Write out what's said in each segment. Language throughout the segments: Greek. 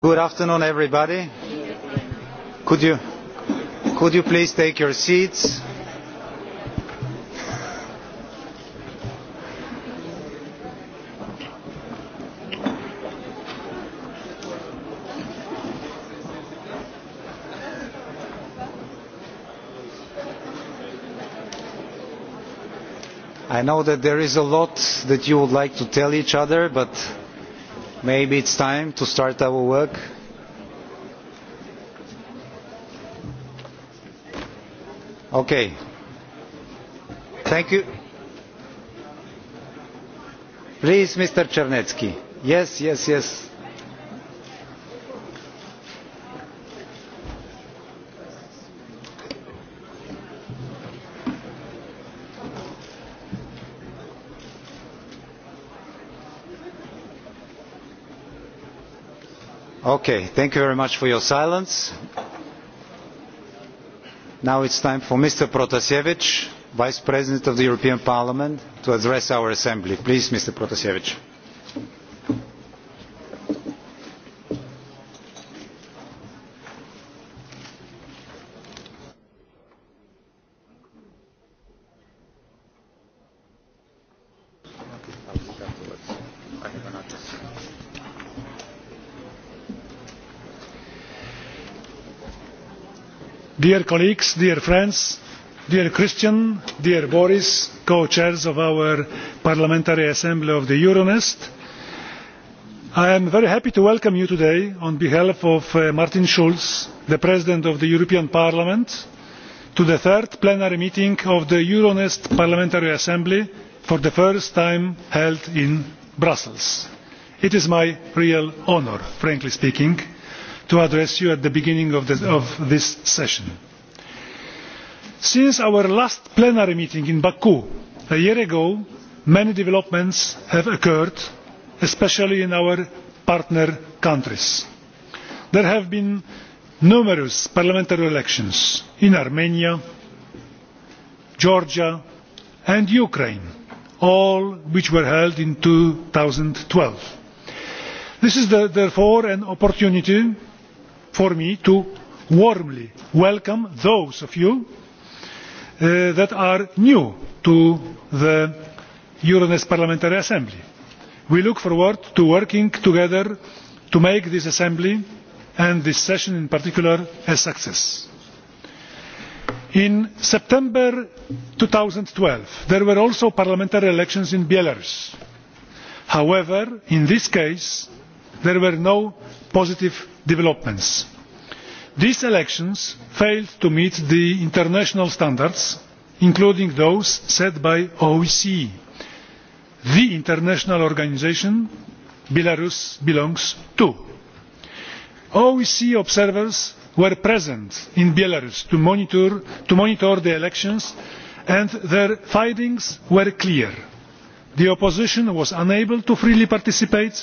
Good afternoon, everybody. Could you, could you please take your seats? I know that there is a lot that you would like to tell each other, but Maybe it's time to start our work. Okay. Thank you. Please, Mr. Czernecki. Yes, yes, yes. Okay, thank you very much for your silence. Now it's time for Mr. Protasevich, Vice President of the European Parliament, to address our Assembly. Please, Mr. Protasevich. dear colleagues dear friends dear christian dear boris co chairs of our parliamentary assembly of the euronest i am very happy to welcome you today on behalf of martin schulz the president of the european parliament to the third plenary meeting of the euronest parliamentary assembly for the first time held in brussels. it is my real honour frankly speaking to address you at the beginning of this session. Since our last plenary meeting in Baku a year ago, many developments have occurred, especially in our partner countries. There have been numerous parliamentary elections in Armenia, Georgia and Ukraine, all which were held in 2012. This is therefore an opportunity for me to warmly welcome those of you that are new to the Euronest Parliamentary Assembly. We look forward to working together to make this Assembly and this session in particular a success. In September 2012 there were also parliamentary elections in Belarus. However, in this case there were no positive developments. These elections failed to meet the international standards, including those set by the OSCE, the international organisation Belarus belongs to. OSCE observers were present in Belarus to monitor the elections and their findings were clear. The opposition was unable to freely participate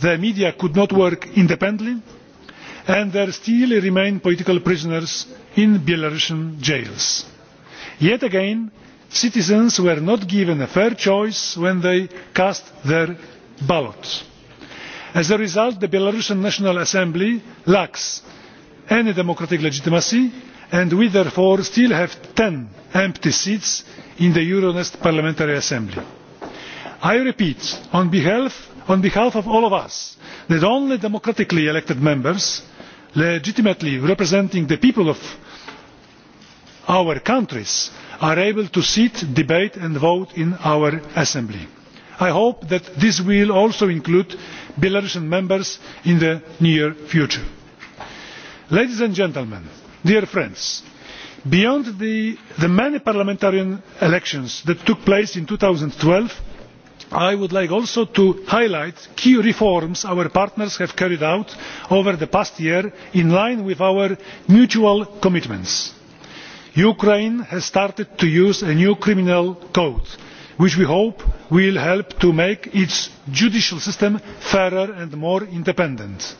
the media could not work independently and there still remain political prisoners in belarusian jails. yet again citizens were not given a fair choice when they cast their ballot. as a result the belarusian national assembly lacks any democratic legitimacy and we therefore still have ten empty seats in the euronest parliamentary assembly. i repeat on behalf on behalf of all of us that only democratically elected members legitimately representing the people of our countries are able to sit debate and vote in our assembly. i hope that this will also include belarusian members in the near future. ladies and gentlemen dear friends beyond the many parliamentary elections that took place in 2012 I would like also to highlight key reforms our partners have carried out over the past year in line with our mutual commitments. Ukraine has started to use a new criminal code, which we hope will help to make its judicial system fairer and more independent.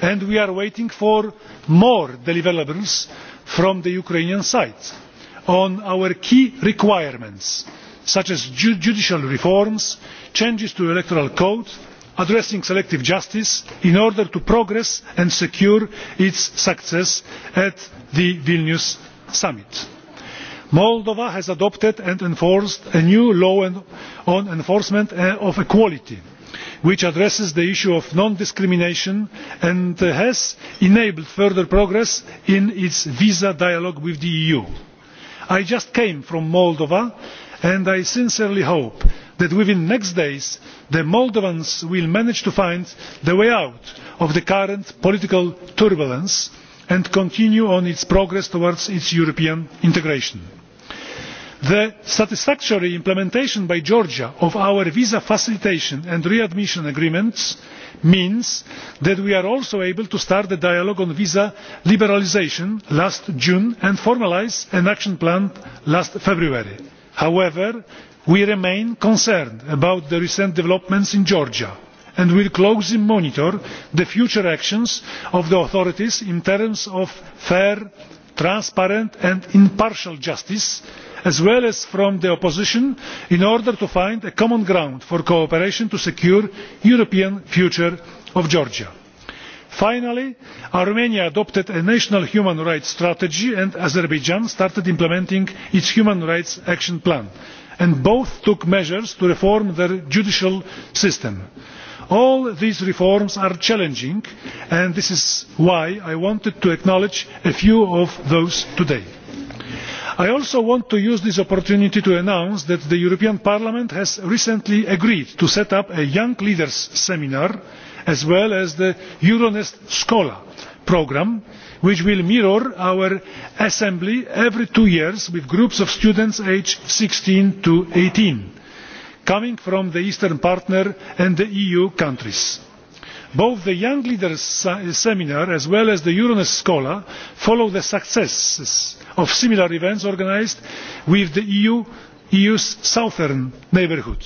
And we are waiting for more deliverables from the Ukrainian side on our key requirements such as judicial reforms, changes to the electoral code, addressing selective justice in order to progress and secure its success at the Vilnius summit. Moldova has adopted and enforced a new law on enforcement of equality, which addresses the issue of non discrimination and has enabled further progress in its visa dialogue with the EU. I just came from Moldova and i sincerely hope that within the next days the moldovans will manage to find the way out of the current political turbulence and continue on its progress towards its european integration. the satisfactory implementation by georgia of our visa facilitation and readmission agreements means that we are also able to start the dialogue on visa liberalisation last june and formalise an action plan last february. However, we remain concerned about the recent developments in Georgia and will closely monitor the future actions of the authorities in terms of fair, transparent and impartial justice, as well as from the opposition, in order to find a common ground for cooperation to secure the European future of Georgia finally armenia adopted a national human rights strategy and azerbaijan started implementing its human rights action plan and both took measures to reform their judicial system. all these reforms are challenging and this is why i wanted to acknowledge a few of those today. i also want to use this opportunity to announce that the european parliament has recently agreed to set up a young leaders seminar as well as the euronest scola programme which will mirror our assembly every two years with groups of students aged 16 to 18, coming from the eastern partner and the eu countries. both the young leaders seminar as well as the euronest scola follow the successes of similar events organised with the eu's southern neighbourhood.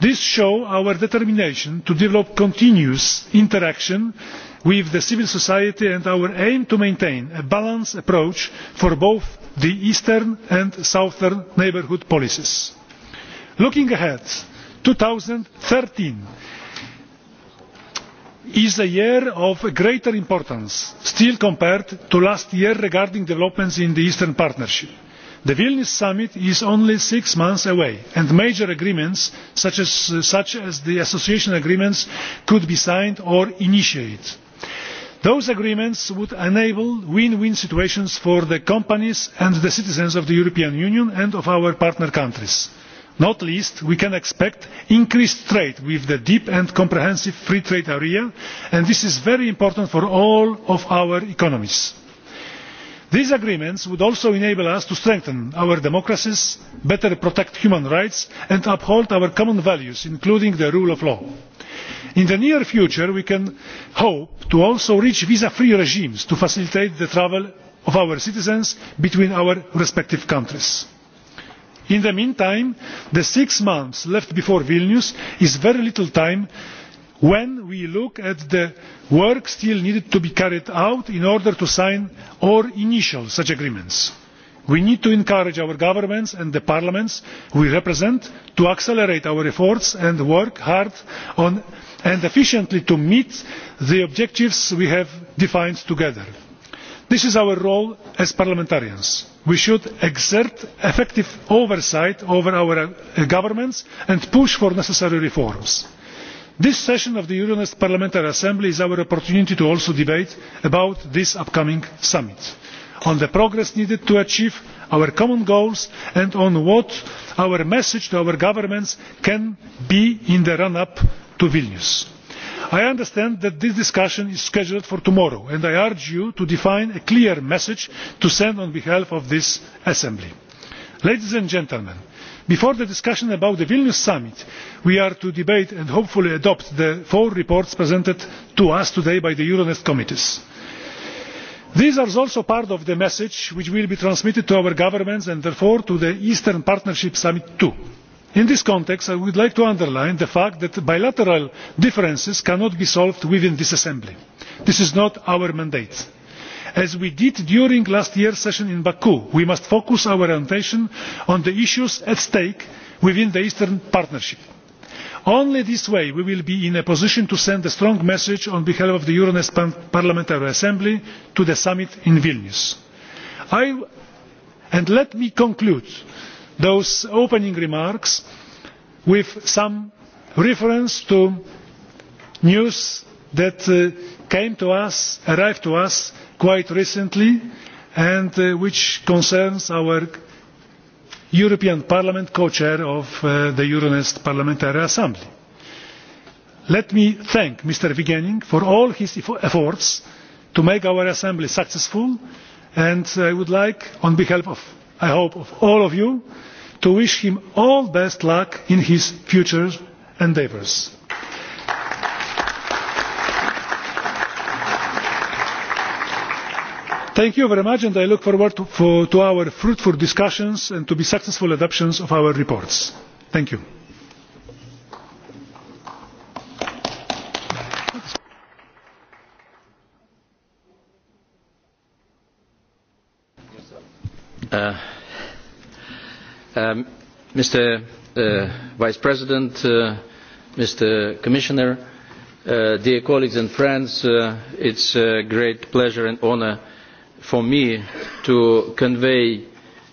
This shows our determination to develop continuous interaction with the civil society and our aim to maintain a balanced approach for both the eastern and southern neighbourhood policies. Looking ahead, 2013 is a year of greater importance still compared to last year regarding developments in the Eastern Partnership The Vilnius summit is only six months away, and major agreements such as the association agreements could be signed or initiated. Those agreements would enable win-win situations for the companies and the citizens of the European Union and of our partner countries. Not least, we can expect increased trade with the deep and comprehensive free trade area, and this is very important for all of our economies. These agreements would also enable us to strengthen our democracies, better protect human rights and uphold our common values, including the rule of law. In the near future, we can hope to also reach visa-free regimes to facilitate the travel of our citizens between our respective countries. In the meantime, the six months left before Vilnius is very little time when we look at the work still needed to be carried out in order to sign or initial such agreements. We need to encourage our governments and the parliaments we represent to accelerate our efforts and work hard and efficiently to meet the objectives we have defined together. This is our role as parliamentarians. We should exert effective oversight over our governments and push for necessary reforms this session of the euronest parliamentary assembly is our opportunity to also debate about this upcoming summit on the progress needed to achieve our common goals and on what our message to our governments can be in the run up to vilnius. i understand that this discussion is scheduled for tomorrow and i urge you to define a clear message to send on behalf of this assembly. ladies and gentlemen before the discussion about the vilnius summit we are to debate and hopefully adopt the four reports presented to us today by the euronest committees. these are also part of the message which will be transmitted to our governments and therefore to the eastern partnership summit too. in this context i would like to underline the fact that bilateral differences cannot be solved within this assembly. this is not our mandate as we did during last year's session in baku we must focus our attention on the issues at stake within the eastern partnership. only this way we will be in a position to send a strong message on behalf of the euronest parliamentary assembly to the summit in vilnius. let me conclude those opening remarks with some reference to news that came to us arrived to us quite recently and which concerns our European Parliament co-chair of the Euronest Parliamentary Assembly. Let me thank Mr. Vigenin for all his efforts to make our assembly successful and I would like on behalf of I hope of all of you to wish him all the best luck in his future endeavours. Thank you very much and I look forward to our fruitful discussions and to the successful adoption of our reports. Thank you. Mr Vice President, Mr Commissioner, dear colleagues and friends, it's a great pleasure and honour for me to convey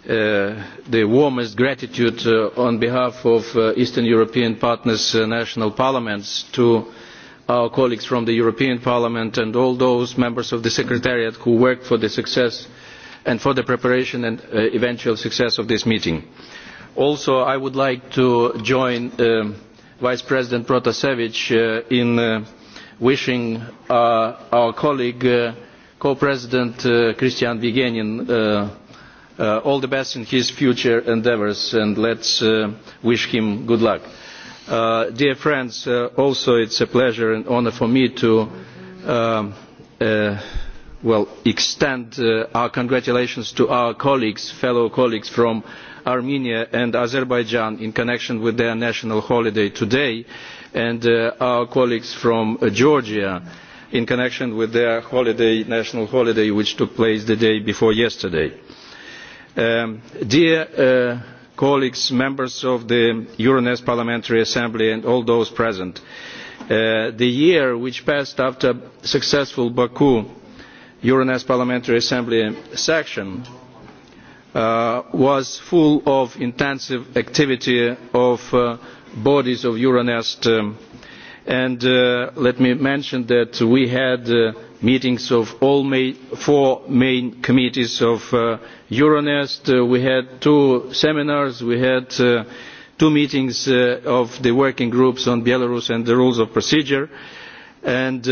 the warmest gratitude on behalf of Eastern European partners' national parliaments to our colleagues from the European Parliament and all those members of the Secretariat who worked for the success and for the preparation and eventual success of this meeting. Also, I would like to join Vice President Protasevich in wishing our colleague co-president Christian Vigenin all the best in his future endeavours and let's wish him good luck. Dear friends, also it's a pleasure and honour for me to well extend our congratulations to our colleagues, fellow colleagues from Armenia and Azerbaijan in connection with their national holiday today and our colleagues from Georgia in connection with their holiday, national holiday, which took place the day before yesterday. Dear colleagues, members of the Euronest Parliamentary Assembly and all those present, the year which passed after successful Baku Euronest Parliamentary Assembly section was full of intensive activity of bodies of Euronest and let me mention that we had meetings of all four main committees of euronest we had two seminars we had two meetings of the working groups on belarus and the rules of procedure and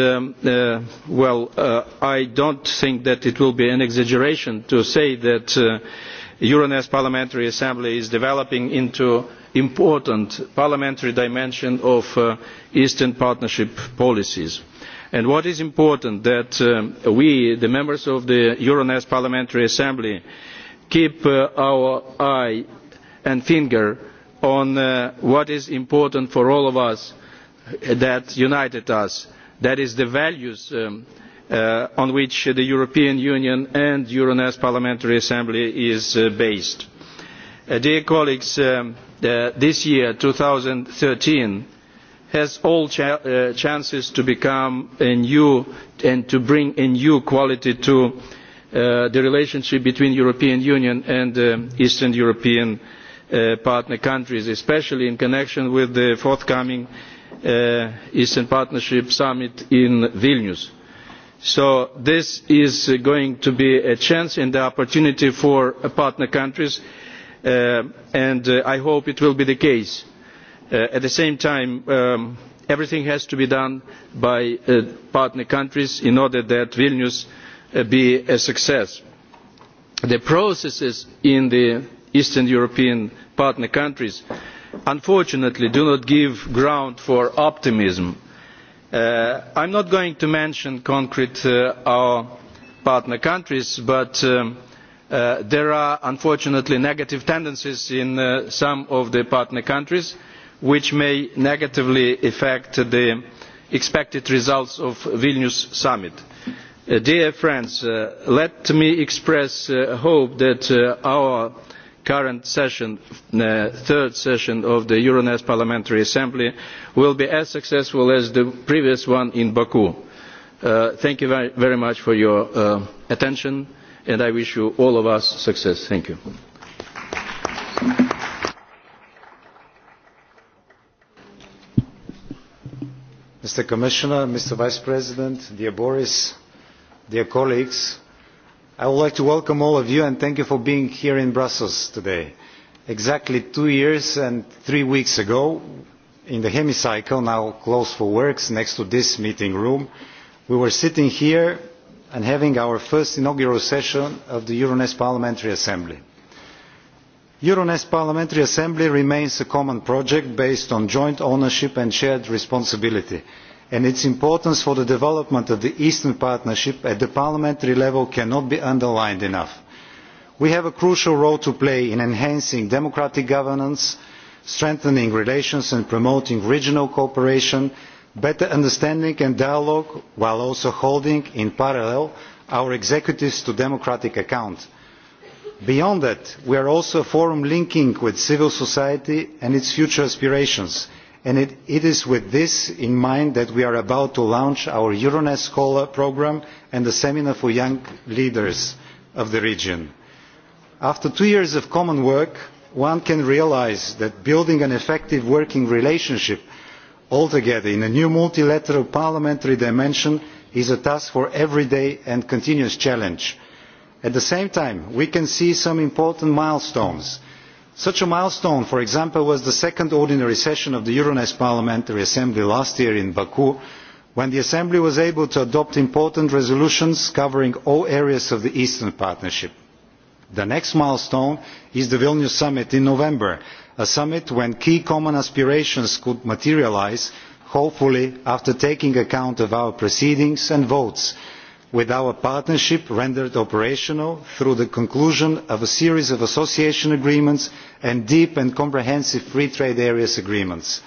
well i don't think that it will be an exaggeration to say that euronest parliamentary assembly is developing into an important parliamentary dimension of eastern partnership policies. what is important is that we the members of the euronest parliamentary assembly keep our eye and finger on what is important for all of us that united us that is the values on which the European Union and Euronest Parliamentary Assembly is based. Dear colleagues, this year, 2013, has all chances to become a new and to bring a new quality to the relationship between the European Union and Eastern European partner countries, especially in connection with the forthcoming Eastern Partnership Summit in Vilnius so this is going to be a chance and an opportunity for partner countries and i hope it will be the case. at the same time everything has to be done by partner countries in order that vilnius be a success. the processes in the eastern european partner countries unfortunately do not give ground for optimism i am not going to mention concrete our partner countries but there are unfortunately negative tendencies in some of the partner countries which may negatively affect the expected results of the vilnius summit. dear friends let me express hope that our current session third session of the euronest parliamentary assembly will be as successful as the previous one in baku. thank you very much for your attention and i wish you all of us success. thank you. mr commissioner mr vice president dear boris dear colleagues I would like to welcome all of you and thank you for being here in Brussels today. Exactly two years and three weeks ago, in the hemicycle, now closed for works, next to this meeting room, we were sitting here and having our first inaugural session of the Euronest Parliamentary Assembly. Euronest Parliamentary Assembly remains a common project based on joint ownership and shared responsibility and its importance for the development of the eastern partnership at the parliamentary level cannot be underlined enough. we have a crucial role to play in enhancing democratic governance strengthening relations and promoting regional cooperation better understanding and dialogue while also holding in parallel our executives to democratic account. beyond that we are also a forum linking with civil society and its future aspirations and it is with this in mind that we are about to launch our euronest Scholar programme and the seminar for young leaders of the region. after two years of common work one can realise that building an effective working relationship altogether in a new multilateral parliamentary dimension is a task for every day and continuous challenge. at the same time we can see some important milestones Such a milestone, for example, was the second ordinary session of the Euronest Parliamentary Assembly last year in Baku, when the Assembly was able to adopt important resolutions covering all areas of the Eastern Partnership. The next milestone is the Vilnius Summit in November, a summit when key common aspirations could materialise, hopefully after taking account of our proceedings and votes with our partnership rendered operational through the conclusion of a series of association agreements and deep and comprehensive free trade areas agreements.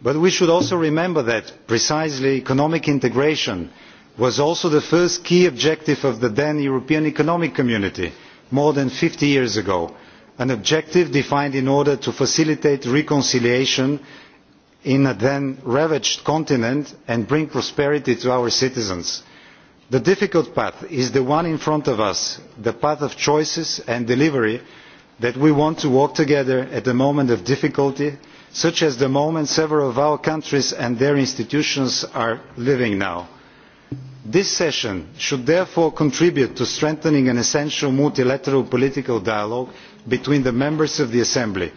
But we should also remember that precisely economic integration was also the first key objective of the then European Economic Community more than 50 years ago, an objective defined in order to facilitate reconciliation in a then ravaged continent and bring prosperity to our citizens. The difficult path is the one in front of us, the path of choices and delivery that we want to walk together at a moment of difficulty, such as the moment several of our countries and their institutions are living now. This session should therefore contribute to strengthening an essential multilateral political dialogue between the members of the Assembly.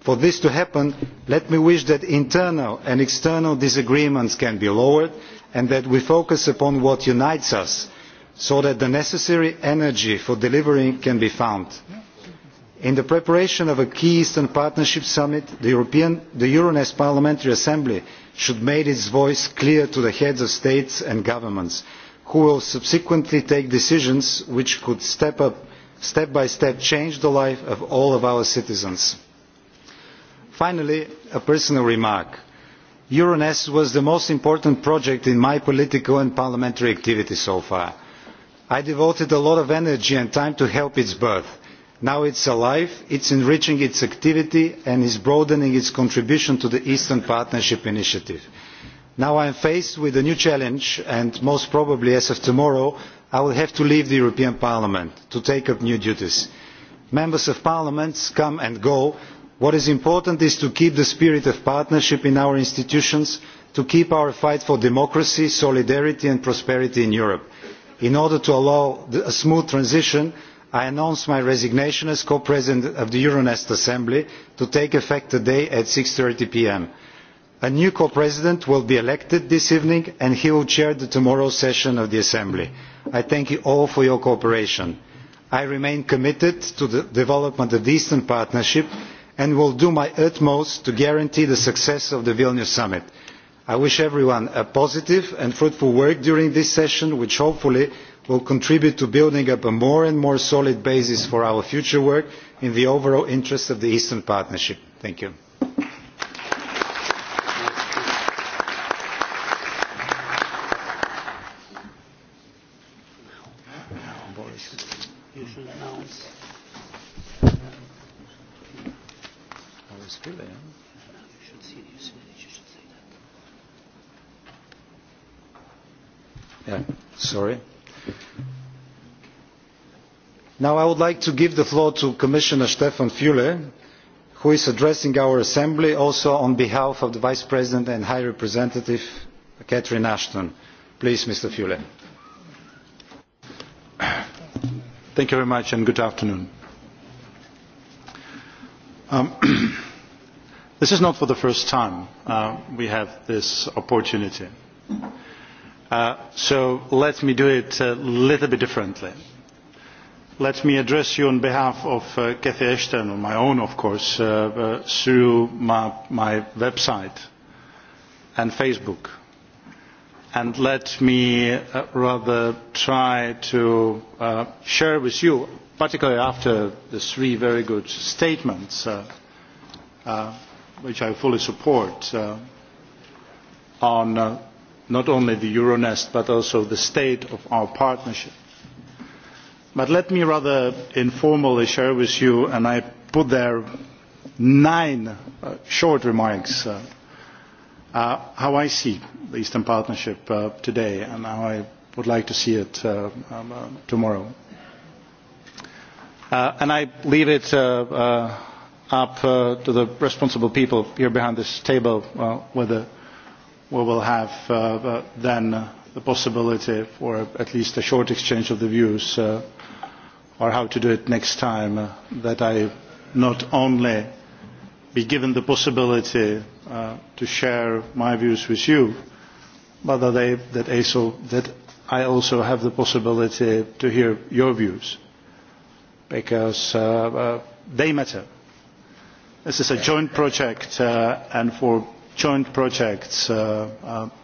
For this to happen, let me wish that internal and external disagreements can be lowered and that we focus upon what unites us so that the necessary energy for delivering can be found. In the preparation of a key Eastern Partnership summit, the Euronest Parliamentary Assembly should make its voice clear to the heads of states and governments, who will subsequently take decisions which could step by step change the life of all of our citizens. Finally, a personal remark euronest was the most important project in my political and parliamentary activity so far. i devoted a lot of energy and time to help its birth. now it is alive it is enriching its activity and is broadening its contribution to the eastern partnership initiative. now i am faced with a new challenge and most probably as of tomorrow i will have to leave the european parliament to take up new duties. members of parliament come and go what is important is to keep the spirit of partnership in our institutions to keep our fight for democracy solidarity and prosperity in europe. in order to allow a smooth transition i announce my resignation as co president of the euronest assembly to take effect today at. six thirty pm. a new co president will be elected this evening and he will chair the tomorrow's session of the assembly. i thank you all for your cooperation. i remain committed to the development of the eastern partnership and will do my utmost to guarantee the success of the vilnius summit. i wish everyone a positive and fruitful work during this session which hopefully will contribute to building up a more and more solid basis for our future work in the overall interest of the eastern partnership. thank you. Yeah, sorry. Now I would like to give the floor to Commissioner Stefan Füle, who is addressing our Assembly also on behalf of the Vice President and High Representative Catherine Ashton. Please, Mr. Füle. Thank you very much and good afternoon. This is not for the first time we have this opportunity. So let me do it a little bit differently. Let me address you on behalf of Cathy Ashton, on my own, of course, through my website and Facebook. And let me rather try to share with you, particularly after the three very good statements which I fully support, on not only the Euronest but also the state of our partnership. But let me rather informally share with you, and I put there nine short remarks, how I see the Eastern Partnership today and how I would like to see it tomorrow. And I leave it up to the responsible people here behind this table whether we will have then the possibility for at least a short exchange of the views or how to do it next time that I not only be given the possibility to share my views with you but that I also have the possibility to hear your views because they matter This is a joint project, and for joint projects, the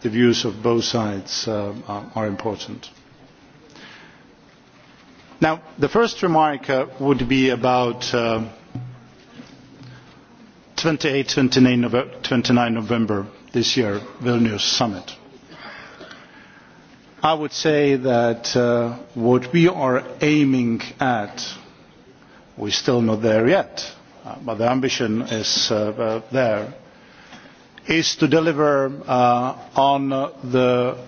views of both sides are important. Now, the first remark would be about twenty eight twenty nine November this year, Vilnius Summit. I would say that what we are aiming at, we are still not there yet but the ambition is there, is to deliver on the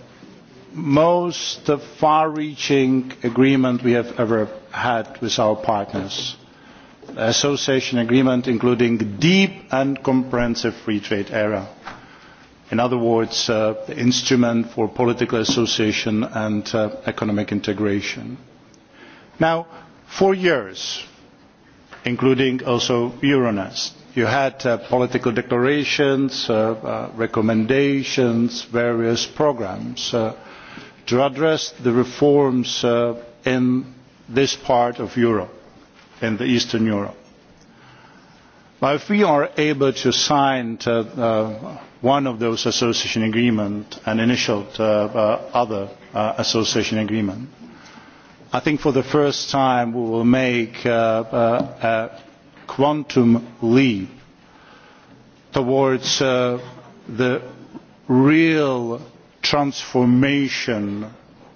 most far-reaching agreement we have ever had with our partners. The association agreement including deep and comprehensive free trade area. In other words, the instrument for political association and economic integration. Now, for years including also euronest. you had political declarations recommendations various programmes to address the reforms in this part of europe in eastern europe. if we are able to sign one of those association agreements and initial other association agreements I think for the first time we will make a quantum leap towards the real transformation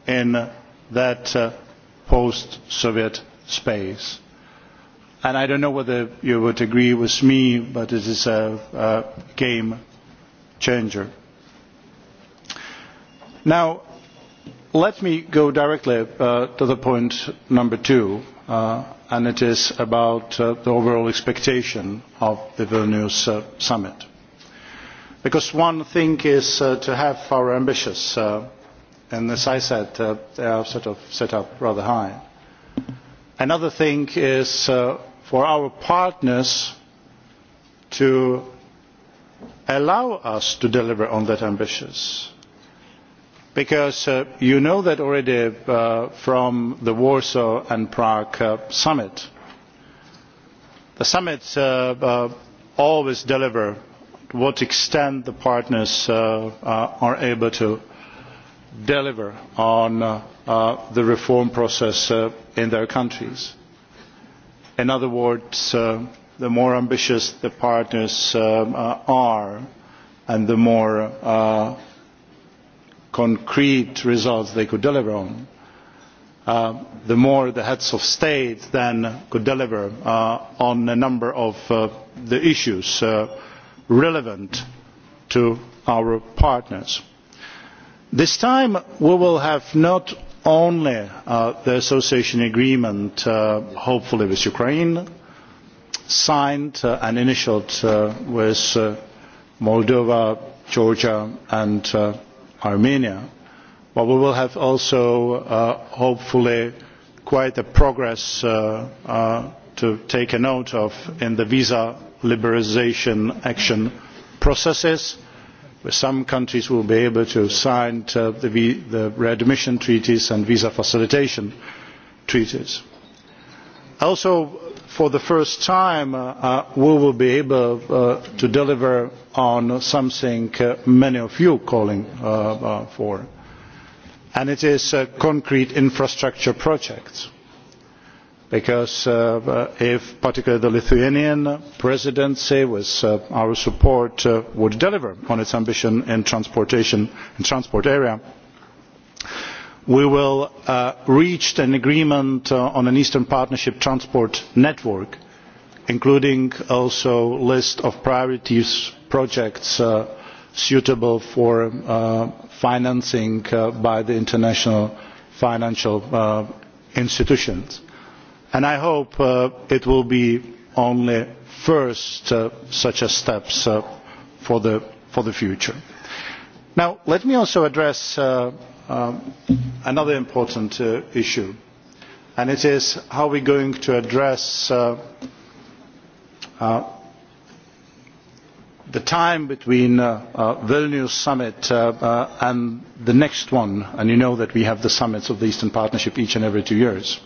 in that post Soviet space. And I don't know whether you would agree with me, but it is a game changer. Now Let me go directly to the point number two, and it is about the overall expectation of the Vilnius summit. Because one thing is to have our ambitions, and as I said, they are sort of set up rather high. Another thing is for our partners to allow us to deliver on that ambitions because you know that already from the Warsaw and Prague summit. The summits always deliver to what extent the partners are able to deliver on the reform process in their countries. In other words, the more ambitious the partners are and the more concrete results they could deliver on, the more the heads of state then could deliver on a number of the issues relevant to our partners. This time we will have not only the association agreement, hopefully with Ukraine, signed and initialled with Moldova, Georgia and Armenia, but we will have also hopefully quite a progress to take a note of in the visa liberalisation action processes. where Some countries will be able to sign the readmission treaties and visa facilitation treaties. Also for the first time we will be able to deliver on something many of you are calling for and it is concrete infrastructure projects because if particularly the lithuanian presidency with our support would deliver on its ambition in the transport area we will reach an agreement on an eastern partnership transport network including also a list of priority projects suitable for financing by the international financial institutions and i hope it will be only the first of such steps for the future. Now, let me also address another important issue, and it is how we are going to address the time between Vilnius summit and the next one, and you know that we have the summits of the Eastern Partnership each and every two years.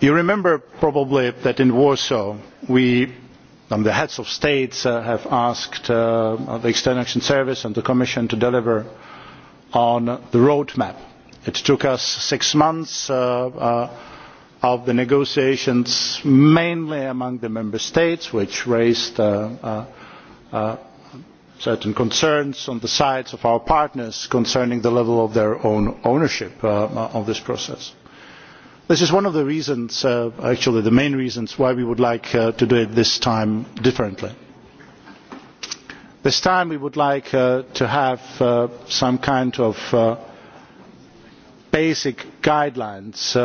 You remember probably that in Warsaw we the heads of states have asked the external action service and the commission to deliver on the road map. it took us six months of the negotiations mainly among the member states which raised certain concerns on the sides of our partners concerning the level of their own ownership of this process. This is one of the reasons, actually the main reasons, why we would like to do it this time differently. This time we would like to have some kind of basic guidelines,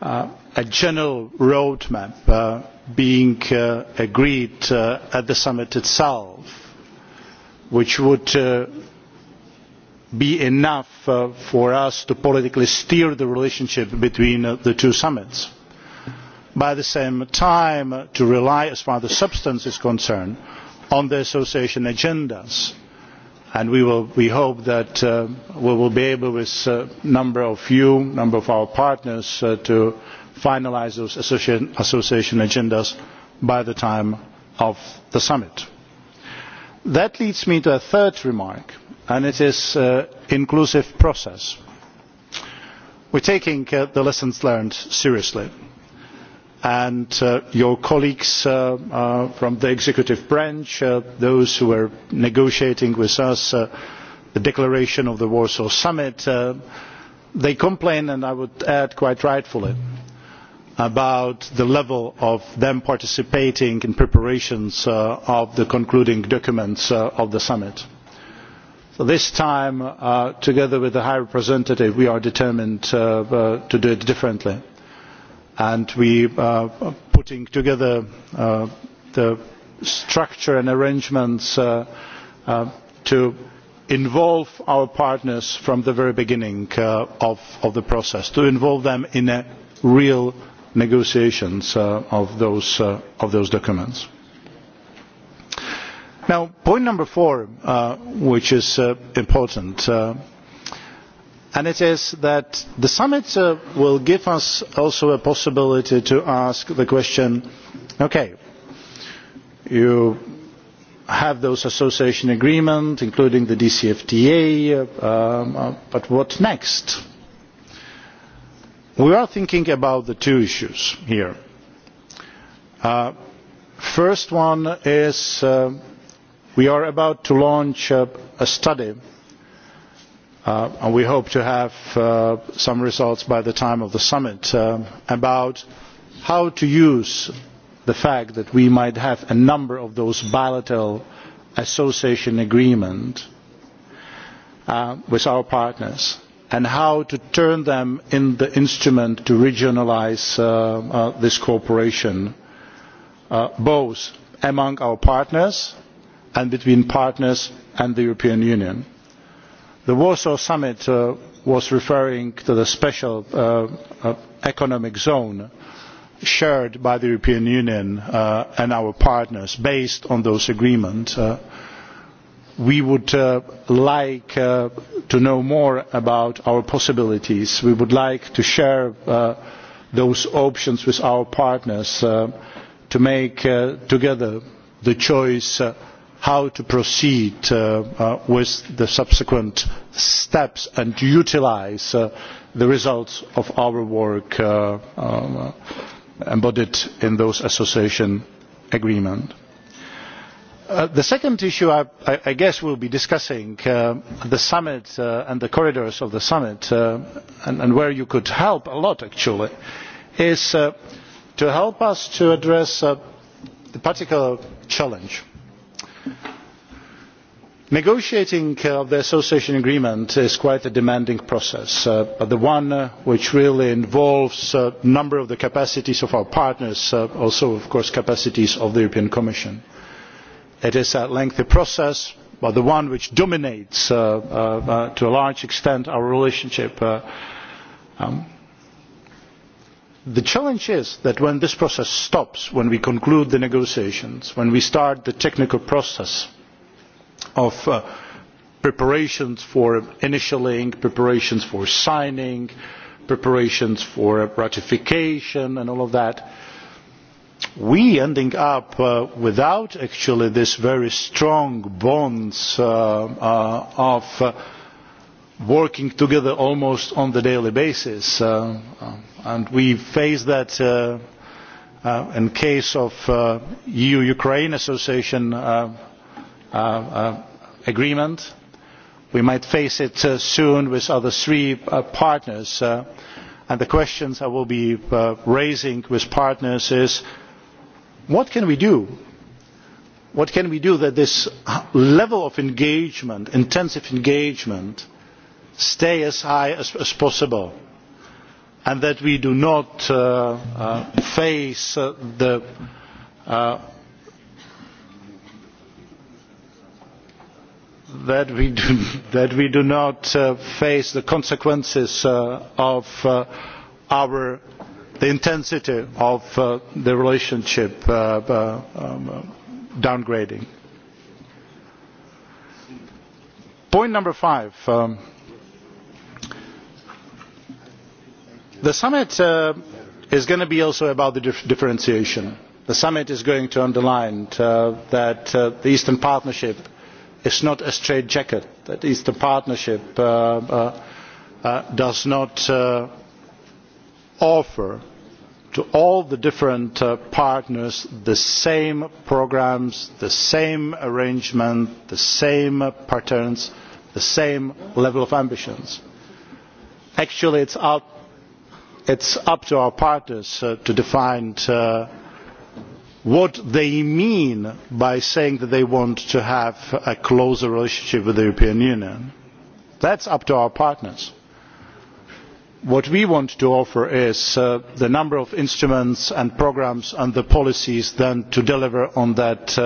a general roadmap being agreed at the summit itself, which would be enough for us to politically steer the relationship between the two summits. at the same time, to rely, as far as the substance is concerned, on the association agendas, and we hope that we will be able, with a number of you, a number of our partners, to finalise those association agendas by the time of the summit. That leads me to a third remark and it is an inclusive process. we are taking the lessons learned seriously and your colleagues from the executive branch those who were negotiating with us the declaration of the warsaw summit they complain and i would add quite rightfully about the level of them participating in preparations of the concluding documents of the summit. This time, together with the High Representative, we are determined to do it differently. And we are putting together the structure and arrangements to involve our partners from the very beginning of the process, to involve them in real negotiations of those documents. Now, point number four, which is important, and it is that the summit will give us also a possibility to ask the question, okay, you have those association agreements, including the DCFTA, but what next? We are thinking about the two issues here. First one is we are about to launch a study and we hope to have some results by the time of the summit about how to use the fact that we might have a number of those bilateral association agreements with our partners and how to turn them into the instrument to regionalise this cooperation both among our partners and between partners and the European Union. The Warsaw Summit was referring to the special economic zone shared by the European Union and our partners based on those agreements. We would like to know more about our possibilities. We would like to share those options with our partners to make together the choice how to proceed with the subsequent steps and utilise the results of our work embodied in those association agreements. The second issue I guess we will be discussing the summit and the corridors of the summit and where you could help a lot actually is to help us to address the particular challenge Negotiating the association agreement is quite a demanding process, but the one which really involves a number of the capacities of our partners, also of course capacities of the European Commission. It is a lengthy process, but the one which dominates to a large extent our relationship. The challenge is that when this process stops, when we conclude the negotiations, when we start the technical process, of preparations for initialling, preparations for signing, preparations for ratification and all of that, we ending up without actually this very strong bonds of working together almost on the daily basis. And we face that in case of EU-Ukraine association agreement. We might face it soon with other three partners. And the questions I will be raising with partners is, what can we do? What can we do that this level of engagement, intensive engagement, stay as high as possible and that we do not face the that we do not face the consequences of the intensity of the relationship downgrading. Point number five. The summit is going to be also about the differentiation. The summit is going to underline that the Eastern Partnership is not a jacket, That is, the partnership does not offer to all the different partners the same programmes, the same arrangement, the same patterns, the same level of ambitions. Actually, it is up to our partners to define what they mean by saying that they want to have a closer relationship with the European Union. is up to our partners. What we want to offer is the number of instruments and programmes and the policies then to deliver on that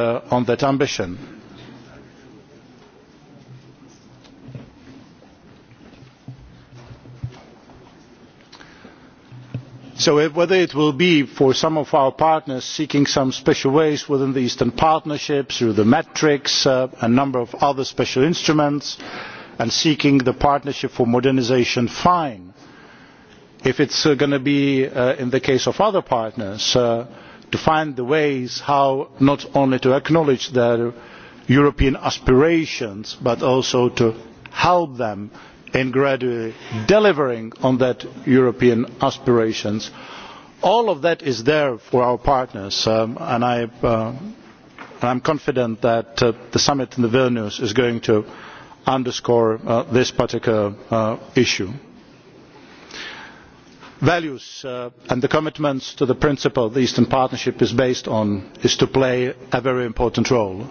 ambition so whether it will be for some of our partners seeking some special ways within the eastern partnership through the metrics a number of other special instruments and seeking the partnership for modernisation fine. if it is going to be in the case of other partners to find the ways how not only to acknowledge their european aspirations but also to help them in gradually delivering on that European aspirations. All of that is there for our partners and I am confident that the summit in the Vilnius is going to underscore this particular issue. Values and the commitments to the principle the Eastern Partnership is based on is to play a very important role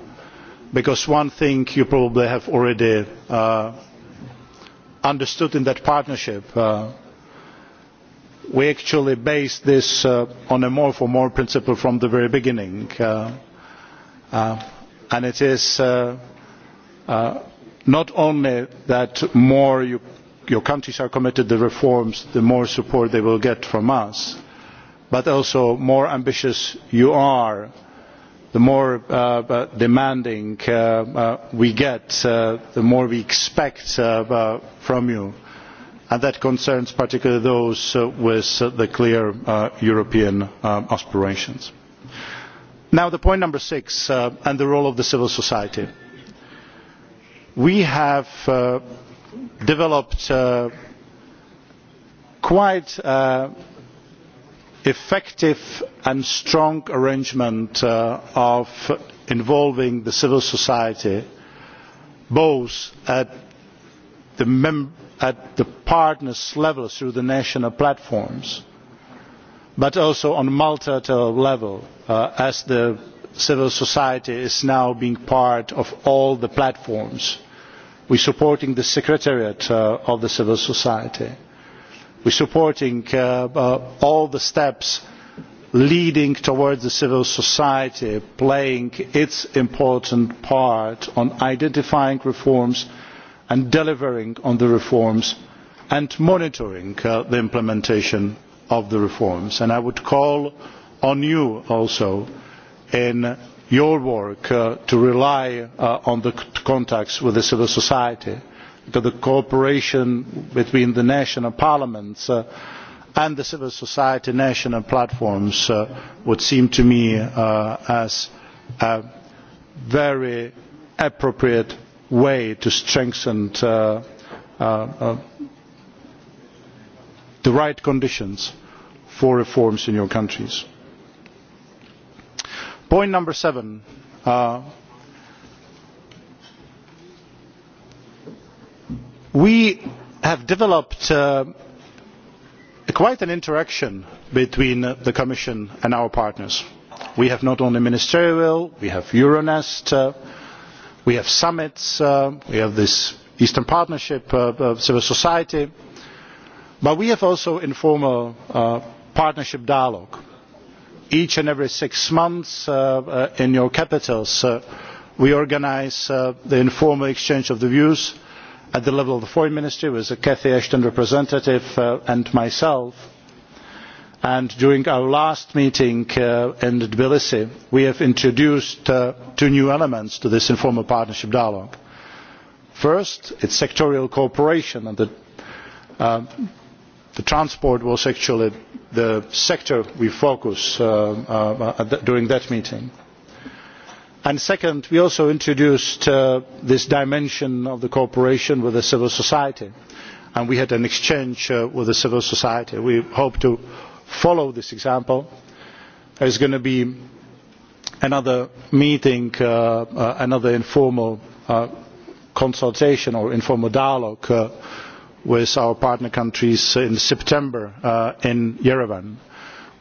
because one thing you probably have already understood in that partnership we actually based this on a more for more principle from the very beginning and it is not only that more your countries are committed to reforms the more support they will get from us but also the more ambitious you are the more demanding we get the more we expect from you and that concerns particularly those with the clear european aspirations. now the point number six and the role of the civil society. we have developed quite effective and strong arrangement of involving the civil society both at the partners' level through the national platforms but also on a multilateral level as civil society is now being part of all the platforms. we are supporting the secretariat of civil society we are supporting all the steps leading towards civil society playing its important part in identifying reforms and delivering on the reforms and monitoring the implementation of the reforms. i would call on you also in your work to rely on the contacts with civil society to the cooperation between the national parliaments and the civil society national platforms would seem to me as a very appropriate way to strengthen the right conditions for reforms in your countries. Point number seven we have developed quite an interaction between the commission and our partners. we have not only ministerial we have euronest we have summits we have this eastern partnership civil society but we have also informal partnership dialogue each and every six months in your capitals we organise the informal exchange of views at the level of the foreign ministry with the cathy ashton representative and myself and during our last meeting in tbilisi we have introduced two new elements to this informal partnership dialogue. first it is sectoral cooperation and the transport was actually the sector we focused during that meeting and second we also introduced this dimension of the cooperation with civil society and we had an exchange with civil society. we hope to follow this example. there is going to be another meeting another informal consultation or informal dialogue with our partner countries in september in yerevan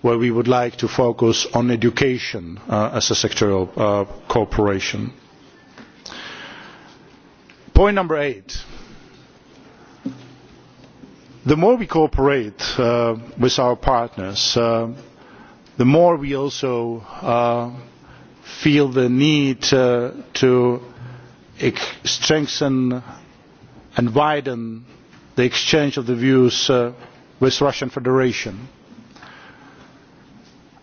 where we would like to focus on education as a sectoral cooperation. Point number eight. The more we cooperate with our partners, the more we also feel the need to strengthen and widen the exchange of the views with the Russian Federation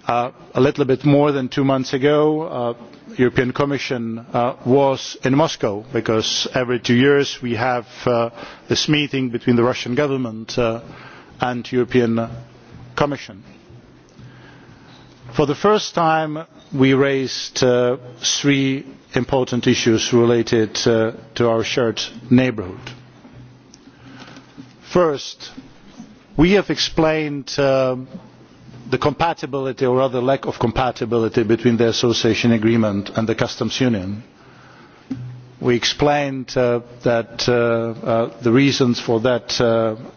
a little bit more than two months ago the european commission was in moscow because every two years we have this meeting between the russian government and the european commission. for the first time we raised three important issues related to our shared neighbourhood. first we have explained the compatibility or rather lack of compatibility between the association agreement and the customs union we explained that the reasons for that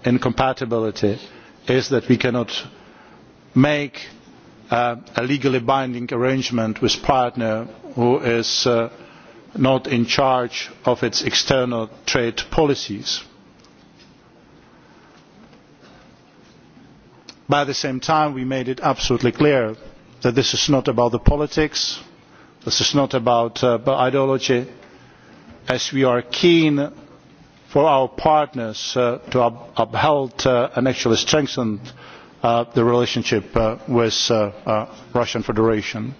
incompatibility is that we cannot make a legally binding arrangement with a partner who is not in charge of its external trade policies. But at the same time, we made it absolutely clear that this is not about the politics, this is not about ideology, as we are keen for our partners to uphold and actually strengthen the relationship with the Russian Federation.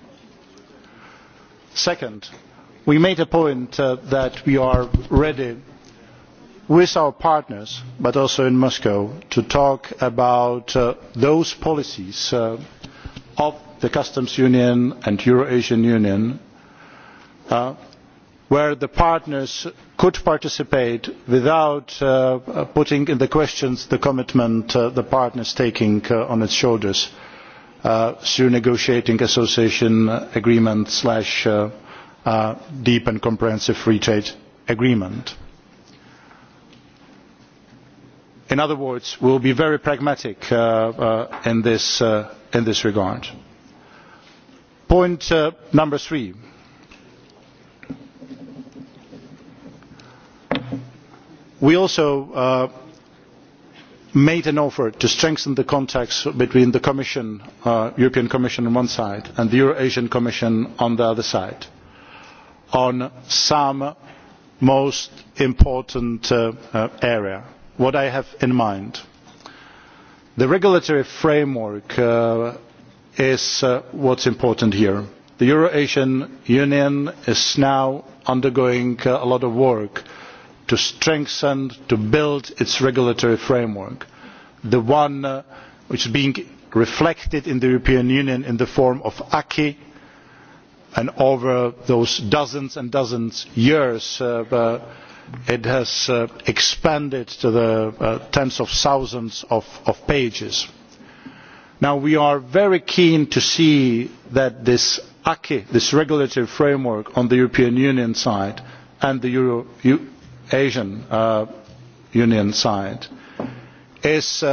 Second, we made a point that we are ready with our partners but also in moscow to talk about those policies of the customs union and euro asian union where the partners could participate without putting into question the commitment the partner is taking on its shoulders through negotiating association agreements deep and comprehensive free trade agreement. in other words we will be very pragmatic in this regard. point number three we also made an offer to strengthen the contacts between the commission european commission on one side and the Eurasian commission on the other side on some most important areas what I have in mind. The regulatory framework is what's important here. The Euro-Asian Union is now undergoing a lot of work to strengthen, to build its regulatory framework, the one which is being reflected in the European Union in the form of acquis, and over those dozens and dozens of years It has expanded to the tens of thousands of pages. Now we are very keen to see that this acquis, this regulatory framework on the European Union side and the Asian Union side, is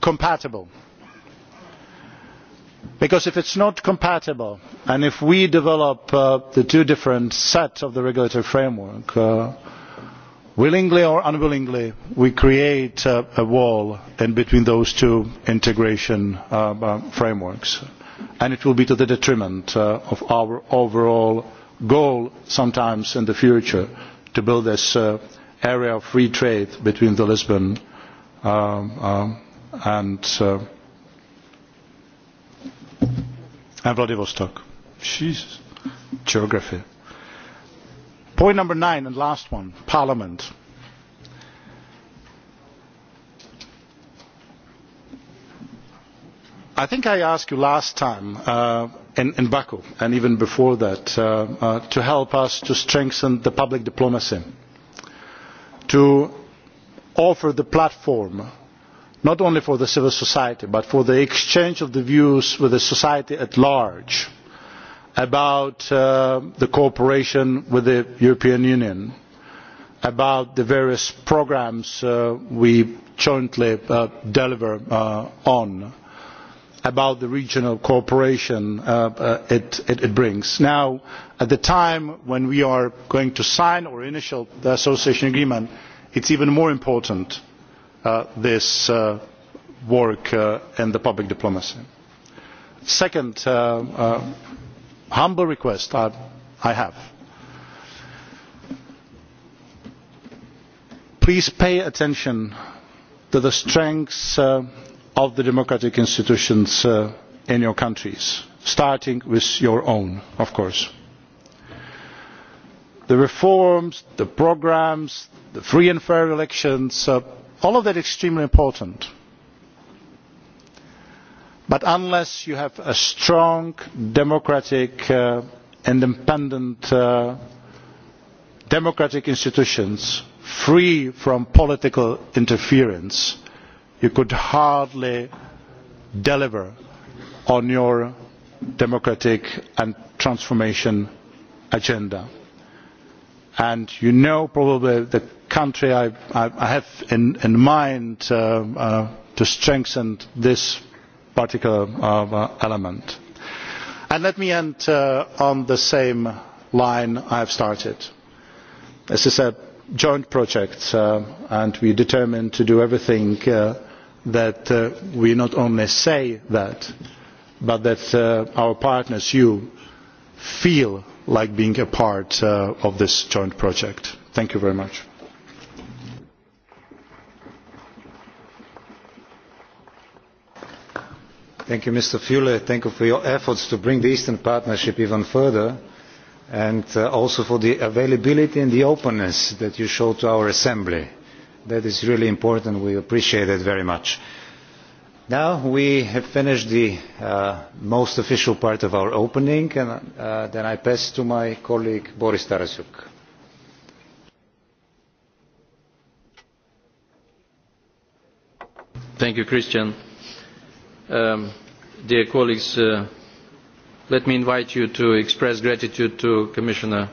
compatible because if it's not compatible and if we develop the two different sets of the regulatory framework willingly or unwillingly we create a wall in between those two integration frameworks and it will be to the detriment of our overall goal sometimes in the future to build this area of free trade between the lisbon and and Vladivostok. Jesus. Geography. Point number nine and last one, Parliament. I think I asked you last time in Baku and even before that to help us to strengthen the public diplomacy, to offer the platform not only for the civil society but for the exchange of the views with the society at large about the cooperation with the European Union, about the various programmes we jointly deliver on, about the regional cooperation it brings. Now, at the time when we are going to sign or initial the association agreement, it is even more important this work in the public diplomacy. Second humble request I have. Please pay attention to the strengths of the democratic institutions in your countries, starting with your own, of course. The reforms, the programmes, the free and fair elections all of that is extremely important but unless you have a strong democratic independent democratic institutions free from political interference you could hardly deliver on your democratic and transformation agenda and you know probably the country i have in mind to strengthen this particular element. and let me end on the same line i have started. this is a joint project and we are determined to do everything that we not only say that but that our partners you feel like being a part of this joint project. Thank you very much. Thank you, Mr. Fule. Thank you for your efforts to bring the Eastern Partnership even further and also for the availability and the openness that you show to our Assembly. That is really important. We appreciate it very much. Now we have finished the most official part of our opening and then I pass to my colleague Boris Tarasuk. Thank you, Christian. Dear colleagues, let me invite you to express gratitude to Commissioner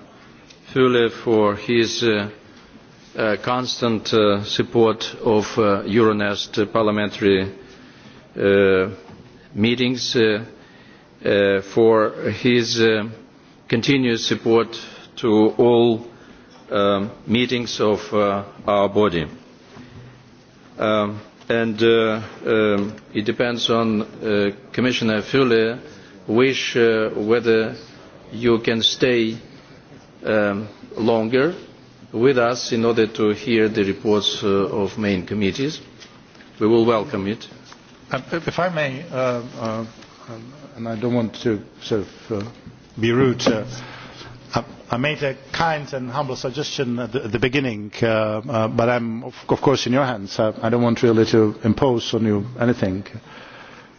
Fule for his constant support of Euronest parliamentary meetings for his continuous support to all meetings of our body. And it depends on Commissioner Fuller wish whether you can stay longer with us in order to hear the reports of main committees. We will welcome it. If I may, and I don't want to sort of be rude, I made a kind and humble suggestion at the beginning, but I'm of course in your hands. I don't want really to impose on you anything,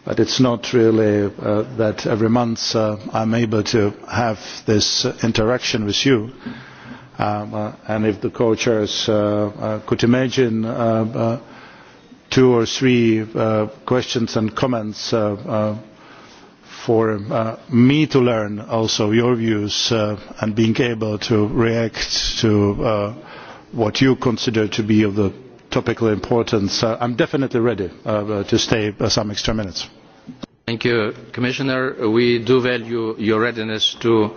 but it's not really that every month I'm able to have this interaction with you and if the co chairs could imagine two or three questions and comments for me to learn also your views and being able to react to what you consider to be of the topical importance. I'm definitely ready to stay some extra minutes. Thank you, Commissioner. We do value your readiness to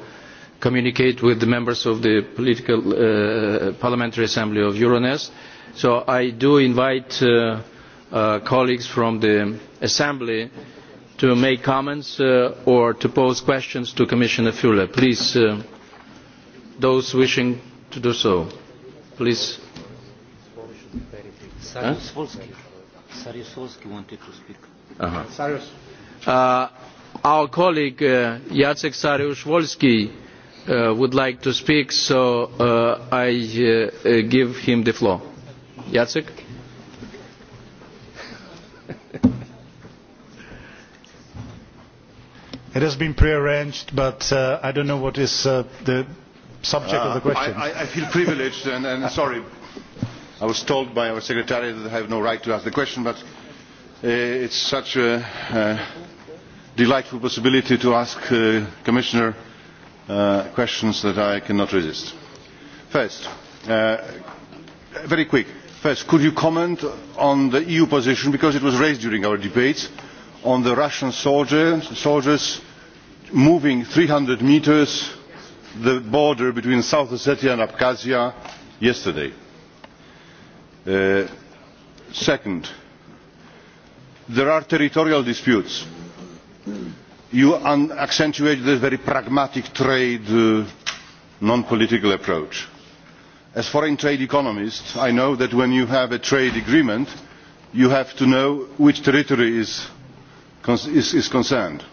communicate with the members of the Political Parliamentary Assembly of Euronest. So I do invite colleagues from the Assembly to make comments or to pose questions to Commissioner Fule. Please, those wishing to do so, please. wanted to speak. Our colleague Jacek Sariusz-Wolski would like to speak, so I give him the floor. Jacek. It has been prearranged, but I don't know what is the subject of the question. I feel privileged and sorry. I was told by our secretary that I have no right to ask the question, but it's such a delightful possibility to ask Commissioner questions that I cannot resist. First, very quick. First, could you comment on the EU position, because it was raised during our debates, on the Russian soldiers moving three hundred metres the border between south ossetia and abkhazia yesterday. second there are territorial disputes. you accentuated this very pragmatic trade non political approach. as foreign trade economist i know that when you have a trade agreement you have to know which territory is concerned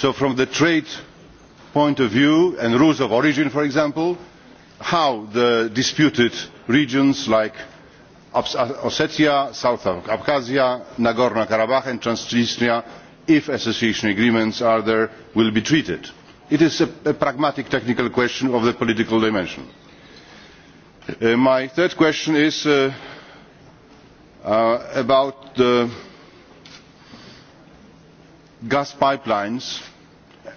so from the trade point of view and rules of origin for example how the disputed regions like ossetia south abkhazia nagorno karabakh and transnistria if association agreements are there will be treated. it is a pragmatic technical question of the political dimension. my third question is about the gas pipelines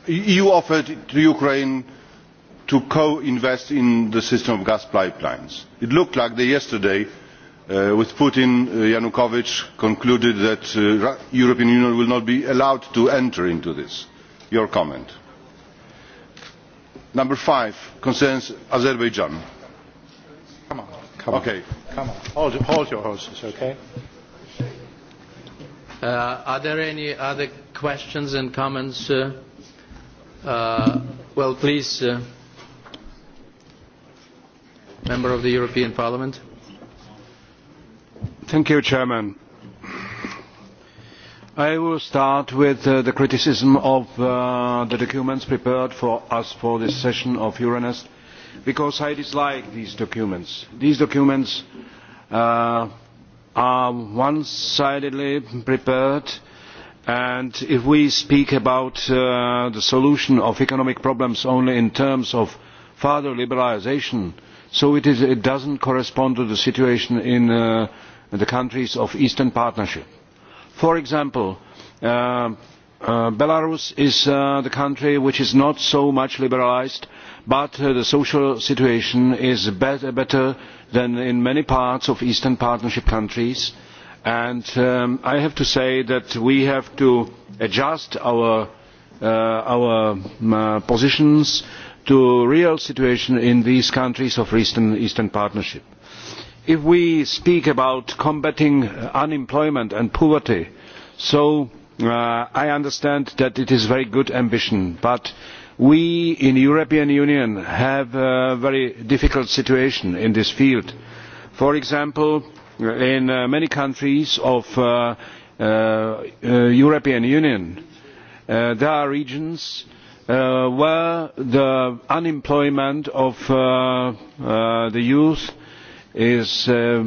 eu offered to ukraine to co invest in the system of gas pipelines. it looked like yesterday with putin yanukovych concluded that the european union will not be allowed to enter into this. your comment. number five concerns azerbaijan. okay. Hold, your horses, okay? are there any other questions and comments? Well, please, member of the European Parliament. Thank you, Chairman. I will start with the criticism of the documents prepared for us for this session of Euronest, because I dislike these documents. These documents are one-sidedly prepared and if we speak about the solution of economic problems only in terms of further liberalisation so it does not correspond to the situation in the countries of the eastern partnership. for example belarus is the country which is not so much liberalised but the social situation is better than in many parts of eastern partnership countries and i have to say that we have to adjust our positions to the real situation in these countries of the eastern partnership. if we speak about combating unemployment and poverty so i understand that it is a very good ambition but we in the european union have a very difficult situation in this field. for example in many countries of European Union, there are regions where the unemployment of the youth is higher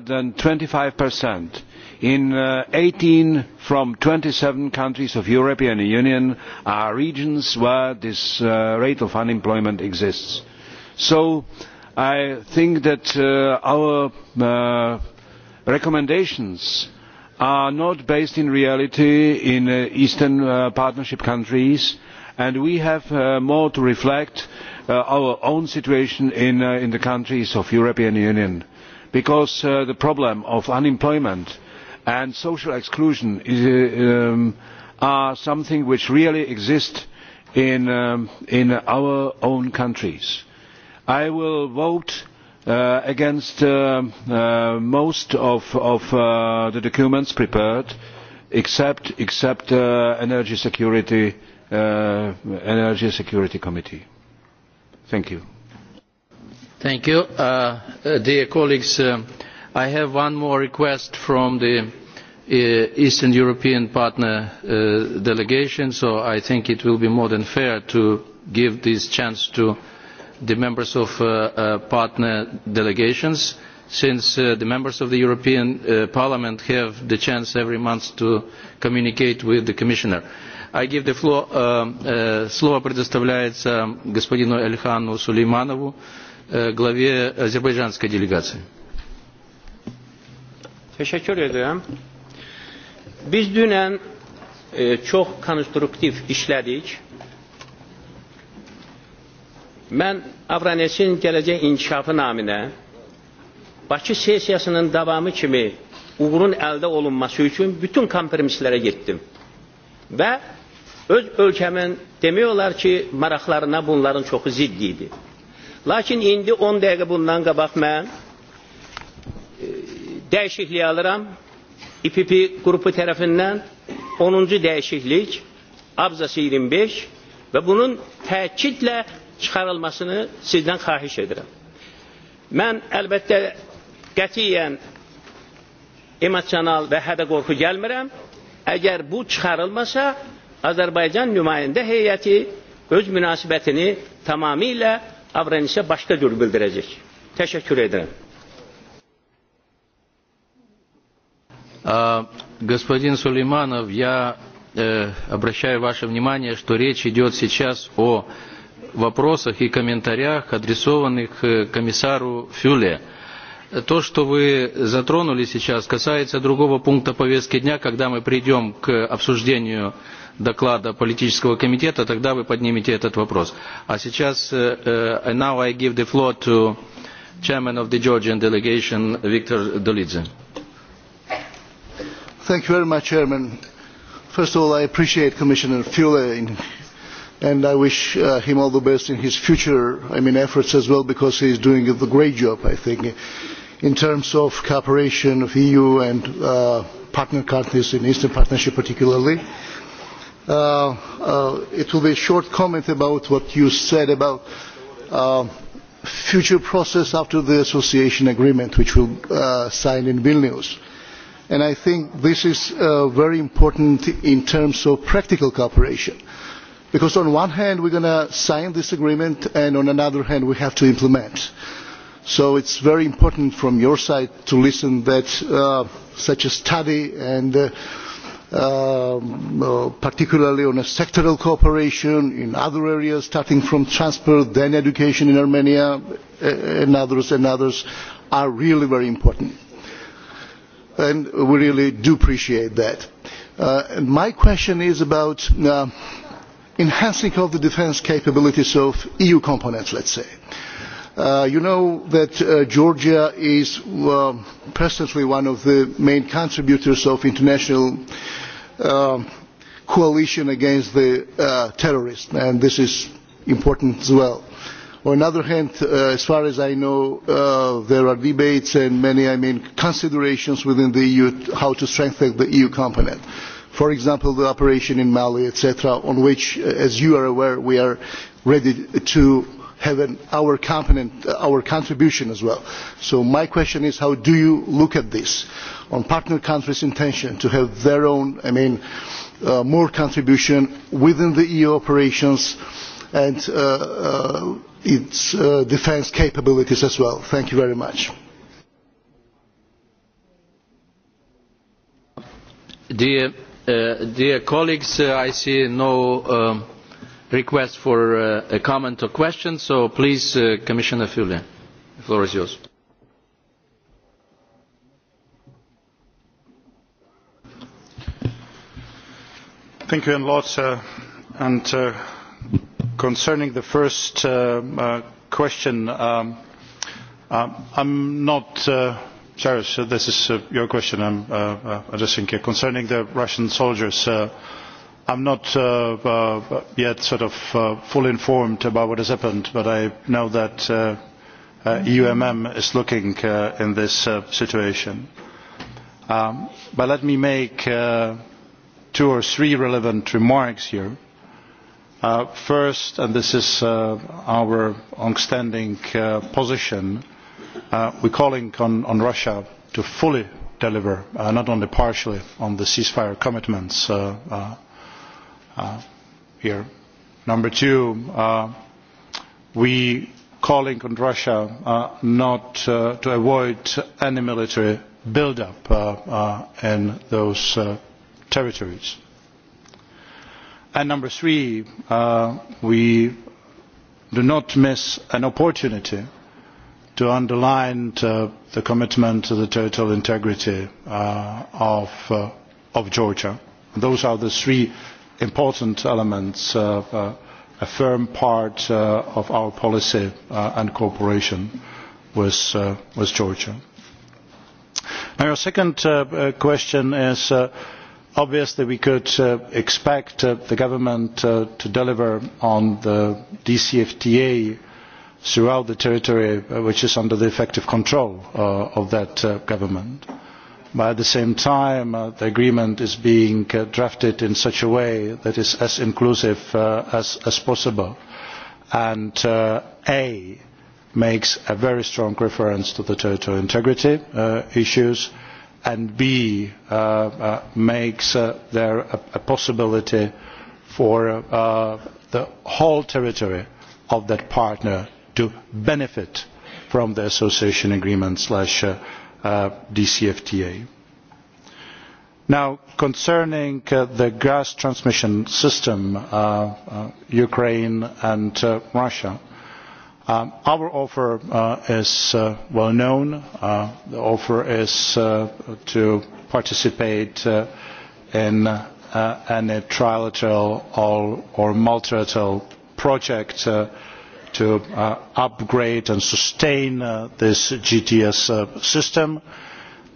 than 25%. In 18 from 27 countries of European Union are regions where this rate of unemployment exists. So I think that our recommendations are not based in reality in Eastern Partnership countries, and we have more to reflect our own situation in the countries of the European Union, because the problem of unemployment and social exclusion are something which really exists in our own countries I will vote against most of the documents prepared, except the energy security energy security committee. Thank you. Thank you, dear colleagues. I have one more request from the Eastern European partner delegation, so I think it will be more than fair to give this chance to the members of partner delegations since the members of the European Parliament have the chance every month to communicate with the Commissioner. I give the floor. Слово предоставляется господину Эльхану Сулейманову, главе азербайджанской делегации. Teşekkür ederim. Biz dünen çok konstruktif işledik mən Avranesin gələcək inkişafı naminə Bakı sessiyasının davamı kimi uğurun əldə olunması üçün bütün kompromislərə getdim. Və öz ölkəmin demək olar ki, maraqlarına bunların çoxu zidd idi. Lakin indi 10 dəqiqə bundan qabaq mən dəyişikliyi alıram. İPP qrupu tərəfindən 10-cu dəyişiklik, abzası 25 və bunun təkidlə çıkarılmasını sizden xahiş edirəm. Mən əlbəttə qətiyyən emosional və hədə qorxu gəlmirəm. Əgər bu çıxarılmasa, Azərbaycan nümayəndə heyəti öz münasibətini tamamilə Avrənisə başqa cür bildirəcək. Təşəkkür edirəm. Господин Сулейманов, я обращаю ваше внимание, что речь идет сейчас о вопросах и комментариях, адресованных комиссару Фюле. То, что вы затронули сейчас, касается другого пункта повестки дня, когда мы придем к обсуждению доклада политического комитета, тогда вы поднимете этот вопрос. А сейчас, now I give the floor to chairman of the Georgian delegation, Dolidze. Thank you very much, Chairman. First of all, I appreciate Commissioner Fule in and I wish him all the best in his future efforts as well because he is doing a great job I think in terms of cooperation of EU and partner countries in Eastern Partnership particularly. It will be a short comment about what you said about future process after the association agreement which will sign in Vilnius. And I think this is very important in terms of practical cooperation because on one hand we going to sign this agreement and on another hand we have to implement. so it's very important from your side to listen that such a study and particularly on sectoral cooperation in other areas starting from transport then education in armenia and others and others are really very important and we really do appreciate that. my question is about enhancing of the defence capabilities of eu components let's say. you know that georgia is presently one of the main contributors of international coalition against the terrorists, and this is important as well. on the other hand as far as i know there are debates and many considerations within the eu on how to strengthen the eu component for example the operation in mali etc on which as you are aware we are ready to have our contribution as well. so my question is how do you look at this on partner countries' intention to have their own I mean, more contribution within the eu operations and its defence capabilities as well? thank you very much. Dear colleagues, I see no request for a comment or question, so please, Commissioner Fule, the floor is yours. Thank you a lot. And concerning the first question, I'm not Chair, this is your question I'm addressing here. Concerning the Russian soldiers, I'm not yet sort of fully informed about what has happened, but I know that UMM is looking in this situation. Um But let me make two or three relevant remarks here. First, and this is our longstanding uh position, we are calling on russia to fully deliver not only partially on the ceasefire commitments here. number two we are calling on russia not to avoid any military build up in those territories. and number three we do not miss an opportunity to underline the commitment to the total integrity of Georgia. Those are the three important elements, a firm part of our policy and cooperation with Georgia. your second question is obviously we could expect the government to deliver on the DCFTA throughout the territory which is under the effective control of that government. But at the same time, the agreement is being drafted in such a way that is as inclusive as possible and A makes a very strong reference to the territorial integrity issues and B makes there a possibility for the whole territory of that partner to benefit from the association agreement dcfta. now concerning the gas transmission system ukraine and russia our offer is well known. the offer is to participate in any trilateral or multilateral project to upgrade and sustain this GTS system.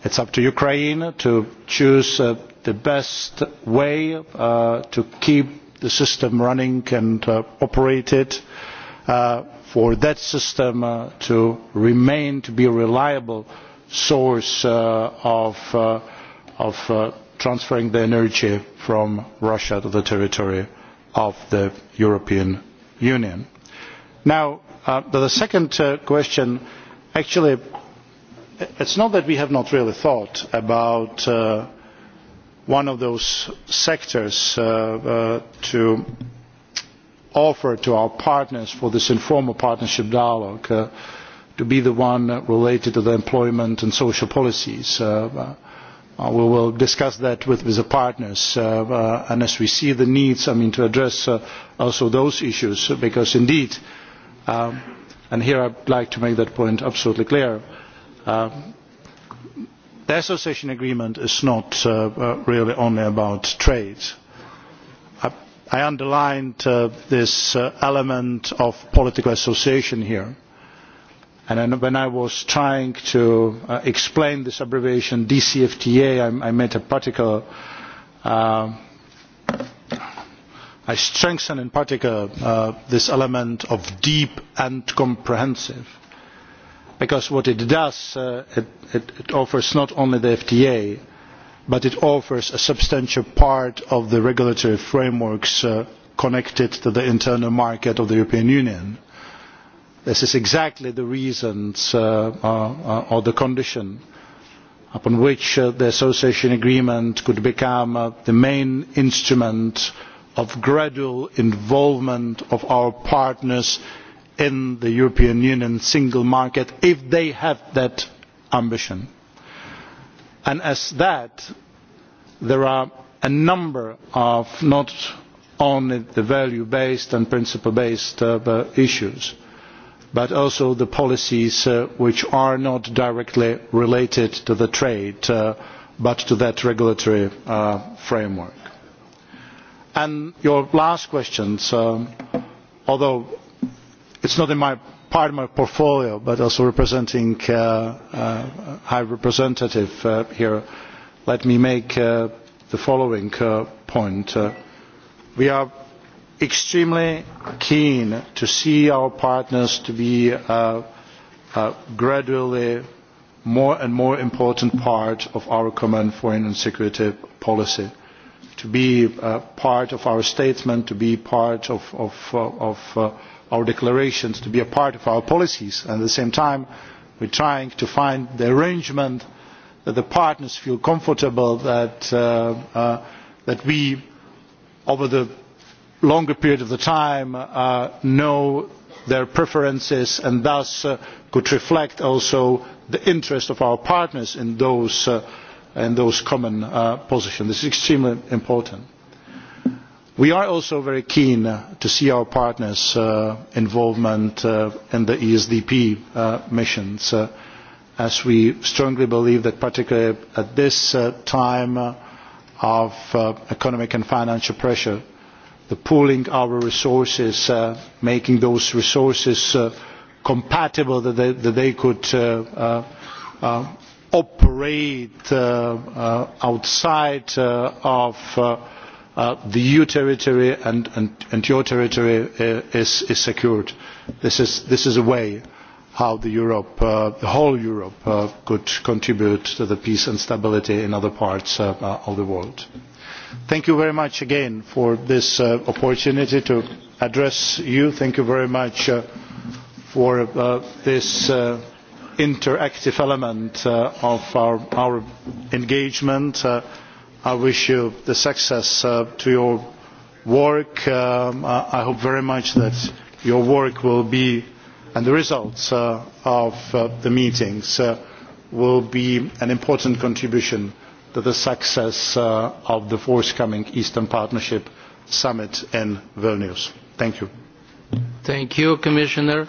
It's up to Ukraine to choose the best way to keep the system running and operated, for that system to remain to be a reliable source of transferring the energy from Russia to the territory of the European Union. Now, the second question, actually, it is not that we have not really thought about one of those sectors to offer to our partners for this informal partnership dialogue to be the one related to the employment and social policies. We will discuss that with the partners and as we see the needs, I mean, to address also those issues because indeed and here I would like to make that point absolutely clear. The association agreement is not really only about trade. I underlined this element of political association here. And when I was trying to explain this abbreviation DCFTA, I made a particular I strengthen in particular this element of deep and comprehensive, because what it does, it offers not only the FTA, but it offers a substantial part of the regulatory frameworks connected to the internal market of the European Union. This is exactly the reason or the condition upon which the association agreement could become the main instrument of gradual involvement of our partners in the European Union single market if they have that ambition. And as that, there are a number of not only the value-based and principle-based issues, but also the policies which are not directly related to the trade, but to that regulatory framework. And your last question, although it is not in my part of my portfolio, but also representing the High Representative here, let me make the following point. We are extremely keen to see our partners to be gradually more and more important part of our common foreign and security policy to be part of our statement, to be part of our declarations, to be a part of our policies. And at the same time, we are trying to find the arrangement that the partners feel comfortable that we, over the longer period of the time, know their preferences and thus could reflect also the interest of our partners in those and those common positions. This is extremely important. We are also very keen to see our partners' involvement in the ESDP missions, as we strongly believe that particularly at this time of economic and financial pressure, the pooling our resources, making those resources compatible that they could operate outside of the EU territory and your territory is secured. This is a way how the Europe, the whole Europe, could contribute to the peace and stability in other parts of the world. Thank you very much again for this opportunity to address you. Thank you very much for this interactive element of our engagement. I wish you the success to your work. I hope very much that your work will be and the results of the meetings will be an important contribution to the success of the forthcoming Eastern Partnership Summit in Vilnius. Thank you. Thank you, Commissioner.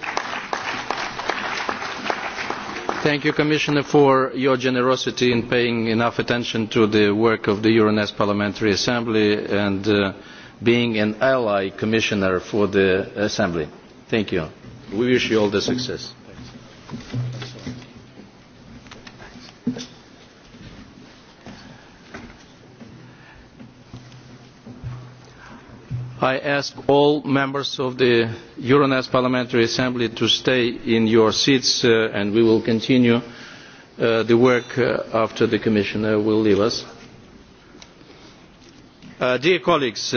Thank you, Commissioner, for your generosity in paying enough attention to the work of the Euronest Parliamentary Assembly and being an ally commissioner for the Assembly. Thank you. We wish you all the success. I ask all members of the Euronest Parliamentary Assembly to stay in your seats and we will continue the work after the Commissioner will leave us. Dear colleagues,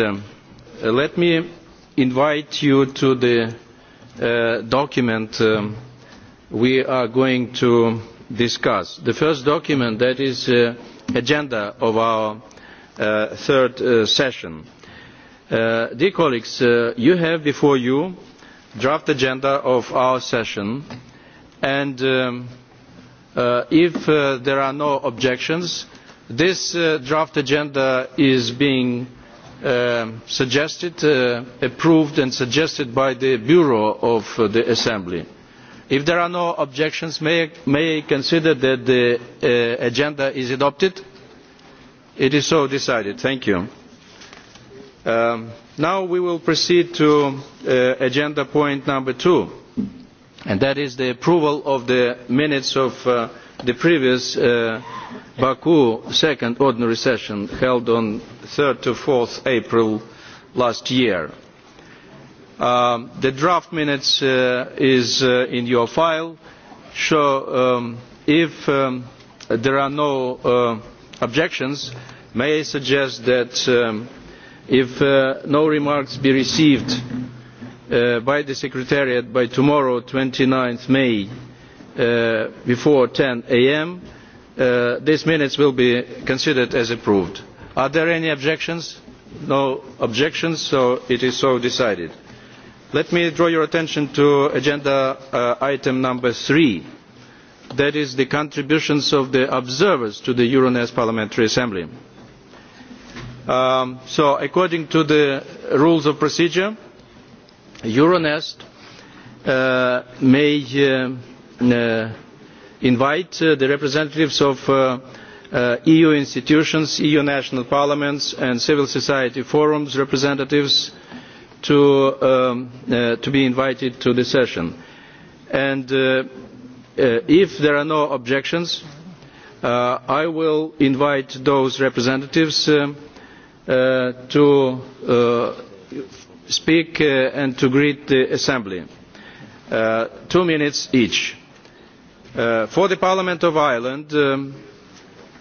let me invite you to the document we are going to discuss. The first document that is the agenda of our third session Dear colleagues, you have before you the draft agenda of our session, and if there are no objections, this draft agenda is being suggested, approved and suggested by the Bureau of the Assembly. If there are no objections, may I consider that the agenda is adopted? It is so decided. Thank you. Now we will proceed to agenda point number two, and that is the approval of the minutes of the previous Baku second ordinary session held on 3rd to 4th April last year. The draft minutes is in your file, so if there are no objections, may I suggest that if no remarks be received by the secretariat by tomorrow 29 may before 10 am these minutes will be considered as approved are there any objections no objections so it is so decided let me draw your attention to agenda item number three, that is the contributions of the observers to the euronest parliamentary assembly So according to the rules of procedure, Euronest may invite the representatives of EU institutions, EU national parliaments and civil society forums representatives to be invited to the session. And if there are no objections, I will invite those representatives to speak and to greet the Assembly. Two minutes each. For the Parliament of Ireland,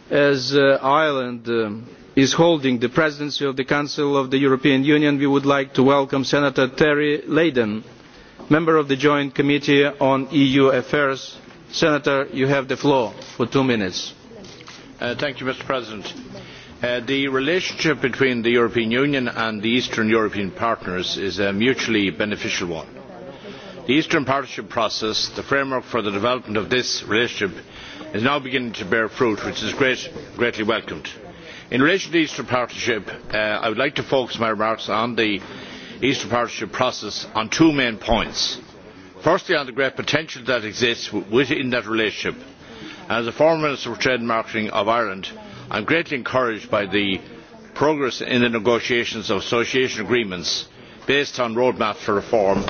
as Ireland is holding the presidency of the Council of the European Union, we would like to welcome Senator Terry Layden, member of the Joint Committee on EU Affairs. Senator, you have the floor for two minutes. Thank you, Mr. President the relationship between the european union and the eastern european partners is a mutually beneficial one. the eastern partnership process the framework for the development of this relationship is now beginning to bear fruit which is greatly welcomed. in relation to the eastern partnership i would like to focus my remarks on the eastern partnership process on two main points firstly on the great potential that exists within that relationship. as the former minister for trade and marketing of ireland i am greatly encouraged by the progress in the negotiations of association agreements based on roadmaps for reform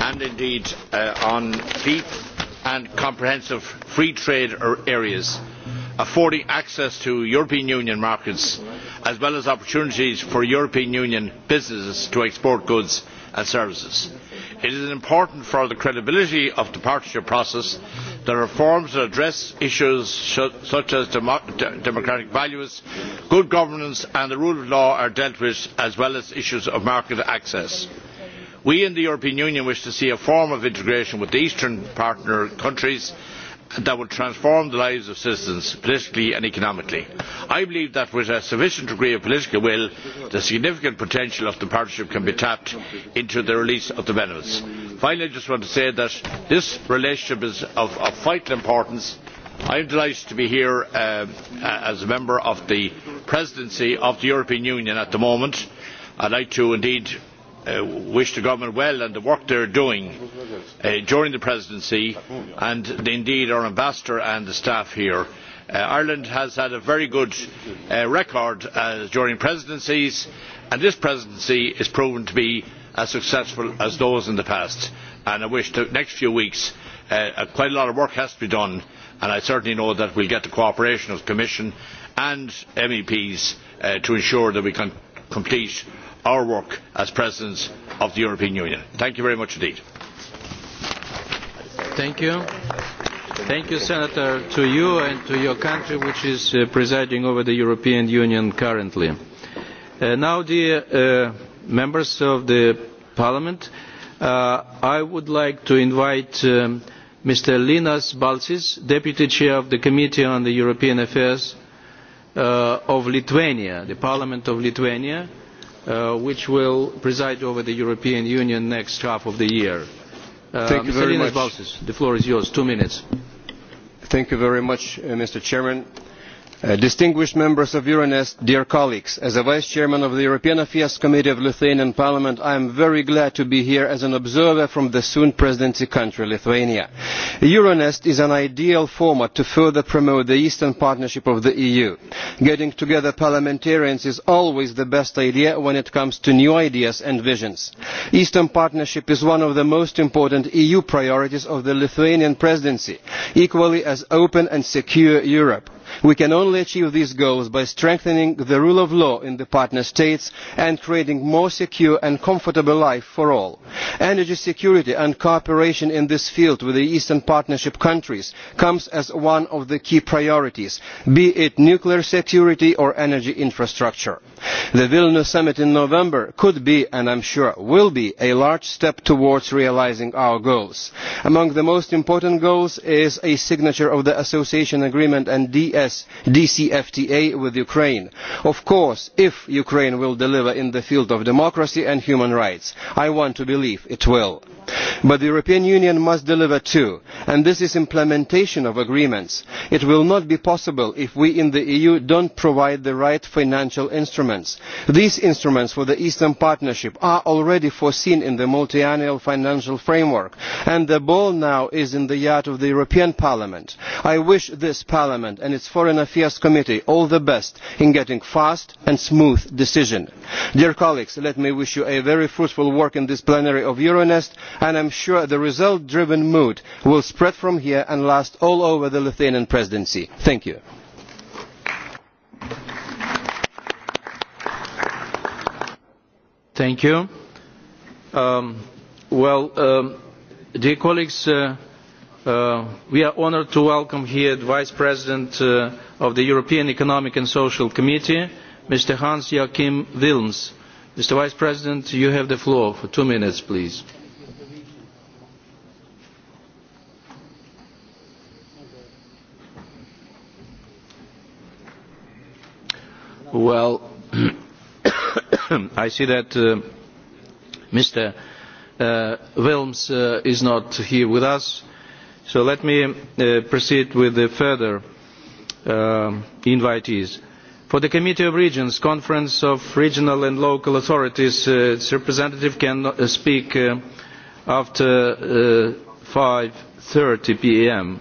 and indeed on deep and comprehensive free trade areas affording access to european union markets as well as opportunities for european union businesses to export goods and services it is important for the credibility of the partnership process that reforms that address issues such as democratic values good governance and the rule of law are dealt with as well as issues of market access. we in the european union wish to see a form of integration with the eastern partner countries that will transform the lives of citizens politically and economically. i believe that with a sufficient degree of political will the significant potential of the partnership can be tapped into the release of the benefits. finally i just want to say that this relationship is of vital importance. i am delighted to be here as a member of the presidency of the european union at the moment. i would like to indeed wish the government well and the work they are doing during the presidency and indeed our ambassador and the staff here. ireland has had a very good record during presidencies and this presidency is proven to be as successful as those in the past and i wish the next few weeks quite a lot of work has to be done and i certainly know that we will get the cooperation of the commission and meps to ensure that we can complete our work as presidents of the European Union. Thank you very much indeed. Thank you. Thank you, Senator, to you and to your country which is presiding over the European Union currently. Now, dear members of the Parliament, I would like to invite Mr. Linas Balcis, Deputy Chair of the Committee on the European Affairs of Lithuania, the Parliament of Lithuania, which will preside over the European Union next half of the year. Mr. Balsis, the floor is yours. Two minutes. Thank you very much, Mr. Chairman distinguished members of euronest dear colleagues as the vice chairman of the european affairs committee of the lithuanian parliament i am very glad to be here as an observer from the soon presidency country lithuania. euronest is an ideal format to further promote the eastern partnership of the eu. getting together parliamentarians is always the best idea when it comes to new ideas and visions. eastern partnership is one of the most important eu priorities of the lithuanian presidency equally as open and secure europe we can only achieve these goals by strengthening the rule of law in the partner states and creating more secure and comfortable life for all. energy security and cooperation in this field with the eastern partnership countries comes as one of the key priorities be it nuclear security or energy infrastructure. the vilnius summit in november could be and i am sure will be a large step towards realising our goals. among the most important goals is a signature of the association agreement and DCFTA with Ukraine. Of course, if Ukraine will deliver in the field of democracy and human rights, I want to believe it will. But the European Union must deliver too, and this is implementation of agreements. It will not be possible if we in the EU do not provide the right financial instruments. These instruments for the Eastern Partnership are already foreseen in the Multiannual Financial Framework, and the ball now is in the yard of the European Parliament. I wish this Parliament foreign affairs committee all the best in getting fast and smooth decisions. dear colleagues let me wish you a very fruitful work in this plenary of euronest and i am sure the result driven mood will spread from here and last all over the lithuanian presidency. thank you. Thank you. Well, dear colleagues, We are honoured to welcome here the Vice President of the European Economic and Social Committee, Mr. Hans Joachim Wilms. Mr. Vice President, you have the floor for two minutes, please. Well, I see that Mr. Wilms is not here with us So let me proceed with the further invitees. For the Committee of Regions Conference of Regional and Local Authorities, its representative can speak after 5.30 p.m.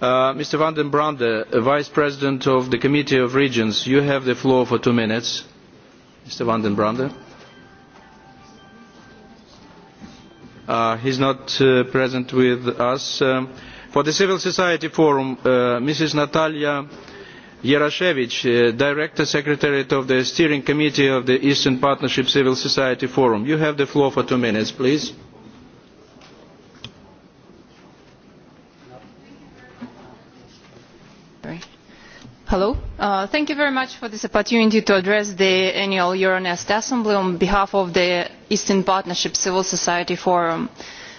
Mr. Van den Brande, Vice President of the Committee of Regions, you have the floor for two minutes. Mr. Van den Brande. He is not present with us. For the Civil Society Forum, Mrs. Natalia Yerashevich, Director Secretary of the Steering Committee of the Eastern Partnership Civil Society Forum. You have the floor for two minutes, please. Hello. Thank you very much for this opportunity to address the annual Euronest Assembly on behalf of the Eastern Partnership Civil Society Forum.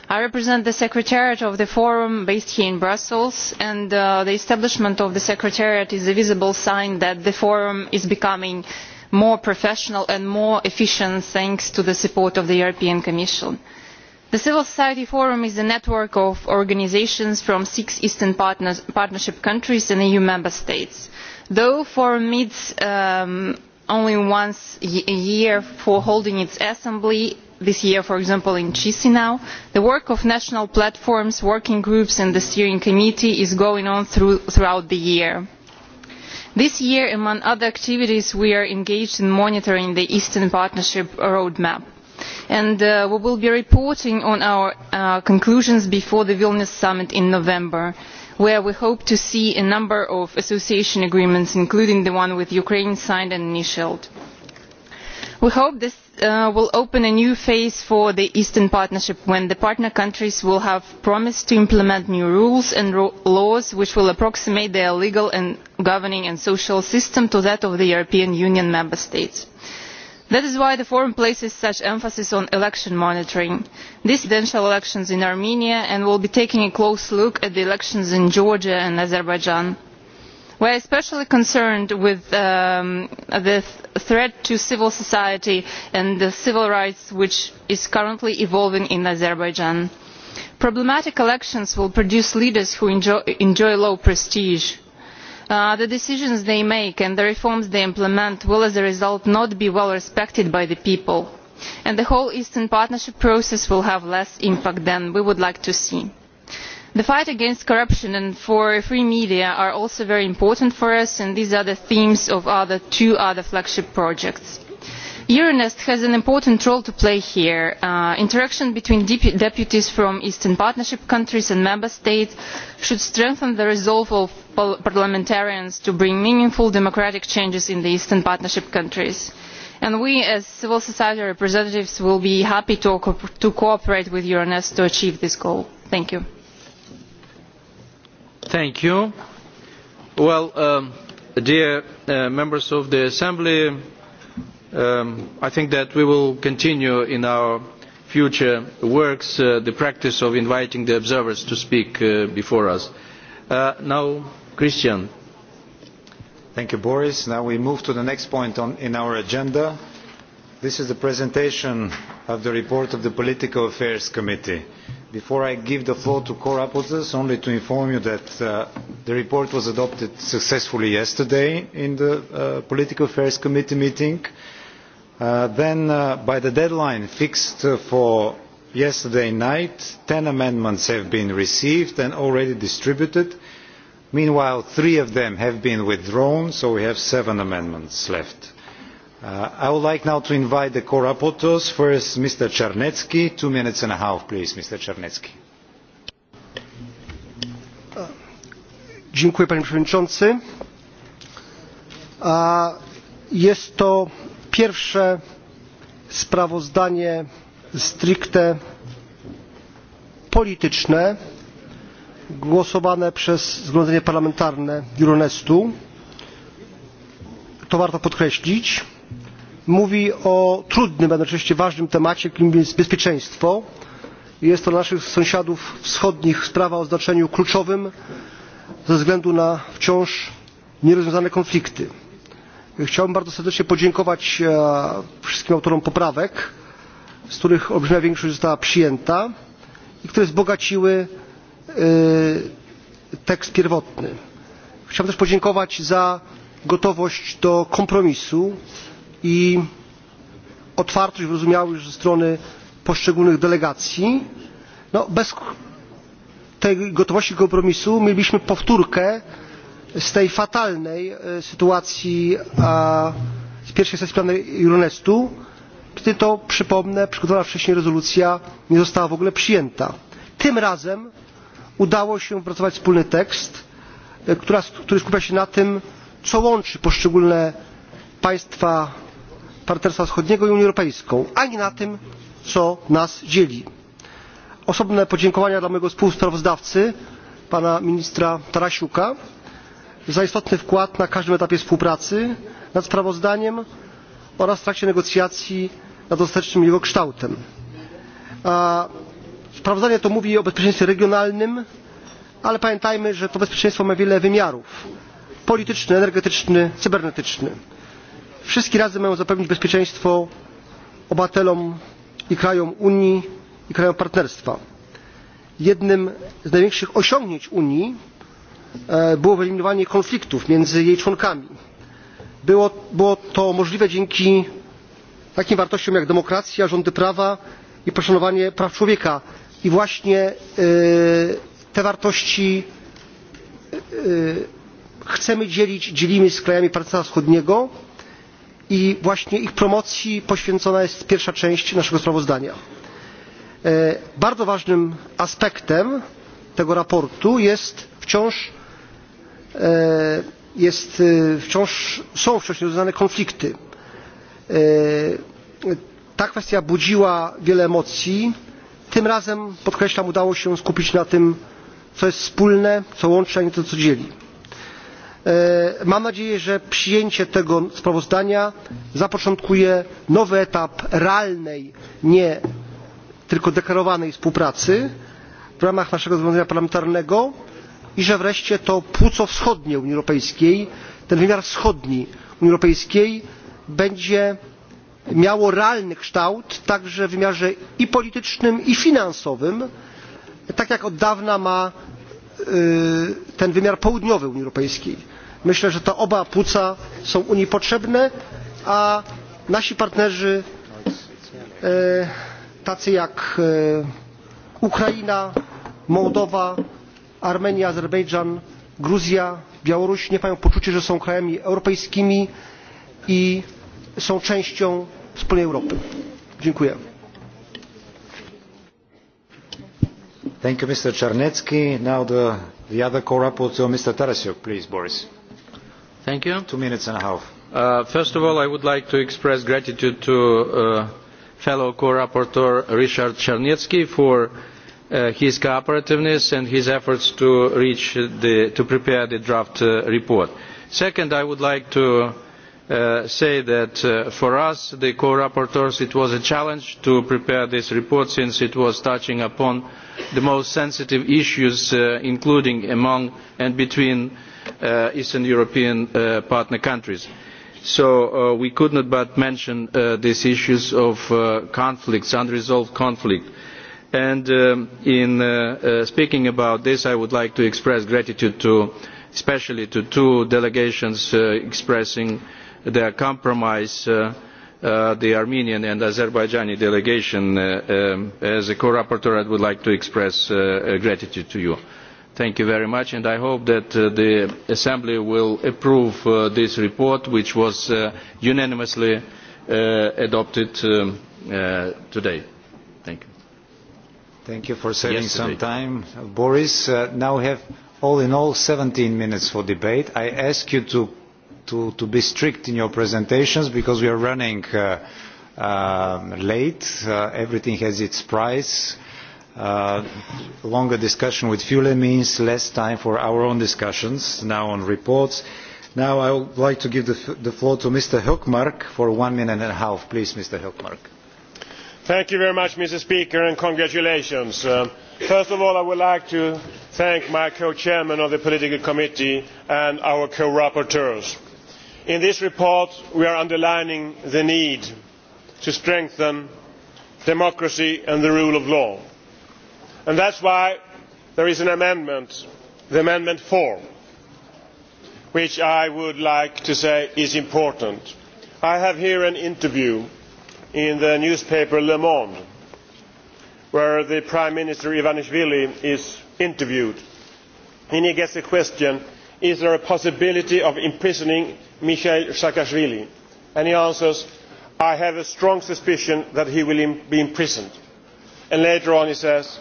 I represent the Secretariat of the Forum based here in Brussels, and the establishment of the Secretariat is a visible sign that the Forum is becoming more professional and more efficient thanks to the support of the European Commission. The Civil Society Forum is a network of organisations from six Eastern Partnership countries and EU member states. Though Forum meets only once a year for holding its assembly, this year, for example, in Chisinau, the work of national platforms, working groups and the steering committee is going on throughout the year. This year, among other activities, we are engaged in monitoring the Eastern Partnership roadmap and we will be reporting on our conclusions before the vilnius summit in november where we hope to see a number of association agreements including the one with ukraine signed and initialed. we hope this will open a new phase for the eastern partnership when the partner countries will have promised to implement new rules and laws which will approximate their legal and governing and social system to that of the european union member states That is why the Forum places such emphasis on election monitoring. the presidential elections in Armenia and will be taking a close look at the elections in Georgia and Azerbaijan. We are especially concerned with the threat to civil society and the civil rights which is currently evolving in Azerbaijan. Problematic elections will produce leaders who enjoy low prestige the decisions they make and the reforms they implement will as a result not be well respected by the people and the whole eastern partnership process will have less impact than we would like to see. the fight against corruption and for free media are also very important for us and these are the themes of the two other flagship projects euronest has an important role to play here interaction between deputies from eastern partnership countries and member states should strengthen the resolve of parliamentarians to bring meaningful democratic changes in the eastern partnership countries and we as civil society representatives will be happy to cooperate with euronest to achieve this goal. thank you. thank you. well dear members of the assembly I think that we will continue in our future works the practice of inviting the observers to speak before us. Now, Christian. Thank you, Boris. Now we move to the next point in our agenda. This is the presentation of the report of the Political Affairs Committee. Before I give the floor to co-rapporteurs, only to inform you that the report was adopted successfully yesterday in the Political Affairs Committee meeting. Then, by the deadline fixed for yesterday night, ten amendments have been received and already distributed. Meanwhile, three of them have been withdrawn, so we have seven amendments left. I would like now to invite the co-rapporteurs. First, Mr. Czarnecki. Two minutes and a half, please, Mr. Czarnecki. Panie Przewodniczący. Jest to pierwsze sprawozdanie stricte polityczne głosowane przez zgromadzenie parlamentarne euronestu to warto podkreślić mówi o trudnym a jednocześnie ważnym temacie jakim jest bezpieczeństwo. jest to dla naszych sąsiadów wschodnich sprawa o znaczeniu kluczowym ze względu na wciąż nierozwiązane konflikty. Chciałbym bardzo serdecznie podziękować wszystkim autorom poprawek, z których olbrzymia większość została przyjęta i które wzbogaciły tekst pierwotny. Chciałbym też podziękować za gotowość do kompromisu i otwartość wyrozumiałość ze strony poszczególnych delegacji. Bez tej gotowości kompromisu mielibyśmy powtórkę z tej fatalnej sytuacji z pierwszej sesji plenarnej euronestu kiedy to przypomnę przygotowana wcześniej rezolucja nie została w ogóle przyjęta. tym razem udało się wypracować wspólny tekst który skupia się na tym co łączy poszczególne państwa partnerstwa wschodniego i unię europejską a nie na tym co nas dzieli. osobne podziękowania dla mojego współsprawozdawcy pana ministra tarasiuka za istotny wkład na każdym etapie współpracy nad sprawozdaniem oraz w trakcie negocjacji nad ostatecznym jego kształtem. sprawozdanie to mówi o bezpieczeństwie regionalnym ale pamiętajmy że to bezpieczeństwo ma wiele wymiarów polityczny energetyczny cybernetyczny. wszystkie razem mają zapewnić bezpieczeństwo obywatelom i krajom unii i krajom partnerstwa. jednym z największych osiągnięć unii było wyeliminowanie konfliktów między jej członkami. było to możliwe dzięki takim wartościom jak demokracja rządy prawa i poszanowanie praw człowieka i właśnie te wartości chcemy dzielić dzielimy z krajami partnerstwa wschodniego i właśnie ich promocji poświęcona jest pierwsza część naszego sprawozdania. bardzo ważnym aspektem tego sprawozdania jest wciąż wciąż są wciąż nierozwiązane konflikty. ta kwestia budziła wiele emocji tym razem podkreślam udało się skupić na tym co jest wspólne co łączy a nie to co dzieli. mam nadzieję że przyjęcie tego sprawozdania zapoczątkuje nowy etap realnej nie tylko deklarowanej współpracy w ramach naszego zobowiązania parlamentarnego i że wreszcie to płuco wschodnie unii europejskiej ten wymiar wschodni unii europejskiej będzie miało realny kształt także w wymiarze i politycznym i finansowym tak jak od dawna ma ten wymiar południowy unii europejskiej. myślę że te oba płuca są unii potrzebne a nasi partnerzy tacy jak ukraina mołdowa armenia azerbejdżan gruzja białoruś nie mają poczucia że są krajami europejskimi i są częścią wspólnej europy. dziękuję. of all, to express Richard his cooperativeness and his efforts to to prepare the draft report. Second, I would like to say that for us, the co-rapporteurs, it was a challenge to prepare this report since it was touching upon the most sensitive issues, including among and between Eastern European partner countries. So we could not but mention these issues of conflicts, unresolved conflict and in speaking about this i would like to express gratitude especially to two delegations expressing their compromise the armenian and azerbaijani delegation as a co rapporteur i would like to express gratitude to you. thank you very much and i hope that the assembly will approve this report which was unanimously adopted today. thank you. Thank you for saving some time, Boris. Now we have all in all 17 minutes for debate. I ask you to to be strict in your presentations because we are running late. Everything has its price. Longer discussion with Fule means less time for our own discussions now on reports. Now I would like to give the floor to Mr. Hökmark for one minute and a half. Please, Mr. Hökmark. Thank you very much, Mr. and congratulations. First of all, I would like to thank my co-chairman of the Political Committee and our co-rapporteurs. In this report, we are underlining the need to strengthen democracy and the rule of law. And is why there is an amendment, the Amendment 4, which I would like to say is important. I have here an interview in the newspaper Le Monde, where the Prime Minister Ivanishvili is interviewed. And he gets the question, is there a possibility of imprisoning Mikhail Saakashvili? And he answers, I have a strong suspicion that he will be imprisoned. And later on he says,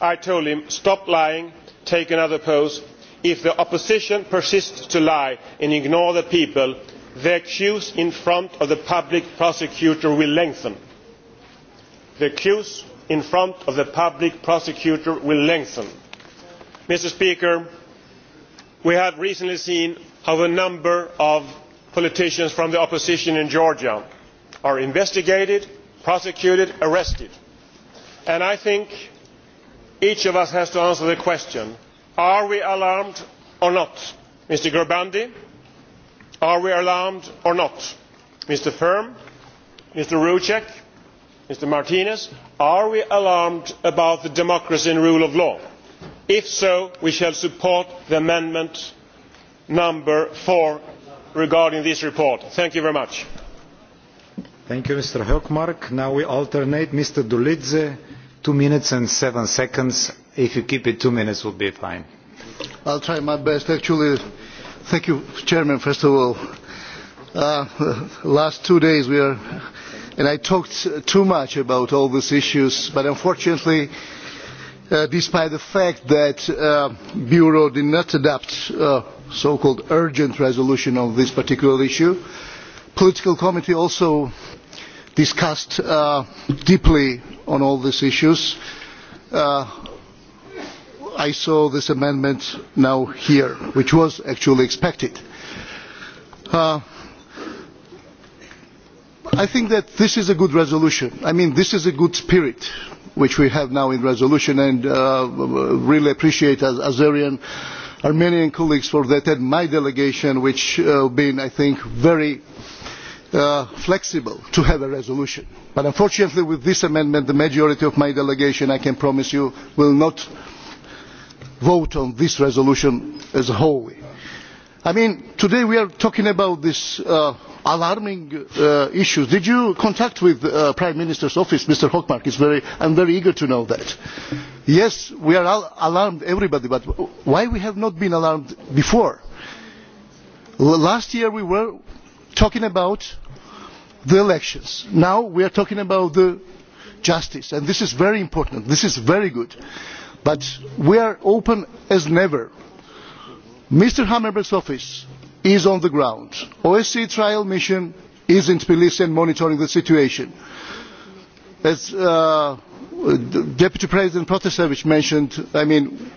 I told him, stop lying, take another post If the opposition persists to lie and ignore the people, the accused in front of the public prosecutor will lengthen. the accused in front of the public prosecutor will lengthen. mr speaker we have recently seen how a number of politicians from the opposition in georgia are investigated prosecuted arrested and i think each of us has to answer the question are we alarmed or not? mr Gorbandi. Are we alarmed or not? Mr Firm, Mr Rucek, Mr Martinez, are we alarmed about the democracy and rule of law? If so, we shall support the amendment number four regarding this report. Thank you very much. Thank you, Mr. hkmark. Now we alternate Mr. Dulidze, two minutes and seven seconds. If you keep it two minutes, will be fine. I'll try my best. Actually, Thank you, Chairman, first of all. Uh, last two days we are, and I talked too much about all these issues, but unfortunately, despite the fact that the Bureau did not adopt a so-called urgent resolution on this particular issue, political committee also discussed deeply on all these issues I saw this amendment now here, which was actually expected. I think that this is a good resolution. I mean, this is a good spirit which we have now in resolution, and really appreciate Azerian, Armenian colleagues for that, and my delegation, which has been, I think, very flexible to have a resolution. But unfortunately, with this amendment, the majority of my delegation, I can promise you, will not vote on this resolution as a whole. I mean, today we are talking about this alarming issues. Did you contact with the Prime Minister's office, Mr. Hochmark? I am very eager to know that. Yes, we are alarmed, everybody, but why we have not been alarmed before? Last year we were talking about the elections. Now we are talking about the justice, and this is very important. This is very good but we are open as never. Mr Hammerberg's office is on the ground. OSCE trial mission is in Tbilisi and monitoring the situation. As Deputy President Protasevich mentioned, I mean,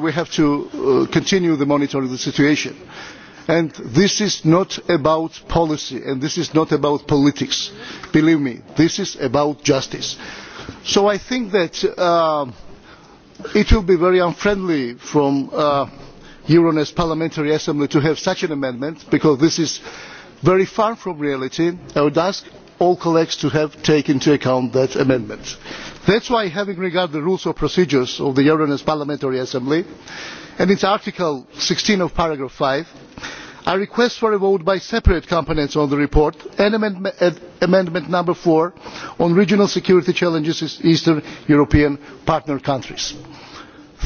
we have to continue the monitoring of the situation. And this is not about policy and this is not about politics. Believe me, this is about justice. So I think that it will be very unfriendly from euronest parliamentary assembly to have such an amendment because this is very far from reality. i would ask all colleagues to have taken into account that amendment. that is why having regard to the rules of Procedures of the euronest parliamentary assembly and its article sixteen of paragraph five i request for a vote by separate components on the report and amendment number four on regional security challenges in eastern european partner countries.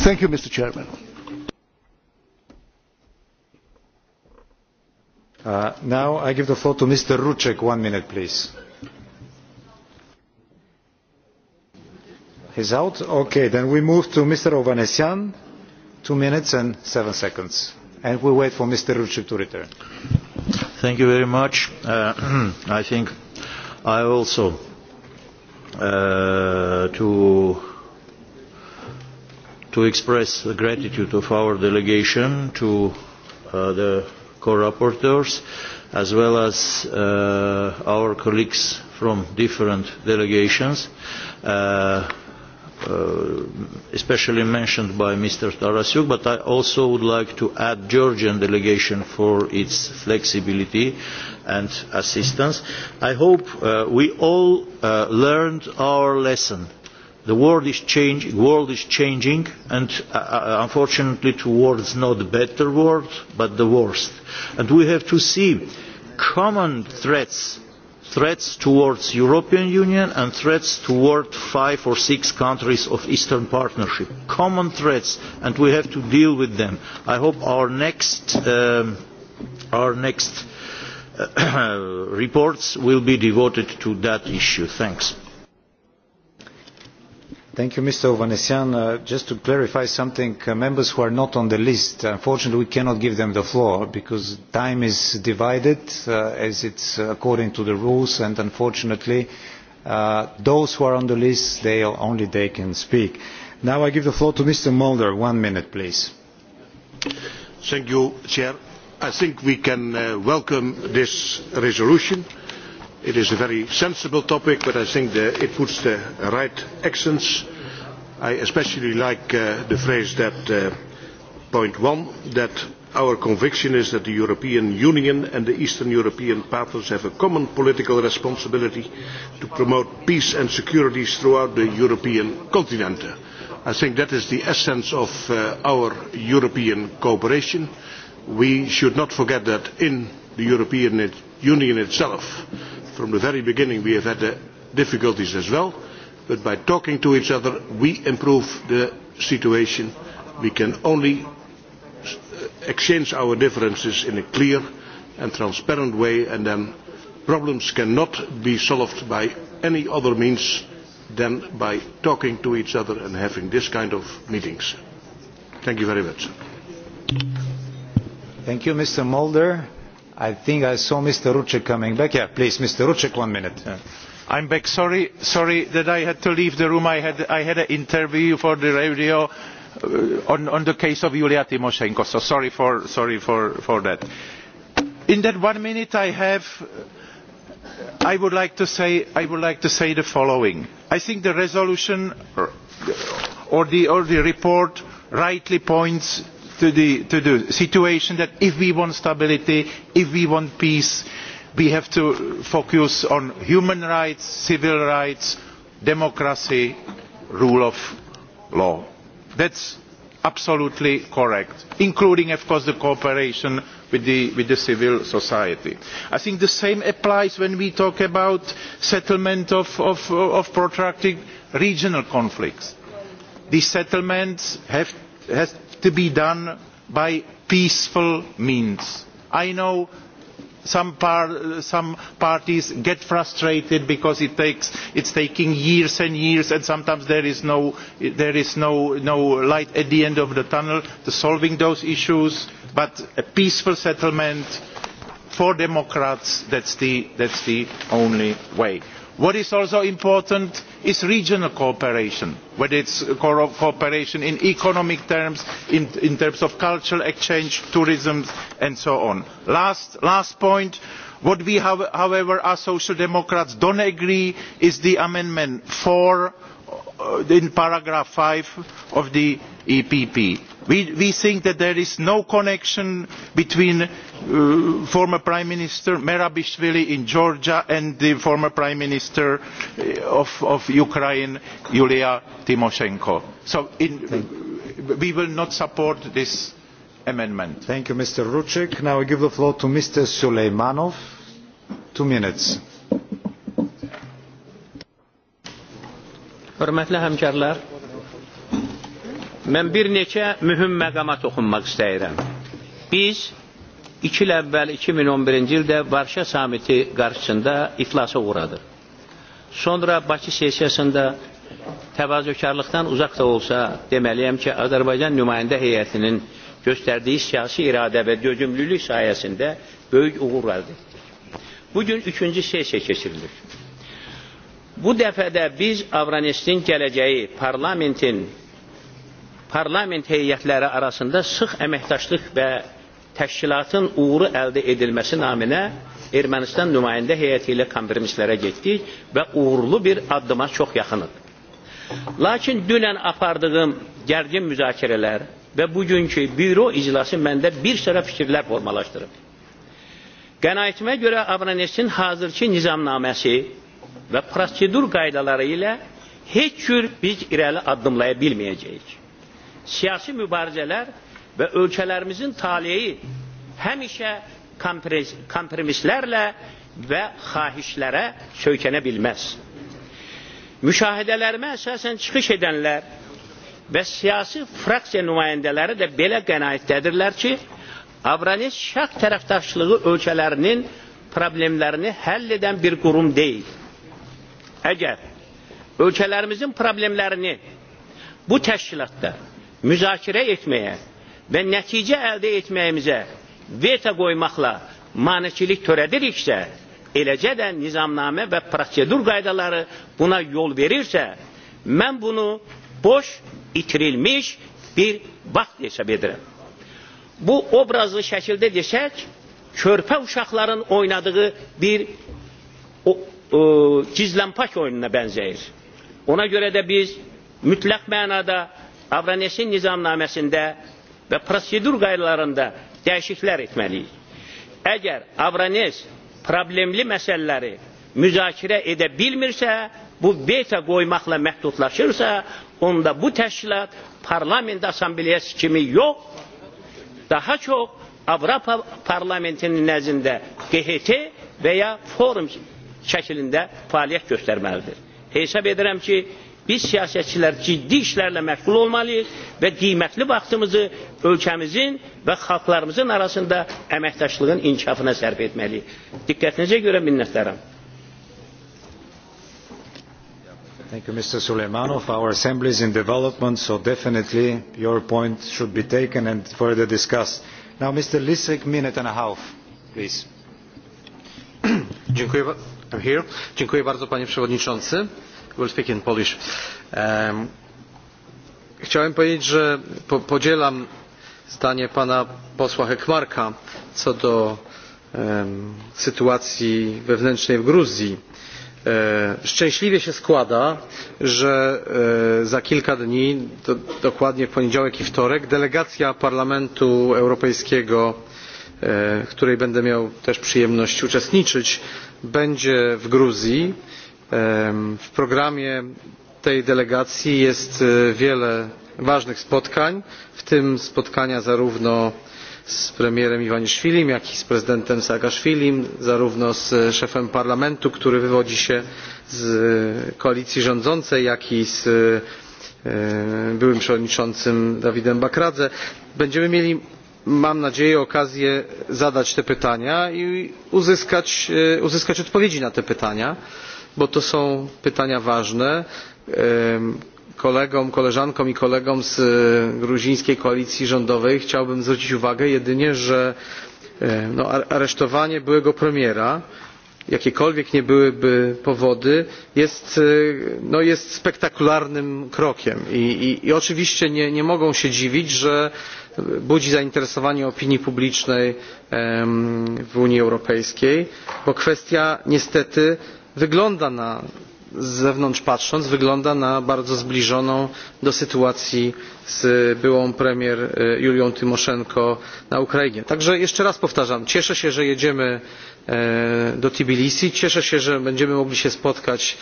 thank you mr chairman. now i give the floor to mr rouek one minute please. he's out? okay then we move to mr ovanesyan two minutes and seven seconds and we wait for Mr. Rutschik to return. Thank you very much. I think I also to to express the gratitude of our delegation to the co-rapporteurs as well as our colleagues from different delegations especially mentioned by Mr. Tarasyuk, but I also would like to add Georgian delegation for its flexibility and assistance. I hope we all learned our lesson. The world is changing and unfortunately towards not a better world but the worst. And we have to see common threats threats towards the European Union and threats towards five or six countries of Eastern Partnership. Common threats and we have to deal with them. I hope our next reports will be devoted to that issue. Thanks. Thank you, Mr. Ovanesian. Just to clarify something, members who are not on the list, unfortunately, we cannot give them the floor because time is divided as it's according to the rules, and unfortunately, those who are on the list, they only they can speak. Now I give the floor to Mr. Mulder. One minute, please. Thank you, Chair. I think we can welcome this resolution It is a very sensible topic, but I think it puts the right accents. I especially like the phrase that point one, that our conviction is that the European Union and the Eastern European partners have a common political responsibility to promote peace and security throughout the European continent. I think that is the essence of our European cooperation. We should not forget that in the European Union itself From the very beginning we have had difficulties as well, but by talking to each other we improve the situation. We can only exchange our differences in a clear and transparent way and then problems cannot be solved by any other means than by talking to each other and having this kind of meetings. Thank you very much. Thank you, Mr. Mulder. I think I saw Mr. Rucek coming back. Yeah, please, Mr. Rucek, one minute. I'm back. Sorry, sorry that I had to leave the room. I had I had an interview for the radio on the case of Yulia Tymoshenko. So sorry for sorry for for that. In that one minute I have, I would like to say I would like to say the following. I think the resolution or the or the report rightly points to the situation that if we want stability, if we want peace, we have to focus on human rights, civil rights, democracy, rule of law. That's absolutely correct, including, of course, the cooperation with the civil society. I think the same applies when we talk about settlement of protracted regional conflicts. These settlements have to be done by peaceful means. I know some parties get frustrated because it is taking years and years and sometimes there is no light at the end of the tunnel to solving those issues but a peaceful settlement for democrats that is the only way. What is also important is regional cooperation, whether it is cooperation in economic terms, in terms of cultural exchange, tourism and so on. Last point what we however as Social Democrats do not agree is the Amendment 4 in paragraph 5 of the EPP We think that there is no connection between former Prime Minister Merabishvili in Georgia and the former Prime Minister of Ukraine, Yulia Tymoshenko. So we will not support this amendment. Thank you, Mr. Now I give the floor to Mr. Suleimanov. Two minutes. həmkarlar, Mən bir neçə mühüm məqama toxunmaq istəyirəm. Biz iki il əvvəl 2011-ci ildə Varşa samiti qarşısında iflasa uğradıq. Sonra Bakı sessiyasında təvazökarlıqdan uzaq da olsa deməliyəm ki, Azərbaycan nümayəndə heyətinin göstərdiyi siyasi iradə və dözümlülük sayəsində böyük uğur əldə etdik. Bugün üçüncü sessiya keçirilir. Bu dəfədə biz Avranistin gələcəyi parlamentin parlament heyətləri arasında sıx əməkdaşlıq və təşkilatın uğuru əldə edilməsi naminə Ermənistan nümayəndə heyəti ilə kompromislərə getdik və uğurlu bir addıma çox yaxınıq. Lakin dünən apardığım gərgin müzakirələr və bugünkü büro iclası məndə bir sıra fikirlər formalaşdırıb. Qənaətimə görə Avranesin hazırki nizamnaməsi və prosedur qaydaları ilə heç cür biz irəli addımlaya bilməyəcəyik siyasi mübarizeler ve ölkələrimizin taleyi həmişə kompromislərlə və xahişlərə söykənə bilməz. Müşahidələrimə əsasən çıxış edənlər və siyasi fraksiya nümayəndələri də belə qənaətdədirlər ki, Avranis şəx tərəfdaşlığı ölkələrinin problemlərini həll edən bir qurum deyil. Əgər ölkələrimizin problemlərini bu təşkilatda müzakirə etməyə və nəticə əldə etməyimizə veto qoymaqla manikilik törədiriksə, eləcə də nizamnamə və prosedur qaydaları buna yol verirsə, mən bunu boş, itirilmiş bir vaxt hesab edirəm. Bu obrazlı şəkildə desək, körpə uşaqların oynadığı bir o, gizlənpak oyununa bənzəyir. Ona görə də biz mütləq mənada Avranesin nizamnaməsində və prosedur qaydalarında dəyişikliklər etməliyik. Əgər Avranes problemli məsələləri müzakirə edə bilmirsə, bu Beta qoymaqla məhdudlaşırsa, onda bu təşkilat parlament assambleyası kimi yox, daha çox Avropa parlamentinin nəzdində QHT və ya forum şəklində fəaliyyət göstərməlidir. Hesab edirəm ki, Biz siyasetçiler ciddi işlerle meşgul olmalıyız ve kıymetli vaktimizi ülkemizin ve halklarımızın arasında emektaşlığın inkişafına sərf etmeliyiz. Dikkatinize göre minnettarım. Thank you, Mr. Suleymanov. Our assembly is in development, so definitely your point should be taken and further discussed. Now, Mr. Lisek, minute and a half, please. Dziękuję. I'm here. Dziękuję bardzo, panie przewodniczący Chciałem powiedzieć, że podzielam zdanie pana posła Hekmarka co do sytuacji wewnętrznej w Gruzji. Szczęśliwie się składa, że za kilka dni, dokładnie w poniedziałek i wtorek, delegacja Parlamentu Europejskiego, w której będę miał też przyjemność uczestniczyć, będzie w Gruzji w programie tej delegacji jest wiele ważnych spotkań w tym spotkania zarówno z premierem iwaniszwilim jak i z prezydentem saakaszwilim zarówno z szefem parlamentu który wywodzi się z koalicji rządzącej jak i z byłym przewodniczącym dawidem bakradze. będziemy mieli mam nadzieję okazję zadać te pytania i uzyskać odpowiedzi na te pytania bo to są pytania ważne. Kolegom, koleżankom i kolegom z gruzińskiej koalicji rządowej chciałbym zwrócić uwagę jedynie, że aresztowanie byłego premiera, jakiekolwiek nie byłyby powody, jest spektakularnym krokiem i oczywiście nie mogą się dziwić, że budzi zainteresowanie opinii publicznej w Unii Europejskiej, bo kwestia niestety wygląda na z zewnątrz patrząc wygląda na bardzo zbliżoną do sytuacji z byłą premier Julią Tymoszenko na Ukrainie. Także jeszcze raz powtarzam, cieszę się, że jedziemy do Tbilisi, cieszę się, że będziemy mogli się spotkać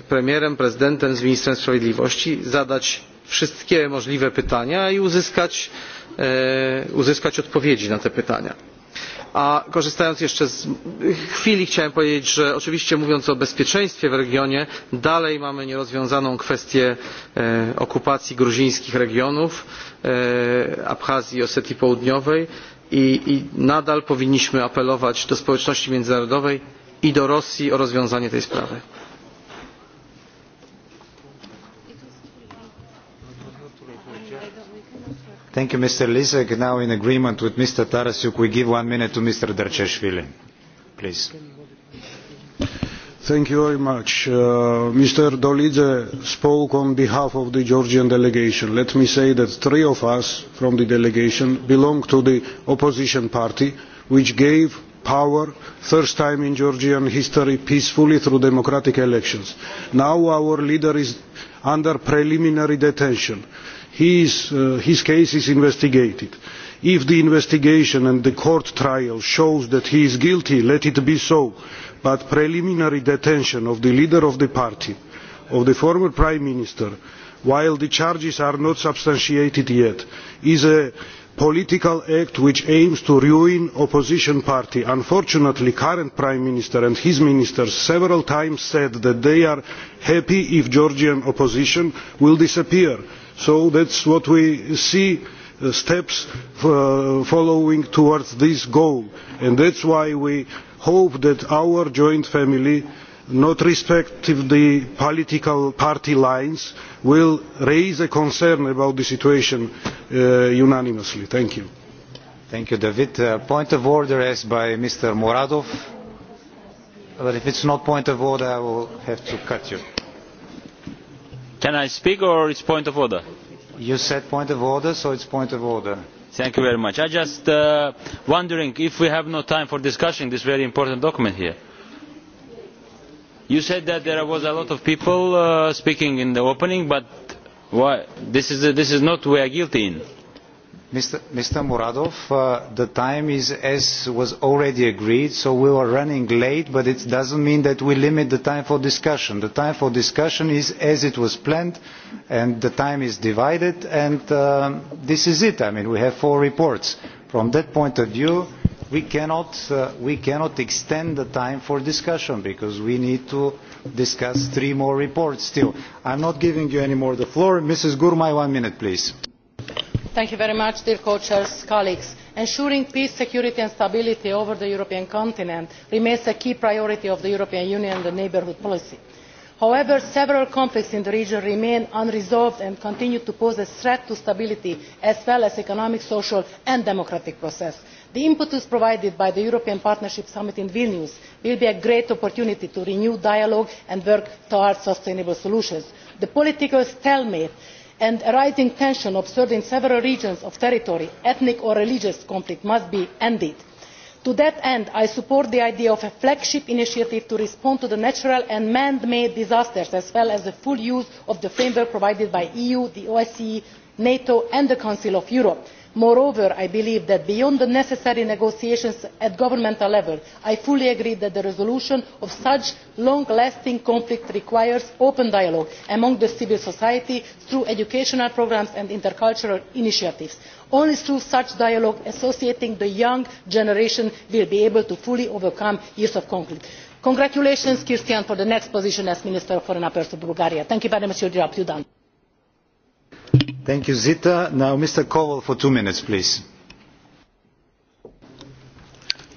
z premierem, prezydentem, z ministrem sprawiedliwości, zadać wszystkie możliwe pytania i uzyskać odpowiedzi na te pytania a korzystając jeszcze z chwili chciałem powiedzieć że oczywiście mówiąc o bezpieczeństwie w regionie dalej mamy nierozwiązaną kwestię okupacji gruzińskich regionów abchazji i osetii południowej i nadal powinniśmy apelować do społeczności międzynarodowej i do rosji o rozwiązanie tej sprawy. Thank you, Mr. Lisek. Now, in agreement with Mr. Tarasuk, we give one minute to Mr. Darcheshvili. Please. Thank you very much. Mr. Dolidze spoke on behalf of the Georgian delegation. Let me say that three of us from the delegation belong to the opposition party, which gave power, first time in Georgian history, peacefully through democratic elections. Now our leader is under preliminary detention his case is investigated. If the investigation and the court trial shows that he is guilty, let it be so, but preliminary detention of the leader of the party, of the former Prime Minister, while the charges are not substantiated yet, is a political act which aims to ruin the opposition party. Unfortunately, the current Prime Minister and his ministers several times said that they are happy if Georgian opposition will disappear So that's what we see steps following towards this goal. And that's why we hope that our joint family, not respecting the political party lines, will raise a concern about the situation unanimously. Thank you. Thank you, David. Point of order asked by Mr. Moradov. But if it's not point of order, I will have to cut you. Can I speak or it's point of order? You said point of order, so it's point of order. Thank you very much. I just wondering if we have no time for discussing this very important document here. You said that there was a lot of people speaking in the opening, but why? This is this is not we are guilty in Mr. Muradov, the time is as was already agreed, so we are running late, but it doesn't mean that we limit the time for discussion. The time for discussion is as it was planned, and the time is divided, and this is it. I mean, we have four reports. From that point of view, we cannot extend the time for discussion because we need to discuss three more reports still. I am not giving you any more the floor. Mrs. Gurmai, one minute, please. Thank you very much, dear co colleagues. Ensuring peace, security and stability over the European continent remains a key priority of the European Union and the neighbourhood policy. However, several conflicts in the region remain unresolved and continue to pose a threat to stability as well as economic, social and democratic process. The impetus provided by the European Partnership Summit in Vilnius will be a great opportunity to renew dialogue and work towards sustainable solutions. The political stalemate and a rising tension observed in several regions of territory ethnic or religious conflict must be ended. to that end i support the idea of a flagship initiative to respond to the natural and man made disasters as well as the full use of the framework provided by the eu the osce nato and the council of europe moreover i believe that beyond the necessary negotiations at governmental level i fully agree that the resolution of such long lasting conflict requires open dialogue among civil society through educational programmes and intercultural initiatives. only through such dialogue associating the young generation will be able to fully overcome years of conflict. congratulations cristian for the next position as minister of foreign affairs of bulgaria. thank you very much for your done.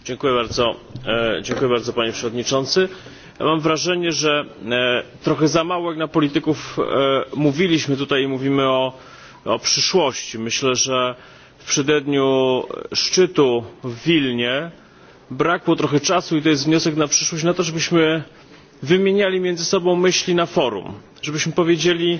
Dziękuję bardzo, panie przewodniczący. Mam wrażenie, że trochę za mało jak na polityków mówiliśmy tutaj i mówimy o przyszłości. Myślę, że w przededniu szczytu w Wilnie brakło trochę czasu i to jest wniosek na przyszłość na to, żebyśmy wymieniali między sobą myśli na forum, żebyśmy powiedzieli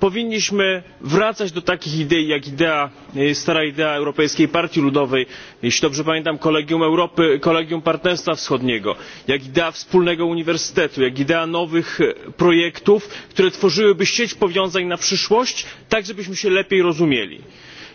powinniśmy wracać do takich idei jak stara idea europejskiej partii ludowej jeśli dobrze pamiętam kolegium europy kolegium partnerstwa wschodniego jak idea wspólnego uniwersytetu jak idea nowych projektów które tworzyłyby sieć powiązań na przyszłość tak żebyśmy się lepiej rozumieli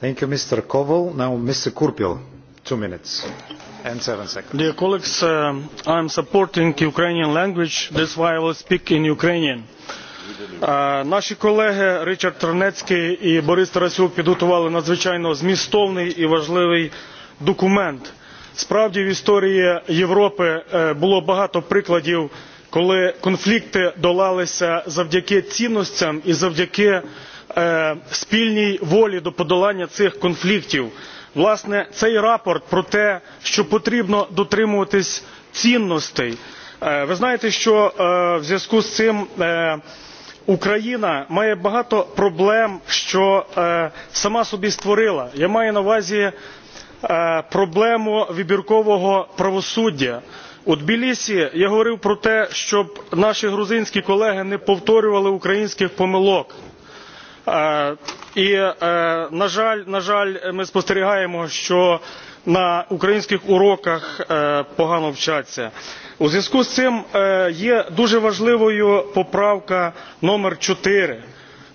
Thank you, Mr. Koval. Now, Mr. Kurpil, two minutes and seven seconds. Dear colleagues, I am supporting Ukrainian language. That's why I will speak in Ukrainian. Наші колеги Річард Тернецький і Борис Тарасюк підготували надзвичайно змістовний і важливий документ. Справді в історії Європи було багато прикладів, коли конфлікти долалися завдяки цінностям і завдяки спільній волі до подолання цих конфліктів. Власне, цей рапорт про те, що потрібно дотримуватись цінностей. Ви знаєте, що в зв'язку з цим Україна має багато проблем, що сама собі створила. Я маю на увазі проблему вибіркового правосуддя. У Тбілісі я говорив про те, щоб наші грузинські колеги не повторювали українських помилок. І, на жаль, на жаль, ми спостерігаємо, що на українських уроках погано вчаться. У зв'язку з цим є дуже важливою поправка номер 4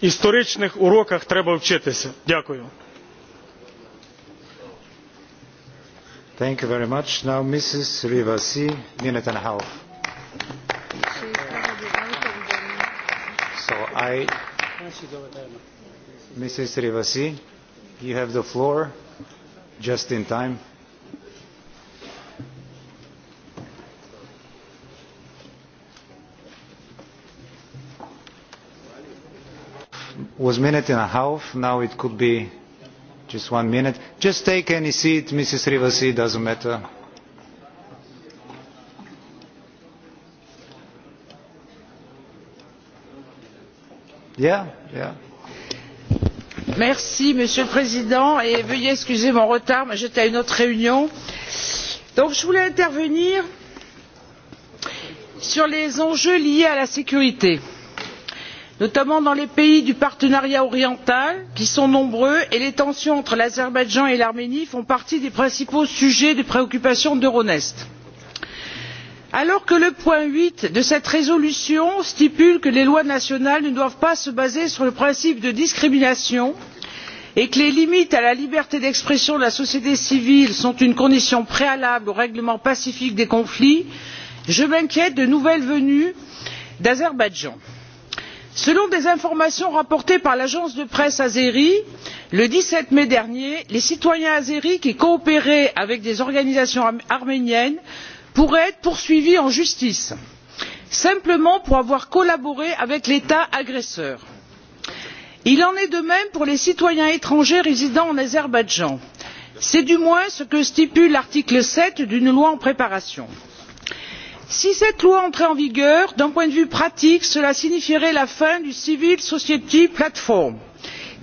історичних уроках треба вчитися. Дякую. Thank you very much. Now Mrs. Rivasi, minute and a half. So I, Mrs. Rivasi, you have the floor just in time. was a minute and a half. Now it could be just one minute. Just take any seat, Mrs. Rivasi, doesn't matter. Yeah, yeah. Merci, Monsieur le Président, et veuillez excuser mon retard, mais j'étais à une autre réunion. Donc, je voulais intervenir sur les enjeux liés à la sécurité notamment dans les pays du partenariat oriental qui sont nombreux et les tensions entre l'azerbaïdjan et l'arménie font partie des principaux sujets de préoccupation d'euronest. alors que le point huit de cette résolution stipule que les lois nationales ne doivent pas se baser sur le principe de discrimination et que les limites à la liberté d'expression de la société civile sont une condition préalable au règlement pacifique des conflits je m'inquiète de nouvelles venues d'azerbaïdjan selon des informations rapportées par l'agence de presse azérie le dix sept mai dernier les citoyens azéris qui coopéraient avec des organisations arméniennes pourraient être poursuivis en justice simplement pour avoir collaboré avec l'état agresseur. il en est de même pour les citoyens étrangers résidant en azerbaïdjan c'est du moins ce que stipule l'article sept d'une loi en préparation si cette loi entrait en vigueur d'un point de vue pratique cela signifierait la fin du civil society platform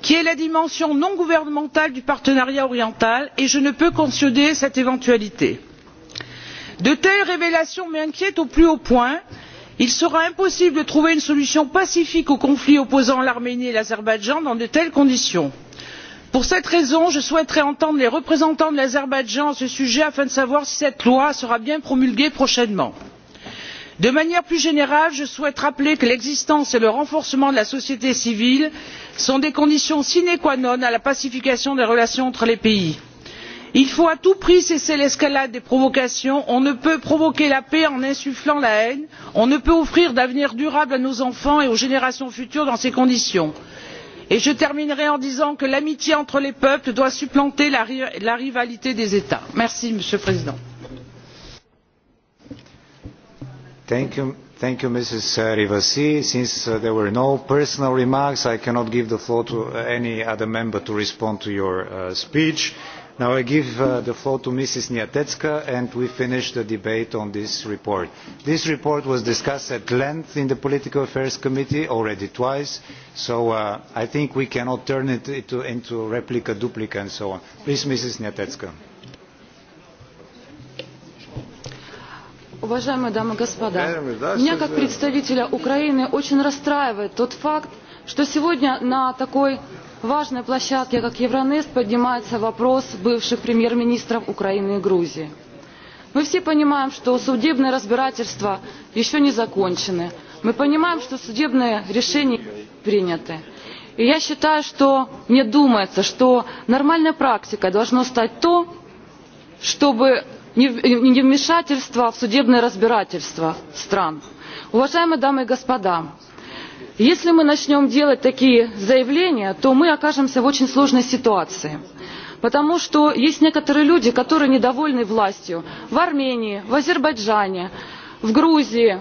qui est la dimension non gouvernementale du partenariat oriental et je ne peux cautionner cette éventualité. de telles révélations m'inquiètent au plus haut point. il sera impossible de trouver une solution pacifique au conflit opposant l'arménie et l'azerbaïdjan dans de telles conditions. pour cette raison je souhaiterais entendre les représentants de l'azerbaïdjan à ce sujet afin de savoir si cette loi sera bien promulguée prochainement de manière plus générale je souhaite rappeler que l'existence et le renforcement de la société civile sont des conditions sine qua non à la pacification des relations entre les pays. il faut à tout prix cesser l'escalade des provocations on ne peut provoquer la paix en insufflant la haine on ne peut offrir d'avenir durable à nos enfants et aux générations futures dans ces conditions. je terminerai en disant que l'amitié entre les peuples doit supplanter la rivalité des états. merci monsieur le président. Thank you, thank you, Mrs. Rivasi. Since there were no personal remarks, I cannot give the floor to any other member to respond to your speech. Now I give the floor to Mrs. Niatetska and we finish the debate on this report. This report was discussed at length in the Political Affairs Committee already twice, so I think we cannot turn it into replica, duplica and so on. Please, Mrs. Niatetska. Уважаемые дамы и господа, меня как представителя Украины очень расстраивает тот факт, что сегодня на такой важной площадке, как Евронест, поднимается вопрос бывших премьер-министров Украины и Грузии. Мы все понимаем, что судебные разбирательства еще не закончены. Мы понимаем, что судебные решения приняты. И я считаю, что мне думается, что нормальной практикой должно стать то, чтобы невмешательства в судебное разбирательство стран. Уважаемые дамы и господа, если мы начнем делать такие заявления, то мы окажемся в очень сложной ситуации. Потому что есть некоторые люди, которые недовольны властью в Армении, в Азербайджане, в Грузии,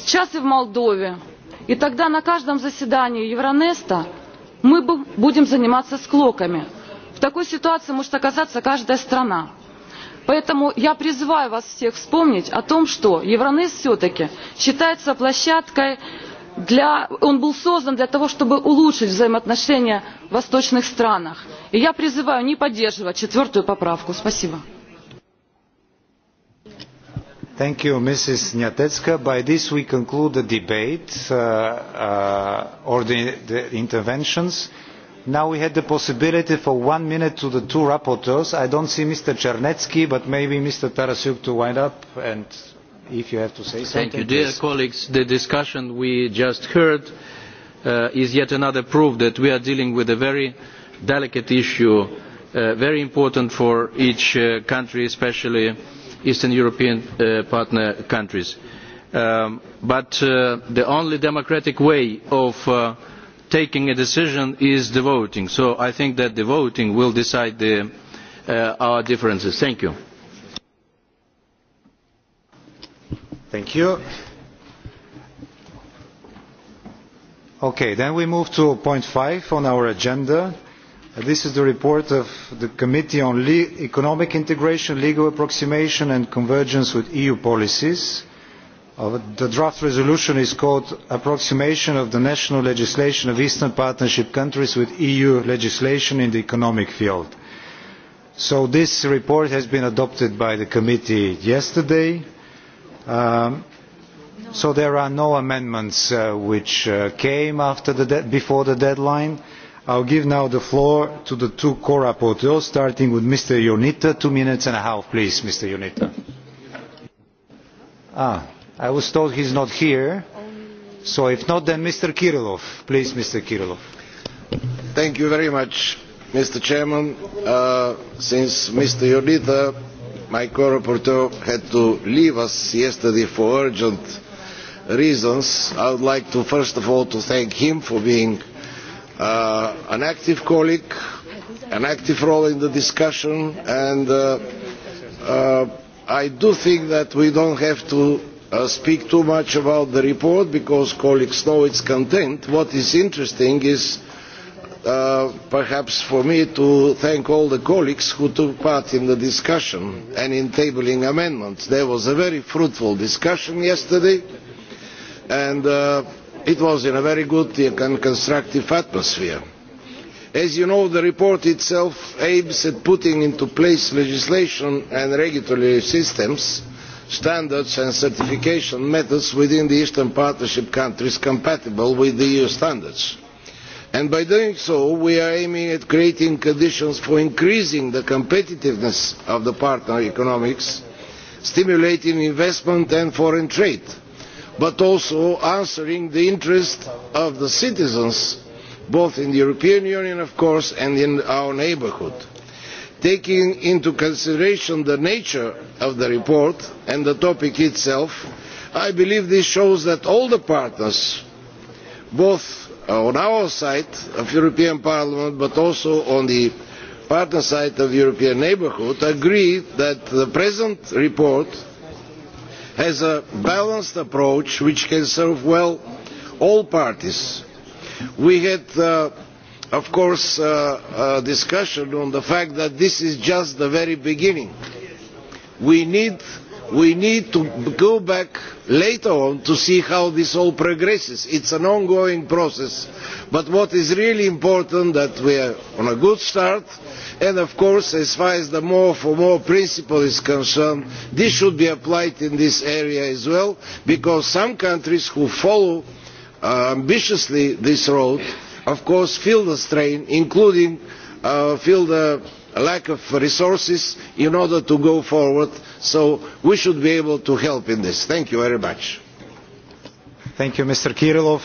сейчас и в Молдове. И тогда на каждом заседании Евронеста мы будем заниматься склоками. В такой ситуации может оказаться каждая страна. Поэтому я призываю вас всех вспомнить о том, что Евронес все-таки считается площадкой для, он был создан для того, чтобы улучшить взаимоотношения в восточных странах. И я призываю не поддерживать четвертую поправку. Спасибо. Thank you, Mrs. Nyatetska. By this we conclude the debate the interventions. Now we had the possibility for one minute to the two rapporteurs. I don't see Mr. Czernetsky, but maybe Mr. Tarasuk to wind up and if you have to say something. Thank you, dear colleagues. The discussion we just heard is yet another proof that we are dealing with a very delicate issue, very important for each country, especially Eastern European partner countries. But the only democratic way of taking a decision is the voting. So I think that the voting will decide our differences. Thank you. Thank you. Okay, then we move to point five on our agenda. This is the report of the Committee on Economic Integration, Legal Approximation and Convergence with EU Policies. The draft resolution is called Approximation of the National Legislation of Eastern Partnership Countries with EU Legislation in the Economic Field. So this report has been adopted by the committee yesterday. So there are no amendments which came before the deadline. I will give now the floor to the two co-rapporteurs, starting with Mr. Unita. Two minutes and a half, please, Mr. Unita. I was told he is not here. So if not, then Mr. Kirillov. Please, Mr. Kirillov. Thank you very much, Mr. Chairman. Since Mr. Yodita, my co-rapporteur, had to leave us yesterday for urgent reasons, I would like to first of all to thank him for being an active colleague, an active role in the discussion, and I do think that we don't have to speak too much about the report because colleagues know its content. What is interesting is perhaps for me to thank all the colleagues who took part in the discussion and in tabling amendments. There was a very fruitful discussion yesterday and it was in a very good and constructive atmosphere. As you know, the report itself aims at putting into place legislation and regulatory systems standards and certification methods within the eastern partnership countries compatible with the eu standards and by doing so we are aiming at creating conditions for increasing the competitiveness of the partner economies stimulating investment and foreign trade but also answering the interests of the citizens both in the european union of course and in our neighbourhood taking into consideration the nature of the report and the topic itself i believe this shows that all the partners both on our side of the european parliament but also on the partner side of the european neighbourhood agree that the present report has a balanced approach which can serve well all parties. we had of course discussion on the fact that this is just the very beginning. We need to go back later on to see how this all progresses. It's an ongoing process, but what is really important is that we are on a good start and of course as far as the more for more principle is concerned, this should be applied in this area as well, because some countries who follow ambitiously this road of course feel the strain including feel the lack of resources in order to go forward so we should be able to help in this. thank you very much. thank you mr kirilov.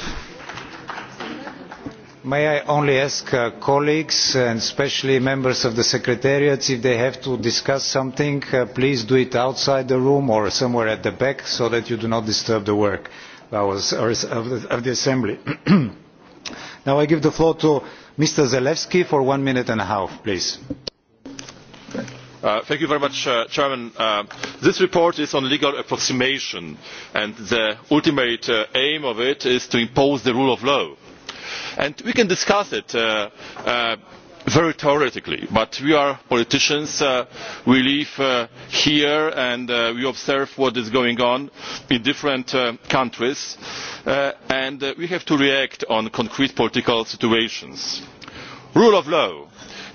may i only ask colleagues and especially members of the secretariat if they have to discuss something please do it outside the room or somewhere at the back so that you do not disturb the work of the assembly. Now I give the floor to Mr. Zelewski for one minute and a half, please. Thank you very much, Chairman. This report is on legal approximation, and the ultimate aim of it is to impose the rule of law. And we can discuss it very theoretically but we are politicians we live here and we observe what is going on in different countries and we have to react on concrete political situations. rule of law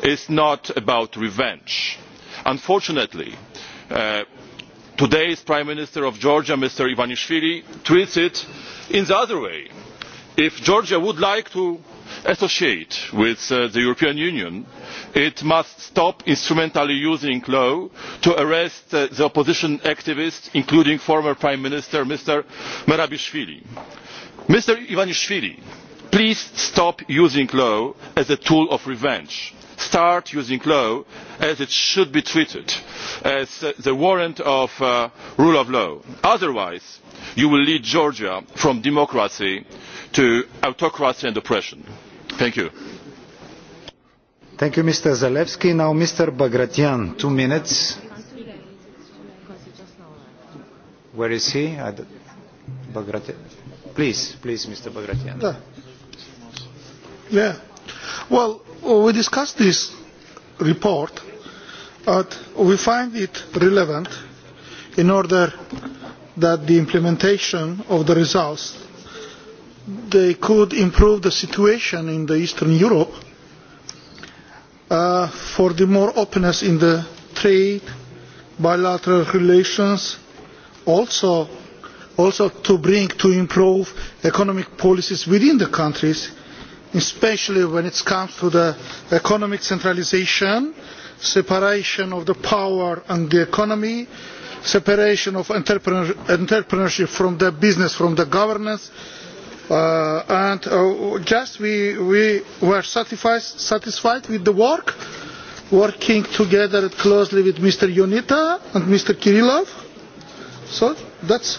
is not about revenge. unfortunately today's prime minister of georgia mr ivanishvili tweets it in the other way. if georgia would like to associate with the European Union, it must stop instrumentally using law to arrest the opposition activists, including former Prime Minister Mr. Merabishvili. Mr. Ivanishvili, please stop using law as a tool of revenge. Start using law as it should be treated, as the warrant of rule of law. Otherwise, you will lead Georgia from democracy to autocracy and oppression. Thank you. Thank you, Mr. Zalewski. Now, Mr. Bagration, two minutes. Where is he? Please, please, Mr. Bagration. Yeah. Well, we discussed this report, but we find it relevant in order that the implementation of the results they could improve the situation in Eastern Europe for the more openness in the trade, bilateral relations, also to bring to improve economic policies within the countries, especially when it comes to the economic centralisation, separation of the power and the economy, separation of entrepreneurship from the business from the governance and just we we were satisfied with the work working together closely with Mr. Junita and Mr. Kirillov. So that's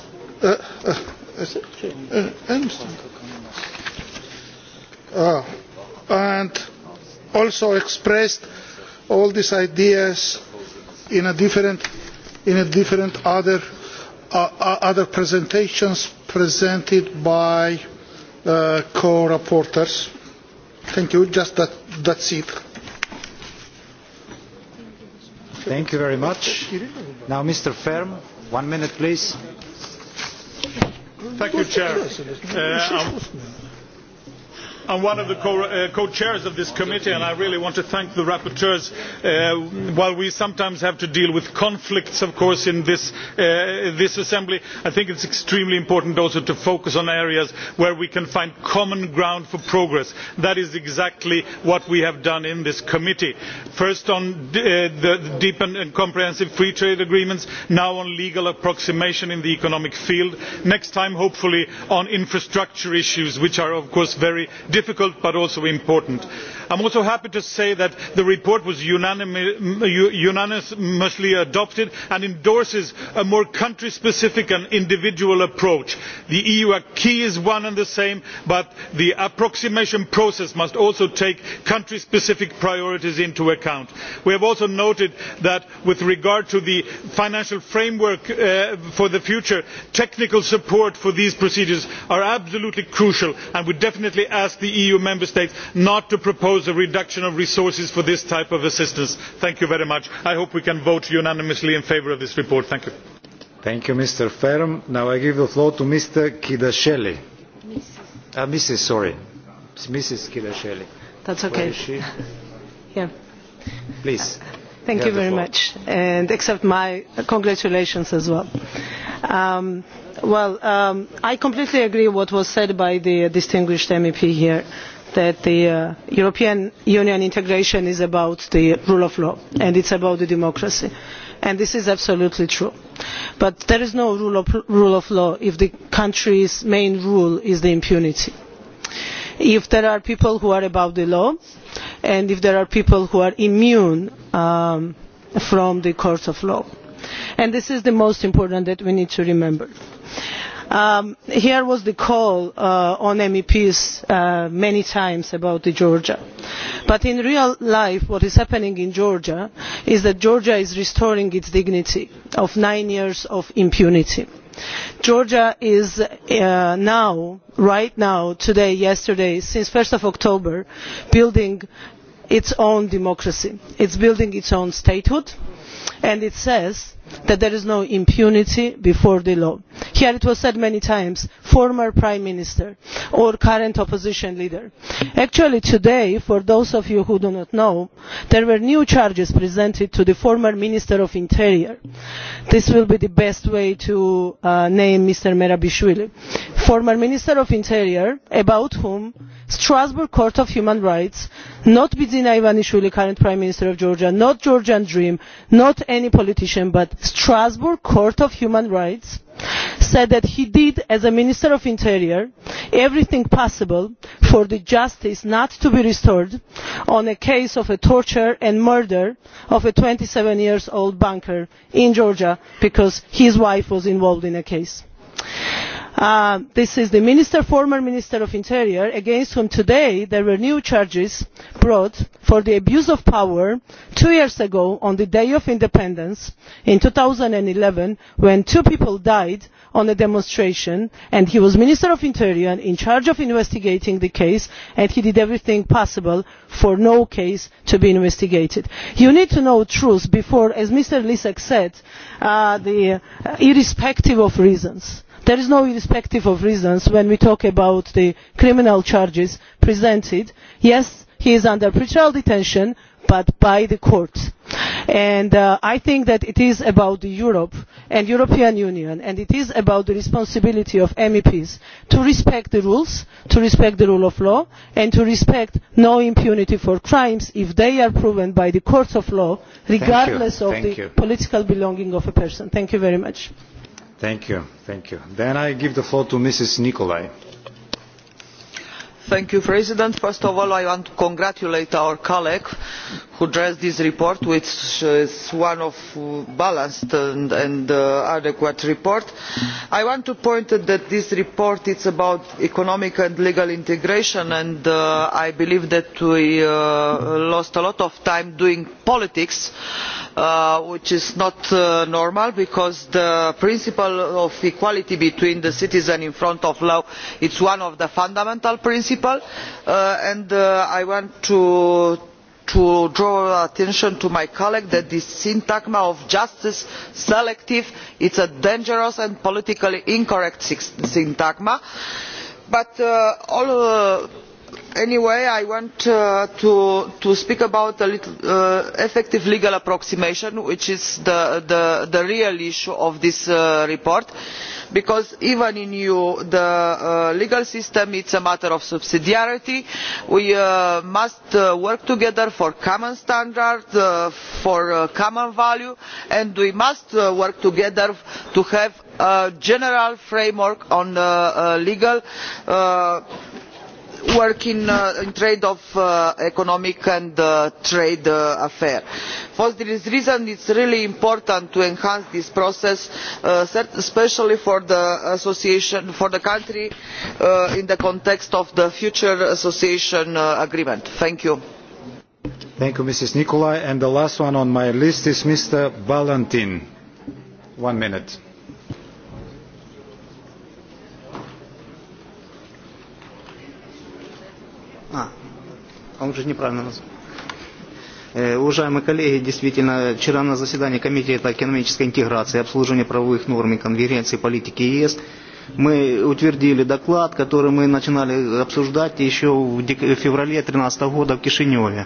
and also expressed all these ideas in a different in a different other other presentations presented by co-rapporteurs. Thank you. Just that, that's it. Thank you very much. Now, Mr. Ferm, one minute, please. Thank you, Chair. I am one of the co-chairs of this committee and I really want to thank the rapporteurs. While we sometimes have to deal with conflicts, of course, in this assembly, I think it is extremely important also to focus on areas where we can find common ground for progress. That is exactly what we have done in this committee. First on the deep and comprehensive free trade agreements, now on legal approximation in the economic field, next time hopefully on infrastructure issues, which are of course very difficult but also important i am also happy to say that the report was unanimously adopted and endorses a more country specific and individual approach. the eu key is one and the same but the approximation process must also take country specific priorities into account. we have also noted that with regard to the financial framework for the future technical support for these procedures are absolutely crucial and we definitely ask the eu member states not to propose propose a reduction of resources for this type of assistance. thank you very much. i hope we can vote unanimously in favour of this report. thank you. thank you mr ferm. now i give the floor to mr kidashele. mrs. sorry. mrs. kidashele. that's okay. Yeah. Please. Thank you very much, and accept my congratulations as well. Well, I completely agree with what was said by the distinguished MEP here that the European Union integration is about the rule of law and it's about the democracy. And this is absolutely true. But there is no rule of law if the country's main rule is the impunity. If there are people who are above the law and if there are people who are immune from the court of law. And this is the most important that we need to remember Here was the call on MEPs many times about Georgia. But in real life what is happening in Georgia is that Georgia is restoring its dignity of nine years of impunity. Georgia is now, right now, today, yesterday, since 1 October, building its own democracy. it is building its own statehood and it says that there is no impunity before the law. Here it was said many times, former prime minister or current opposition leader. Actually today, for those of you who do not know, there were new charges presented to the former minister of interior. This will be the best way to name Mr. Merabishvili. Former minister of interior, about whom Strasbourg Court of Human Rights not bidzina ivanishvili current prime minister of georgia not georgian dream not any politician but the strasbourg court of human rights said that he did as a minister of the interior everything possible for the justice not to be restored on a case of the torture and murder of a twenty seven year old banker in georgia because his wife was involved in a case this is the minister former minister of interior against whom today there were new charges brought for the abuse of power two years ago on the day of independence in 2011, eleven when two people died on a demonstration and he was minister of interior in charge of investigating the case and he did everything possible for no case to be investigated. you need to know the truth before as mr lisek said irrespective of reasons there is no irrespective of reasons when we talk about the criminal charges presented yes he is under pretrial detention but by the court. And I think that it is about Europe and European Union and it is about the responsibility of MEPs to respect the rules, to respect the rule of law and to respect no impunity for crimes if they are proven by the courts of law regardless of the political belonging of a person. Thank you very much. Thank you. Thank you. Then I give the floor to Mrs. Nicolai. Thank you, President. First of all, I want to congratulate our colleague who dressed this report which is one of balanced and adequate report. i want to point out that this report is about economic and legal integration and i believe that we lost a lot of time doing politics which is not normal because the principle of equality between the citizens in front of law is one of the fundamental principles and i want to to draw attention to my colleague that this syntagma of justice selective is a dangerous and politically incorrect syntagma but anyway i want to speak about effective legal approximation which is the real issue of this report because even in the legal system is a matter of subsidiarity. we must work together for common standards for common value and we must work together to have a general framework on legal work in trade of economic and trade affair. for this reason it is really important to enhance this process especially for the association for the country in the context of the future association agreement. thank you. thank you mrs nicolai and the last one on my list is mr valentin one minute. Он же неправильно назвал. Уважаемые коллеги, действительно, вчера на заседании Комитета экономической интеграции, обслуживания правовых норм и конференции политики ЕС мы утвердили доклад, который мы начинали обсуждать еще в феврале 2013 года в Кишиневе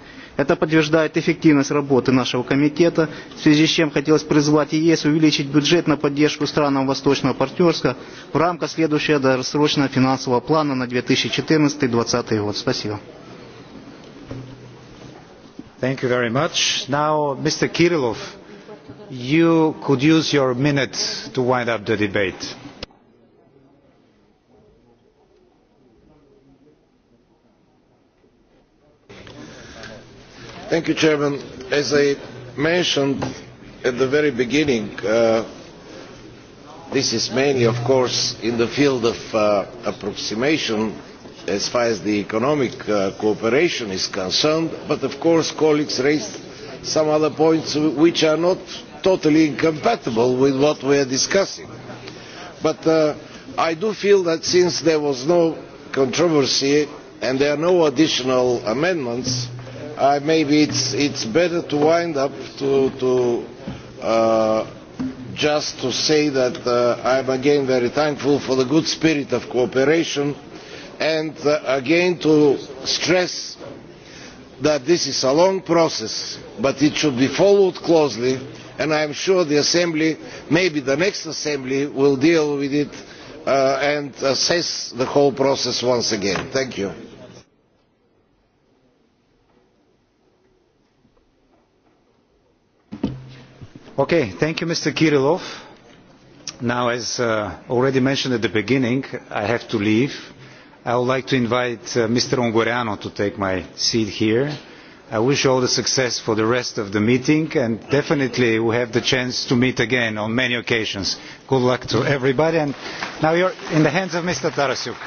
Это подтверждает эффективность работы нашего комитета, в связи с чем хотелось призвать ЕС увеличить бюджет на поддержку странам Восточного партнерства в рамках следующего досрочного финансового плана на 2014-2020 год. Спасибо. Thank you very much. Now, Mr. Kirillov, you could use your minute to wind up the debate. Thank you, Chairman. As I mentioned at the very beginning, this is mainly, of course, in the field of approximation as far as the economic cooperation is concerned, but of course colleagues raised some other points which are not totally incompatible with what we are discussing. But I do feel that since there was no controversy and there are no additional amendments, maybe it's it's better to wind up to just to say that I again very thankful for the good spirit of cooperation and again to stress that this is a long process but it should be followed closely and I'm sure the Assembly maybe the next Assembly will deal with it and assess the whole process once again. Thank you. thank you, Mr. Kirillov. Now, as already mentioned at the beginning, I have to leave. I would like to invite Mr. Ongoriano to take my seat here. I wish all the success for the rest of the meeting, and definitely we have the chance to meet again on many occasions. Good luck to everybody. And now are in the hands of Mr. Tarasyuk.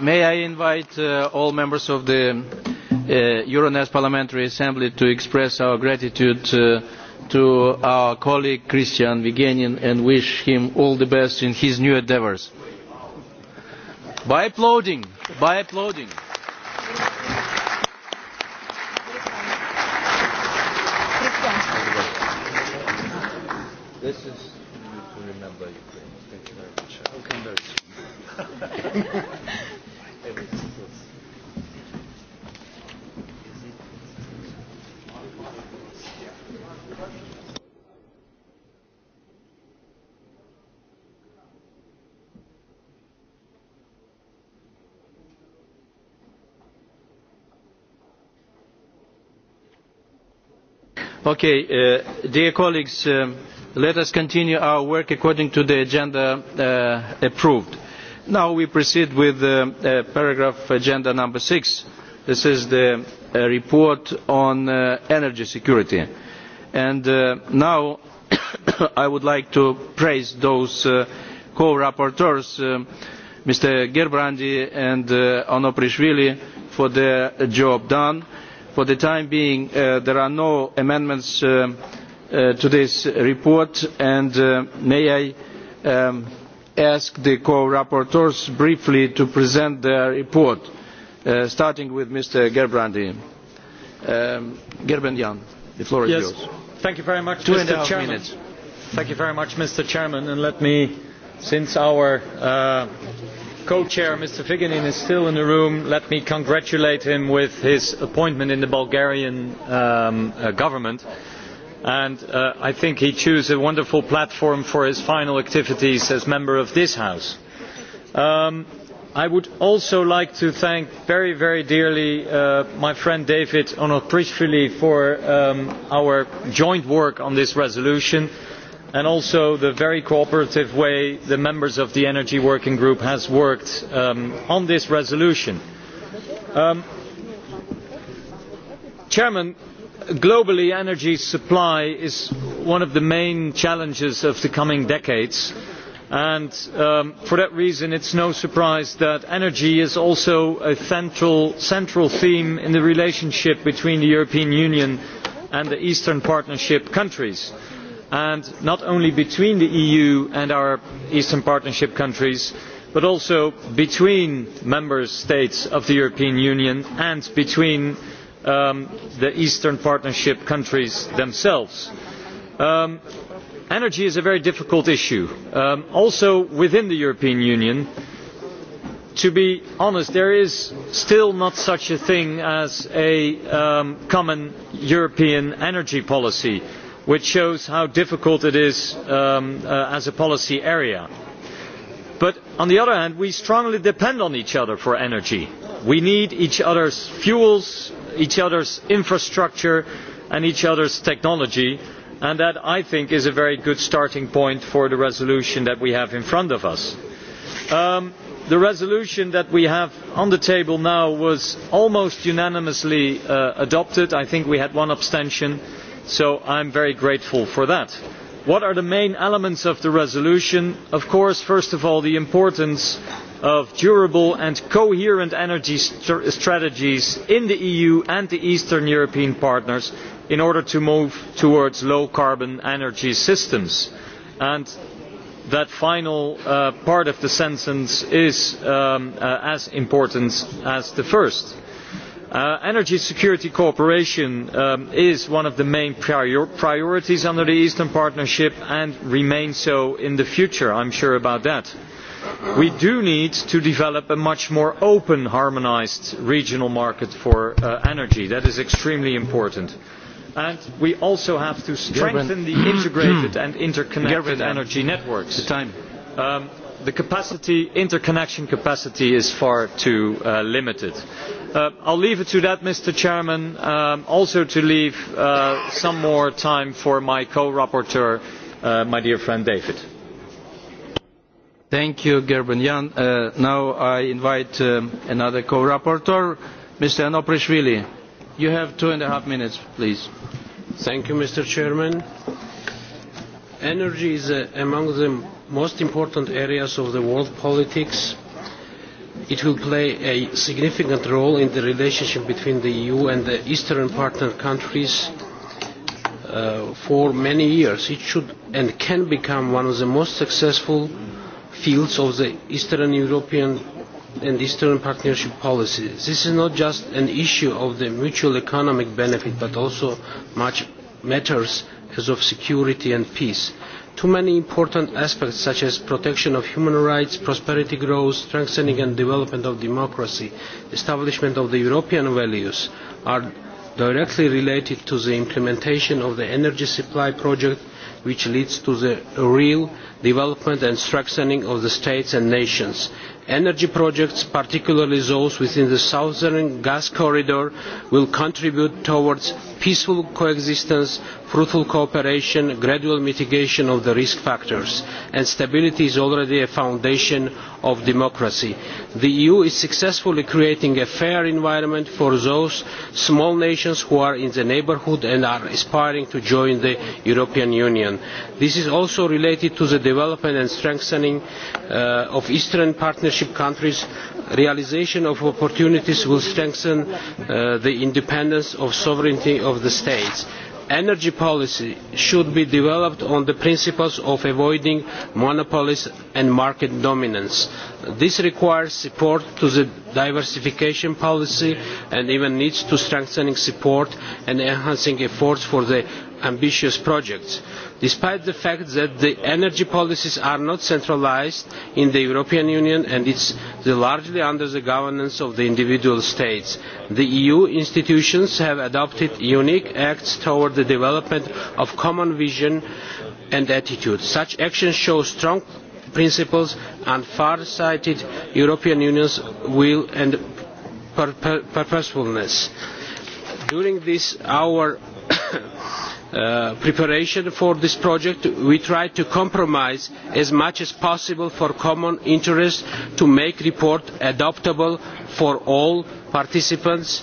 May I invite all members of the Euronest Parliamentary Assembly to express our gratitude to our colleague Christian Vigenin and wish him all the best in his new endeavours. By applauding, by applauding. Thank you Okay, dear colleagues, let us continue our work according to the agenda approved. Now we proceed with paragraph agenda number six. This is the report on energy security. And now I would like to praise those co-rapporteurs, Mr. Gerbrandi and Onoprishvili, for their job done for the time being there are no amendments to this report and may i ask the co rapporteurs briefly to present their report starting with mr gerbrandy. gerbrandy the floor is yours. thank you very much mr Chairman, and let me since our co-chair, Mr. Viganin is still in the room, let me congratulate him with his appointment in the Bulgarian government. And I think he chose a wonderful platform for his final activities as member of this House. I would also like to thank very, very dearly my friend David Onoprishvili for our joint work on this resolution and also the very cooperative way the members of the energy working group have worked on this resolution. globally energy supply is one of the main challenges of the coming decades and for that reason it is no surprise that energy is also a central theme in the relationship between the european union and the eastern partnership countries and not only between the eu and our eastern partnership countries but also between member states of the european union and between the eastern partnership countries themselves. energy is a very difficult issue also within the european union. to be honest there is still not such a thing as a common european energy policy which shows how difficult it is as a policy area. But on the other hand, we strongly depend on each other for energy. We need each other's fuels, each other's infrastructure and each other's technology, and that, I think, is a very good starting point for the resolution that we have in front of us. The resolution that we have on the table now was almost unanimously adopted. I think we had one abstention so i am very grateful for that. what are the main elements of the resolution? of course first of all the importance of durable and coherent energy strategies in the eu and the eastern european partners in order to move towards low carbon energy systems and that final part of the sentence is as important as the first energy security cooperation is one of the main priorities under the eastern partnership and remains so in the future i am sure about that. we do need to develop a much more open harmonised regional market for energy that is extremely important and we also have to strengthen the integrated and interconnected energy networks. the interconnection capacity is far too limited. I'll leave it to that, Mr. Chairman, also to leave some more time for my co-rapporteur, my dear friend David. Thank you, Gerben Jan. Now I invite another co-rapporteur, Mr. Anoprishvili. You have two and a half minutes, please. Thank you, Mr. Chairman. Energy is among the most important areas of the world politics It will play a significant role in the relationship between the EU and the Eastern partner countries for many years. It should and can become one of the most successful fields of the Eastern European and Eastern Partnership policy. This is not just an issue of the mutual economic benefit, but also much matters as of security and peace. Too many important aspects such as protection of human rights, prosperity growth, strengthening and development of democracy, establishment of the European values are directly related to the implementation of the energy supply project which leads to the real development and strengthening of the states and nations energy projects particularly those within the southern gas corridor will contribute towards peaceful coexistence fruitful cooperation gradual mitigation of the risk factors and stability is already a foundation of democracy. the eu is successfully creating a fair environment for those small nations who are in the neighbourhood and are aspiring to join the european union. this is also related to the development and strengthening of eastern partnership partnership countries, realisation of opportunities will strengthen the independence of sovereignty of the states. Energy policy should be developed on the principles of avoiding monopolies and market dominance. This requires support to the diversification policy and even needs to strengthening support and enhancing efforts for the ambitious projects despite the fact that the energy policies are not centralized in the european union and it is largely under the governance of the individual states. the eu institutions have adopted unique acts towards the development of common vision and attitude. such actions show strong principles and far sighted european union's will and purposefulness. during this hour preparation for this project we tried to compromise as much as possible for common interests to make the report adoptable for all participants.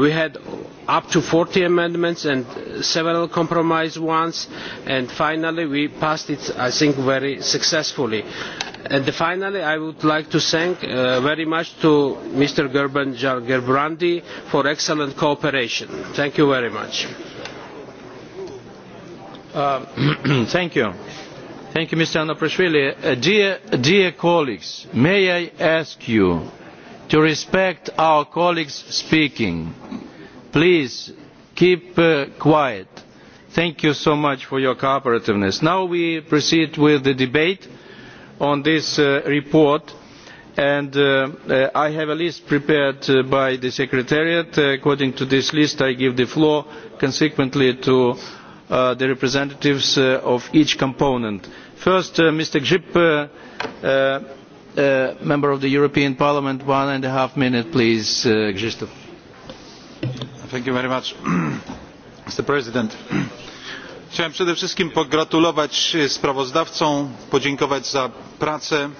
we had up to 40 amendments and several compromise ones and finally we passed it i think very successfully. finally i would like to thank very much to mr gerben Gerbrandi for excellent cooperation. thank you very much. Thank you. Thank you, Mr. Dear colleagues, may I ask you to respect our colleagues speaking. Please keep quiet. Thank you so much for your cooperativeness. Now we proceed with the debate on this report and I have a list prepared by the Secretariat. According to this list I give the floor consequently to the representatives of each component. First, Mr. Grzyb, member of the European Parliament, one and a half minutes, please. Chciałem przede wszystkim pogratulować sprawozdawcom, podziękować za pracę.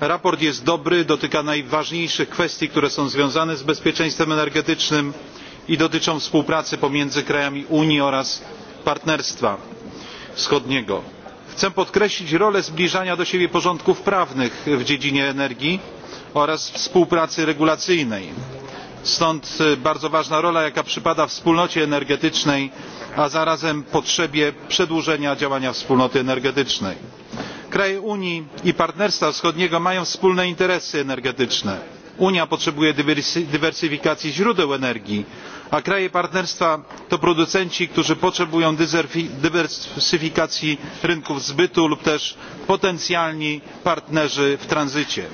Raport jest dobry, dotyka najważniejszych kwestii, które są związane z bezpieczeństwem energetycznym i dotyczą współpracy pomiędzy krajami Unii oraz partnerstwa wschodniego. chcę podkreślić rolę zbliżania do siebie porządków prawnych w dziedzinie energii oraz współpracy regulacyjnej. stąd bardzo ważna rola jaka przypada wspólnocie energetycznej a zarazem potrzebie przedłużenia działania wspólnoty energetycznej. kraje unii i partnerstwa wschodniego mają wspólne interesy energetyczne. unia potrzebuje dywersyfikacji źródeł energii a kraje partnerstwa to producenci którzy potrzebują dywersyfikacji rynków zbytu lub też potencjalni partnerzy w tranzycie.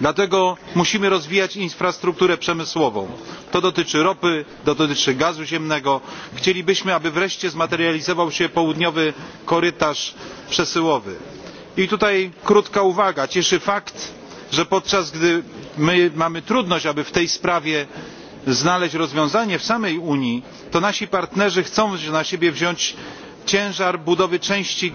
dlatego musimy rozwijać infrastrukturę przemysłową to dotyczy ropy dotyczy gazu ziemnego. chcielibyśmy aby wreszcie zmaterializował się południowy korytarz przesyłowy. i tutaj krótka uwaga cieszy fakt że podczas gdy my mamy trudność aby w tej sprawie znaleźć rozwiązanie w samej unii to nasi partnerzy chcą na siebie wziąć ciężar budowy części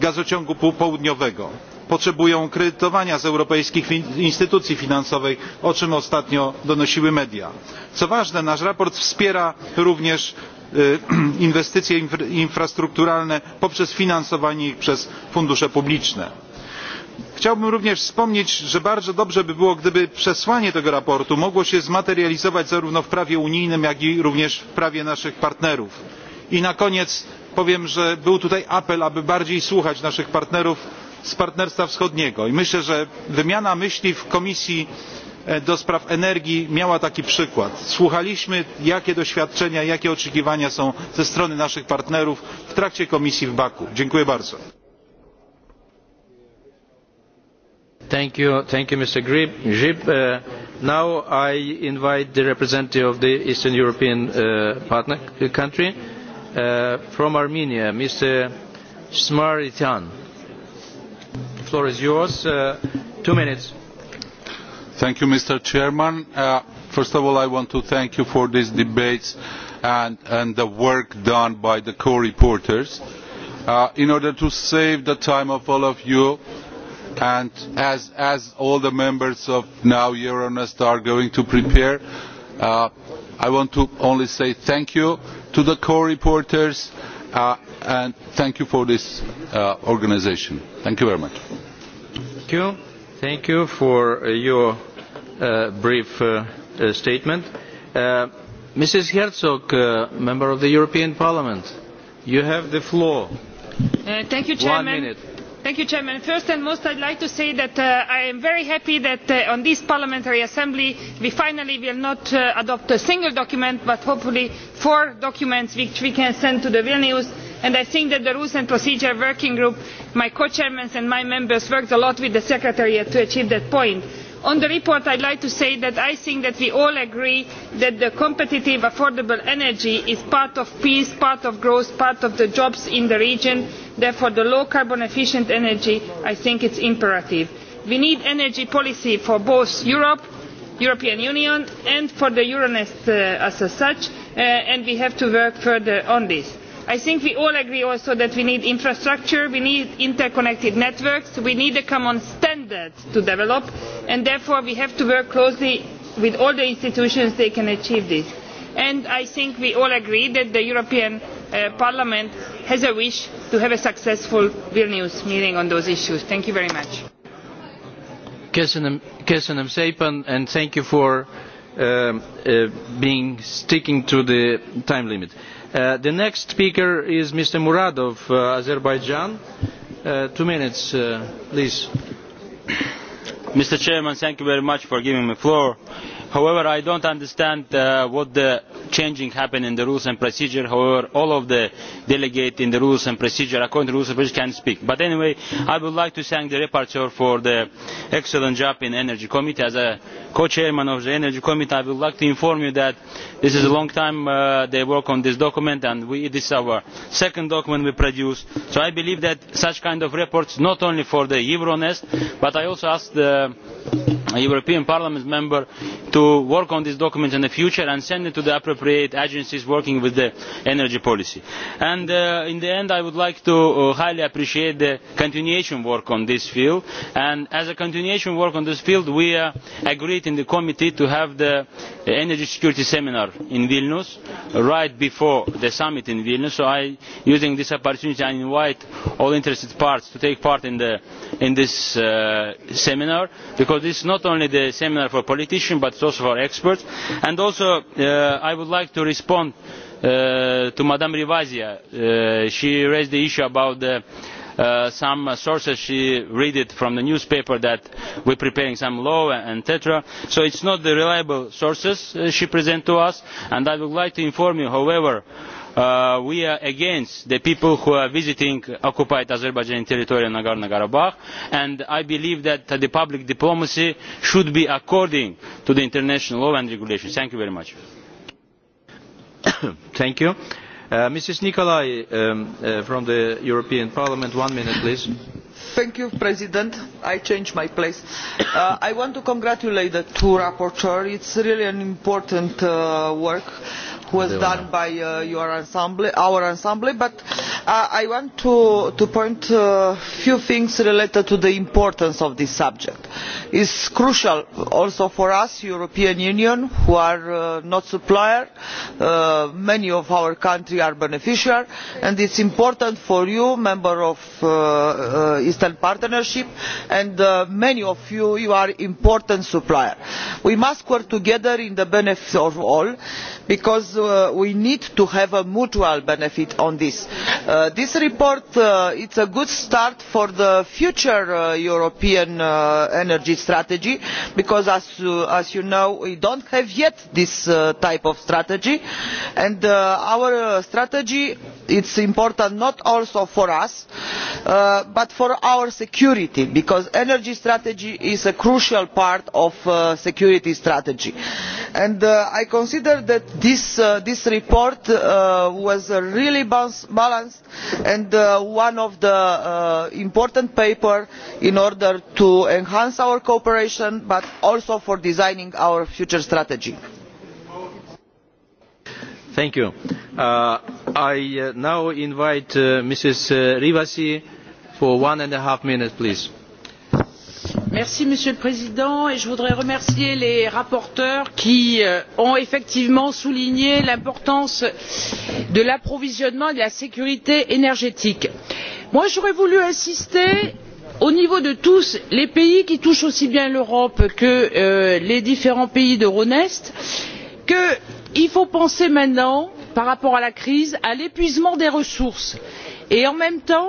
gazociągu południowego potrzebują kredytowania z europejskich instytucji finansowych o czym ostatnio donosiły media. co ważne nasze sprawozdanie wspiera również inwestycje infrastrukturalne poprzez finansowanie ich przez fundusze publiczne chciałbym również wspomnieć że bardzo dobrze by było gdyby przesłanie tego sprawozdania mogło się zmaterializować zarówno w prawie unijnym jak i również w prawie naszych partnerów. i na koniec powiem że był tutaj apel aby bardziej słuchać naszych partnerów z partnerstwa wschodniego i myślę że wymiana myśli w komisji do spraw energii miała taki przykład słuchaliśmy jakie doświadczenia jakie oczekiwania są ze strony naszych partnerów w trakcie komisji w baku. dziękuję bardzo. Thank you, Mr. Grib. now I invite the representative of the Eastern European partner country from Armenia, Mr. Smaritan. The floor is yours. two minutes. Thank you, Mr. Chairman. first of all, I want to thank you for these debates and, and the work done by the co-reporters. in order to save the time of all of you, and as all the members of now euronest are going to prepare i want to only say thank you to the co reporters and thank you for this organisation. thank you very much. thank you. thank you for your brief statement. mrs Herzog, member of the european parliament you have the floor. thank you chairman. one minute Chairman. First and most I would like to say that I am very happy that on this Parliamentary Assembly we finally will not adopt a single document but hopefully four documents which we can send to the Vilnius and I think that the Rules and Procedure Working Group, my co chairmen and my members worked a lot with the Secretariat to achieve that point. On the report I would like to say that I think that we all agree that competitive, affordable energy is part of peace, part of growth, part of the jobs in the region therefore the low carbon efficient energy i think is imperative. we need energy policy for both europe the european union and for the euronest as such and we have to work further on this. i think we all agree also that we need infrastructure we need interconnected networks we need a common standard to develop and therefore we have to work closely with all the institutions that can achieve this. i think we all agree that the european Parliament has a wish to have a successful Vilnius meeting on those issues. Thank you very much. Köszönöm szépen, and thank you for being sticking to the time limit. The next speaker is Mr. Murad of Azerbaijan. Two minutes, please. Mr. Chairman, thank you very much for giving me the floor However, I don't understand what the changing happened in the rules and procedure. However, all of the delegates in the rules and procedure, according to rules can speak. But anyway, I would like to thank the rapporteur for the excellent job in the Energy Committee. As a co-chairman of the Energy Committee, I would like to inform you that this is a long time they work on this document, and it is our second document we produce. So I believe that such kind of reports, not only for the Euronest, but I also ask the European Parliament member to work on this document in the future and send it to the appropriate agencies working with the energy policy. And in the end I would like to highly appreciate the continuation work on this field and as a continuation work on this field we agreed in the committee to have the energy security seminar in Vilnius right before the summit in Vilnius so I using this opportunity I invite all interested parts to take part in this seminar because this is not only the seminar for politicians but for experts. And also I would like to respond to Ms Rivazia. She raised the issue about some sources she read from the newspaper that we are preparing some law etc. so it is not the reliable sources she presents to us and i would like to inform you however we are against the people who are visiting occupied Azerbaijani territory in Nagorno-Karabakh and I believe that the public diplomacy should be according to the international law and regulations. Thank you very much. Thank you. Mrs. Nicolai from the European Parliament, one minute please mr president i changed my place. i want to congratulate the two rapporteurs. it is really an important work was done by your our assembly. but i want to point a few things related to the importance of this subject. it is crucial also for us european union who are not a supplier many of our countries are beneficiaries and it is important for you member of eastern partnership and many of you you are important suppliers. we must work together in the benefit of all because we need to have a mutual benefit on this. this report is a good start for the future european energy strategy because as you know we do not have yet this type of strategy and our strategy is important not also for us but for our security because energy strategy is a crucial part of security strategy. i consider that this report was really balanced and one of the important papers in order to enhance our cooperation but also for designing our future strategy. Thank you. I now invite Mrs. Rivasi Monsieur le Président, je voudrais remercier les rapporteurs qui ont effectivement souligné l'importance de l'approvisionnement et de la sécurité énergétique. J'aurais voulu insister au niveau de tous les pays qui touchent aussi bien l'Europe que les différents pays d'Euronest qu'il faut penser maintenant, par rapport à la crise, à l'épuisement des ressources et, en même temps,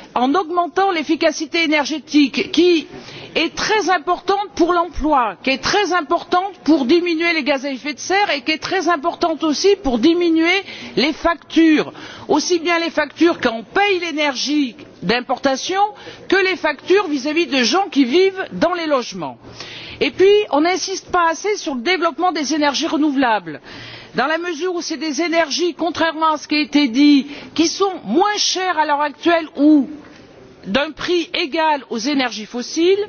en augmentant l'efficacité énergétique qui est très importante pour l'emploi qui est très importante pour diminuer les gaz à effet de serre et qui est très importante aussi pour diminuer les factures aussi bien les factures quand on paie l'énergie d'importation que les factures vis à vis de gens qui vivent dans les logements. et puis on n'insiste pas assez sur le développement des énergies renouvelables dans la mesure où ce sont des énergies contrairement à ce qui a été dit qui sont moins chères à l'heure actuelle ou d'un prix égal aux énergies fossiles.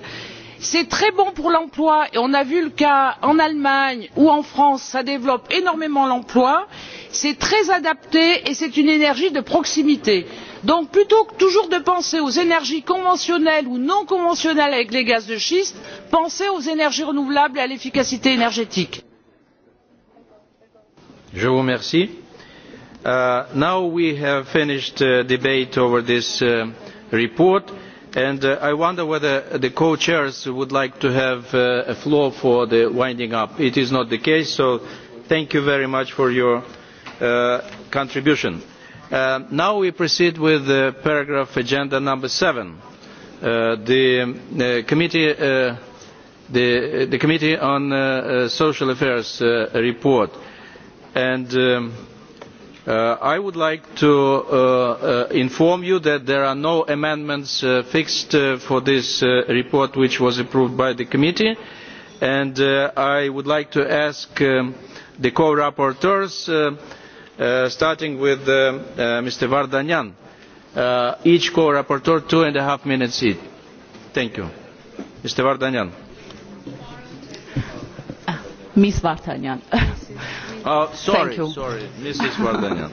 c'est très bon pour l'emploi et on a vu le cas en allemagne ou en france cela développe énormément l'emploi c'est très adapté et c'est une énergie de proximité. donc plutôt que toujours de penser aux énergies conventionnelles ou non conventionnelles avec les gaz de schiste pensez aux énergies renouvelables et à l'efficacité énergétique. Je vous remercie. Now we have finished the debate over this report and I wonder whether the co-chairs would like to have a floor for the winding up. It is not the case, so thank you very much for your contribution. Now we proceed with paragraph agenda number seven. The Committee on Social Affairs report and I would like to inform you that there are no amendments fixed for this report which was approved by the committee and I would like to ask the co-rapporteurs starting with Mr. Vardanyan each co-rapporteur two and a half minutes each. Thank you. Mr. Vardanyan. Ms. Vardanyan. Sorry, sorry, Mrs. Vardanyan.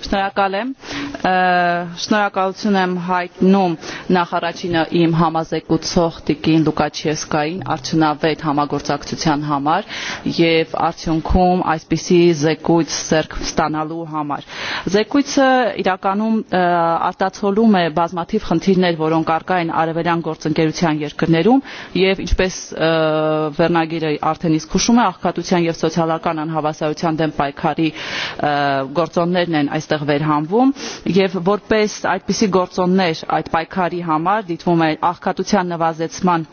Շնորհակալ եմ։ Շնորհակալություն եմ հայտնում նախ առաջինը իմ համազեկուցող Տիկին Լուկաչեսկային արժանավետ համագործակցության համար եւ արդյունքում այսպիսի զեկույց սերկ ստանալու համար։ Զեկույցը իրականում արտացոլում է բազմաթիվ խնդիրներ, որոնք առկա են արևելյան գործընկերության երկրներում եւ ինչպես վերնագիրը արդեն իսկ հուշում է աղքատության եւ սոցիալական անհավասարության դեմ պայքարի գործոններն են այստեղ վերհանվում եւ որպես այդպիսի գործոններ այդ պայքարի համար դիտվում է աղքատության նվազեցման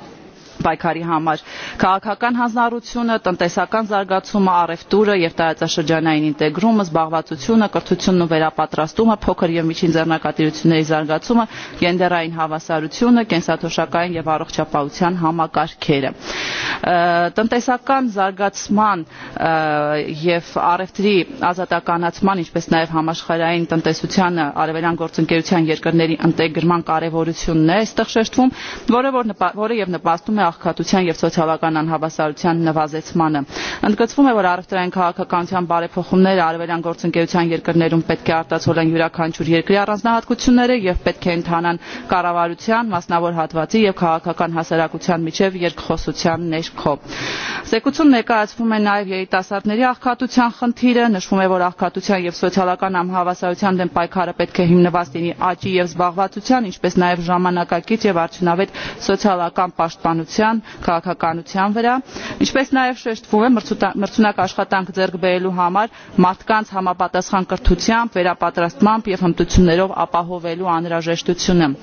պայքարի համար քաղաքական հանձնառությունը տնտեսական զարգացումը առևտուրը եւ տարածաշրջանային ինտեգրումը զբաղվածությունը կրթությունն ու վերապատրաստումը փոքր եւ միջին ձեռնարկատիրությունների զարգացումը գենդերային հավասարությունը կենսաթոշակային եւ առողջապահության համակարգերը տնտեսական զարգացման եւ առևտրի ազատականացման ինչպես նաեւ համաշխարհային տնտեսությանը արևելյան գործընկերության երկրների ինտեգրման կարեւորությունն է այստեղ շեշտվում որը որ որը եւ նպաստում է աղքատության եւ սոցիալական անհավասարության նվազեցմանը։ Ընդգծվում է, որ առևտրային քաղաքականության բարեփոխումները արևելյան գործընկերության երկրներում պետք է արտացոլեն յուրաքանչյուր երկրի առանձնահատկությունները եւ պետք է ընդհանան կառավարության, մասնավոր հատվածի եւ քաղաքական հասարակության միջև երկխոսության ներքո։ Զեկուցում ներկայացվում է նաեւ երիտասարդների աղքատության խնդիրը, նշվում է, որ աղքատության եւ սոցիալական անհավասարության դեմ պայքարը պետք է հիմնված լինի աճի եւ զբաղվածության, ինչպես նաեւ ժամանակակից եւ արդյունավետ սոցիալական պաշտպանության տնտեսության քաղաքականության վրա ինչպես նաև շեշտվում է մրցունակ աշխատանք ձեռք բերելու համար մարդկանց համապատասխան կրթությամբ վերապատրաստմամբ և հմտություններով ապահովելու անհրաժեշտությունը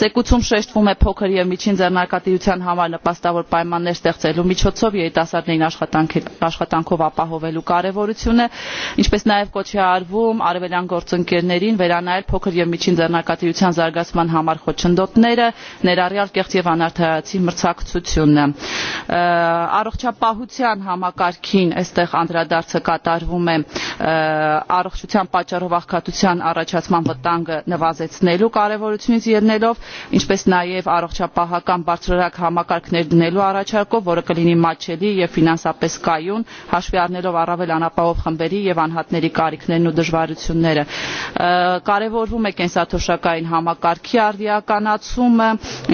Զեկուցում շեշտվում է փոքր և միջին ձեռնարկատիրության համար նպաստավոր պայմաններ ստեղծելու միջոցով երիտասարդներին աշխատանքով ապահովելու կարևորությունը, ինչպես նաև կոչ է արվում արևելյան գործընկերներին վերանայել փոքր և միջին ձեռնարկատիրության զարգացման համար խոչընդոտները, ներառյալ կեղծ և անարդարացի մրցակցությունը առողջապահության համակարգին այստեղ անդրադարձը կատարվում է առողջության պատճառով աղքատության առաջացման վտանգը նվազեցնելու կարևորությունից ներդնելով ինչպես նաև առողջապահական բարձրորակ համակարգներ դնելու առաջարկով որը կլինի մատչելի և ֆինանսապես կայուն հաշվի առնելով առավել անապահով խմբերի և անհատների կարիքներն ու դժվարությունները կարևորվում է կենսաթոշակային համակարգի արդիականացումը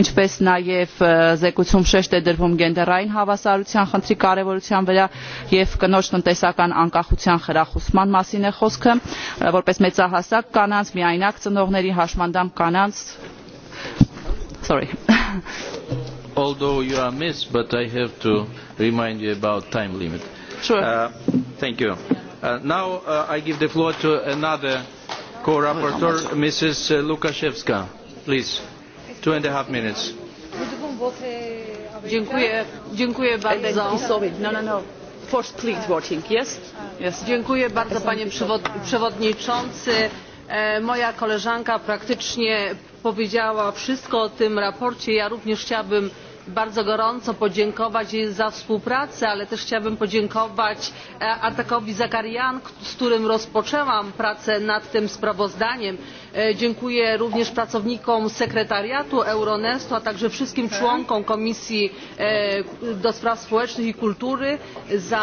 ինչպես նաև զեկուցում շեշտ է դրվում գենդերային հավասարության խնդրի կարևորության վրա և կնոջ տնտեսական անկախության խրախուսման մասին է խոսքը որպես մեծահասակ կանանց միայնակ ծնողների հաշմանդամ կանանց Sorry. Although you are missed, but I have to remind you about time limit. Sure. Thank you. Now I give the floor to another co-rapporteur, Mrs. Lukaszewska. Please, two and a half minutes. Dziękuję, dziękuję bardzo. no, no, no. For split voting, yes? Yes. Dziękuję bardzo, panie przewodniczący. Moja koleżanka praktycznie powiedziała wszystko o tym sprawozdaniu. ja również chciałabym bardzo gorąco podziękować jej za współpracę ale też chciałabym podziękować Atakowi zakarian z którym rozpoczęłam pracę nad tym sprawozdaniem dziękuję również pracownikom sekretariatu euronestu a także wszystkim członkom komisji do spraw społecznych i kultury za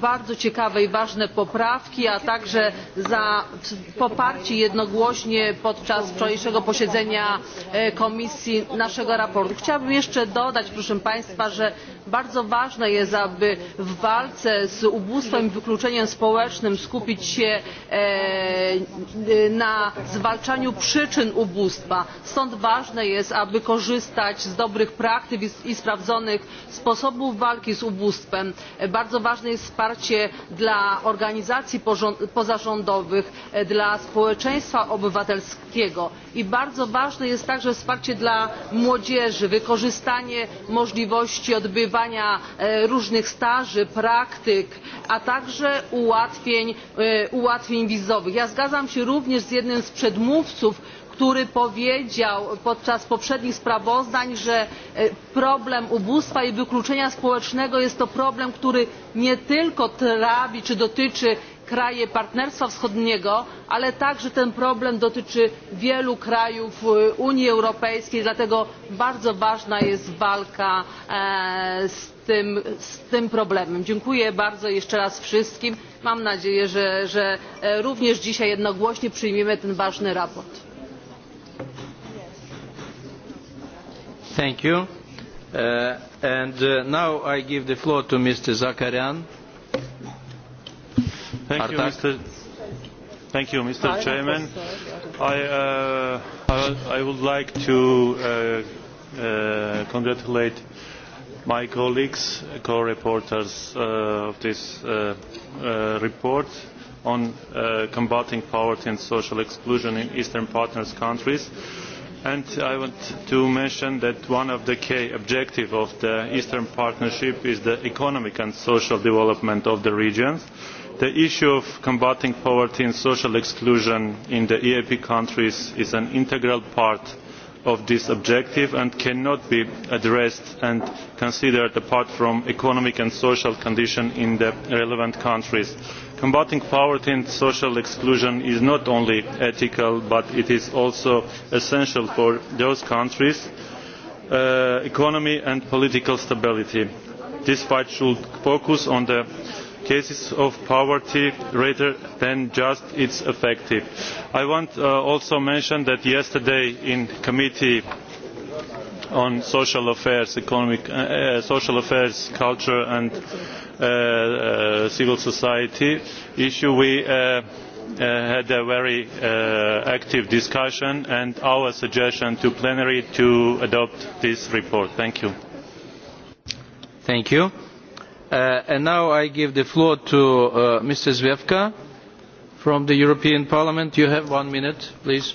bardzo ciekawe i ważne poprawki a także za poparcie jednogłośnie podczas wczorajszego posiedzenia komisji naszego sprawozdania. chciałabym jeszcze dodać proszę państwa że bardzo ważne jest aby w walce z ubóstwem i wykluczeniem społecznym skupić się na zwalczaniu przyczyn ubóstwa stąd ważne jest aby korzystać z dobrych praktyk i sprawdzonych sposobów walki z ubóstwem. bardzo ważne jest wsparcie dla organizacji pozarządowych dla społeczeństwa obywatelskiego i bardzo ważne jest także wsparcie dla młodzieży wykorzystanie możliwości odbywania różnych staży praktyk a także ułatwień wizowych. ja zgadzam się również z jednym przedmówców który powiedział podczas poprzednich sprawozdań że problem ubóstwa i wykluczenia społecznego jest to problem który nie tylko trawi czy dotyczy kraje partnerstwa wschodniego ale także ten problem dotyczy wielu krajów unii europejskiej dlatego bardzo ważna jest walka z z tym problemem. dziękuję bardzo jeszcze raz wszystkim. mam nadzieję że że również dzisiaj jednogłośnie przyjmiemy ten ważny raport. Thank you. and now I give the floor to Mr. ważne you, Mr Thank you, Mr. Chairman, I would like to congratulate my colleagues, co-reporters of this report on combating poverty and social exclusion in Eastern Partners countries. And I want to mention that one of the key objectives of the Eastern Partnership is the economic and social development of the regions. The issue of combating poverty and social exclusion in the EAP countries is an integral part of this objective and cannot be addressed and considered apart from economic and social conditions in the relevant countries. combating poverty and social exclusion is not only ethical but it is also essential for those countries' economy and political stability. this fight should focus on the cases of poverty rather than just its effective. I want also to mention that yesterday in committee on social affairs, economic, social affairs, culture and civil society issue we had a very active discussion and our suggestion to plenary to adopt this report. Thank you. Thank you. And now I give the floor to Mr. Zwiefka from the European Parliament. You have minute, please.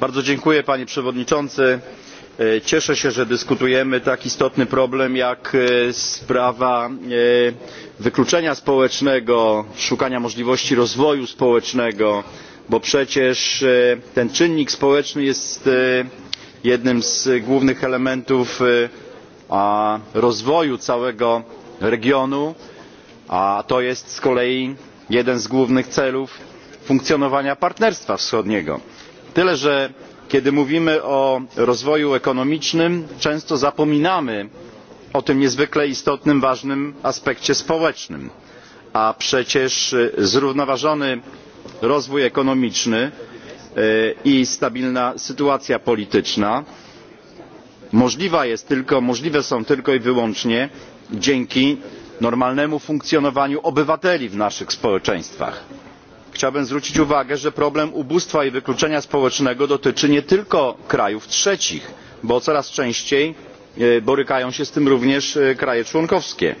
Bardzo dziękuję, panie przewodniczący. Cieszę się, że dyskutujemy tak istotny problem jak sprawa wykluczenia społecznego, szukania możliwości rozwoju społecznego, bo przecież ten czynnik społeczny jest jednym z głównych elementów rozwoju całego regionu a to jest z kolei jeden z głównych celów funkcjonowania partnerstwa wschodniego tyle że kiedy mówimy o rozwoju ekonomicznym często zapominamy o tym niezwykle istotnym ważnym aspekcie społecznym a przecież zrównoważony rozwój ekonomiczny i stabilna sytuacja polityczna możliwa jest tylko, możliwe są tylko i wyłącznie dzięki normalnemu funkcjonowaniu obywateli w naszych społeczeństwach. chciałbym zwrócić uwagę że problem ubóstwa i wykluczenia społecznego dotyczy nie tylko krajów trzecich bo coraz częściej borykają się z tym również kraje członkowskie.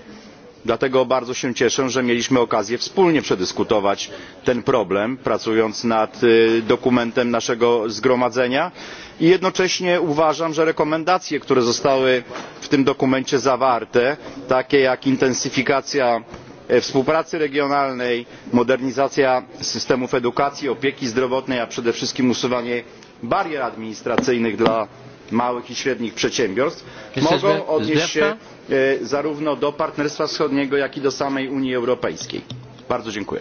dlatego bardzo się cieszę że mieliśmy okazję wspólnie przedyskutować ten problem pracując nad dokumentem naszego zgromadzenia i i jednocześnie uważam że rekomendacje które zostały w tym dokumencie zawarte takie jak intensyfikacja współpracy regionalnej modernizacja systemów edukacji opieki zdrowotnej a przede wszystkim usuwanie barier administracyjnych dla małych i średnich przedsiębiorstw mogą odnieść się zarówno do partnerstwa wschodniego jak i do samej unii europejskiej. bardzo dziękuję.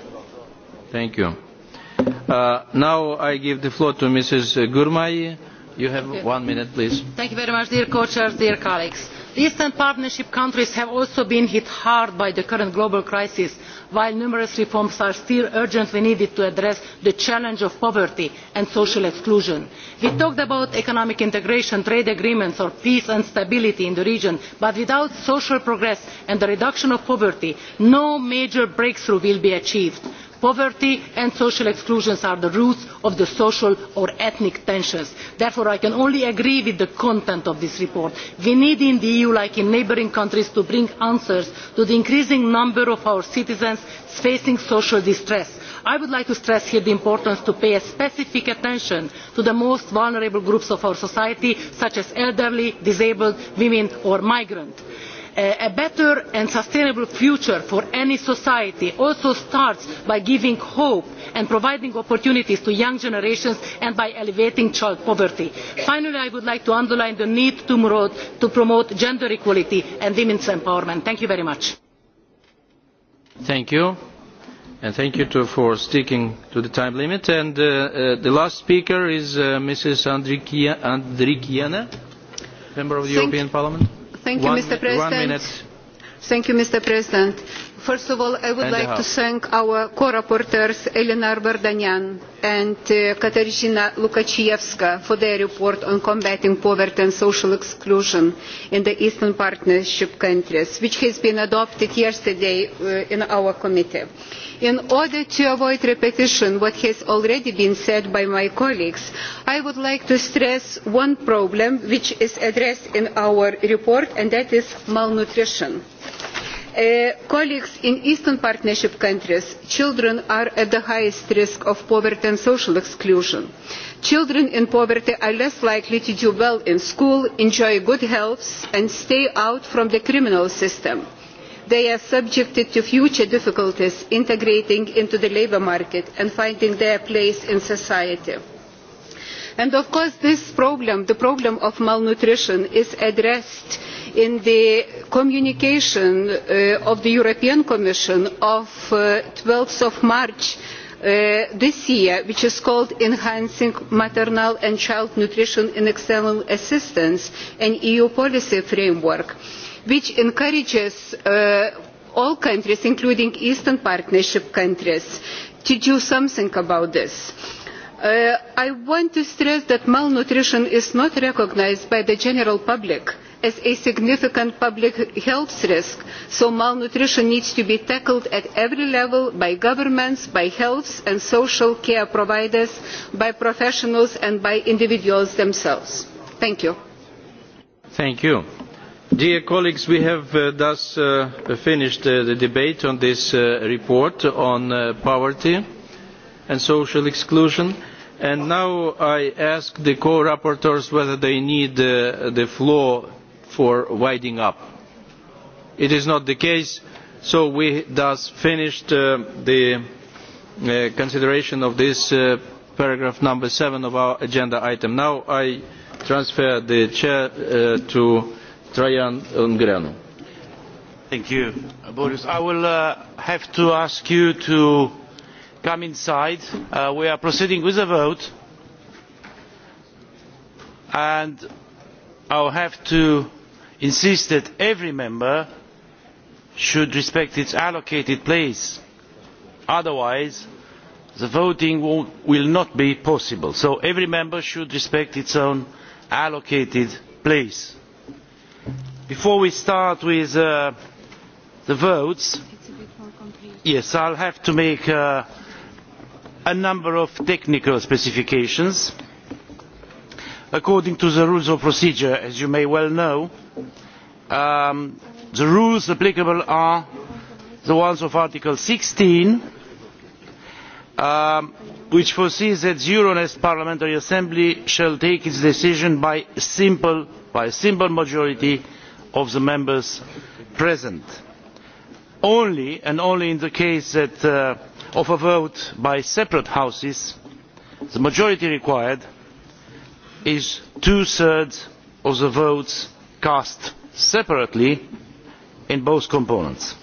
You have Thank you very much, dear dear colleagues. Eastern Partnership countries have also been hit hard by the current global crisis, while numerous reforms are still urgently needed to address the challenge of poverty and social exclusion. We talked about economic integration, trade agreements or peace and stability in the region, but without social progress and the reduction of poverty, no major breakthrough will be achieved poverty and social exclusion are the roots of the social or ethnic tensions. therefore i can only agree with the content of this report. we need in the eu like in neighbouring countries to bring answers to the increasing number of our citizens facing social distress. i would like to stress here the importance of paying specific attention to the most vulnerable groups of our society such as elderly disabled women or migrants a better and sustainable future for any society also starts by giving hope and providing opportunities to young generations and by elevating child poverty. finally i would like to underline the need to promote gender equality and women's empowerment. thank you very much. thank you and thank you for sticking to the time limit. and the last speaker is mrs Andrikiana, member of the european parliament. Thank you, Mr. President. Thank you, Mr. President. First of all, I would like to thank our co-rapporteurs Elena Bardanyan and Katarzyna Lukaczewska for their report on combating poverty and social exclusion in the Eastern Partnership countries, which has been adopted yesterday in our committee. In order to avoid repetition what has already been said by my colleagues, I would like to stress one problem which is addressed in our report, and that is malnutrition colleagues in eastern partnership countries children are at the highest risk of poverty and social exclusion. children in poverty are less likely to do well in school enjoy good health and stay out from the criminal system. they are subjected to future difficulties integrating into the labour market and finding their place in society. and of course this problem the problem of malnutrition is addressed in the communication of the European Commission of 12 March this year, which is called Enhancing Maternal and Child Nutrition in External Assistance, an EU policy framework, which encourages all countries, including Eastern Partnership countries, to do something about this. I want to stress that malnutrition is not recognised by the general public as a significant public health risk, so malnutrition needs to be tackled at every level by governments, by health and social care providers, by professionals and by individuals themselves. Thank you. Thank you. Dear colleagues, we have thus finished the debate on this report on poverty and social exclusion. And now I ask the co-rapporteurs whether they need the floor for winding up. It is not the case, so we thus finished the consideration of this paragraph number seven of our agenda item. Now I transfer the chair to Trajan Ungrenu. Thank you, Boris. I will have to ask you to come inside. We are proceeding with a vote, and I will have to insists that every member should respect its allocated place. Otherwise, the voting will not be possible. So every member should respect its own allocated place. Before we start with the votes, yes, will have to make a number of technical specifications according to the rules of procedure as you may well know the rules applicable are the ones of article sixteen which foresees that the euronest parliamentary assembly shall take its decision by a simple majority of the members present only and only in the case of a vote by separate houses the majority required is two thirds of the votes cast separately in both components.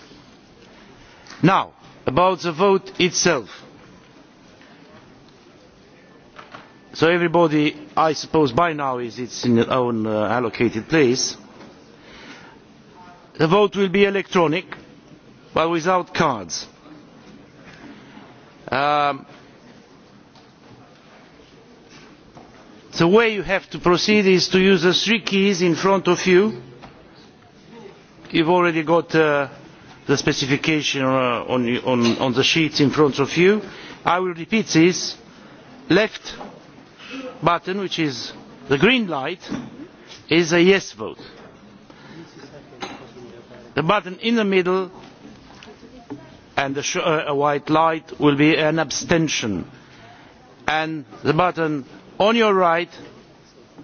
now about the vote itself so everybody i suppose by now is in their own allocated place the vote will be electronic but without cards. the way you have to proceed is to use the three keys in front of you. you have already got the specification on the sheets in front of you. i will repeat this left button which is the green light is a yes vote. the button in the middle and a white light will be an abstention and the button on your right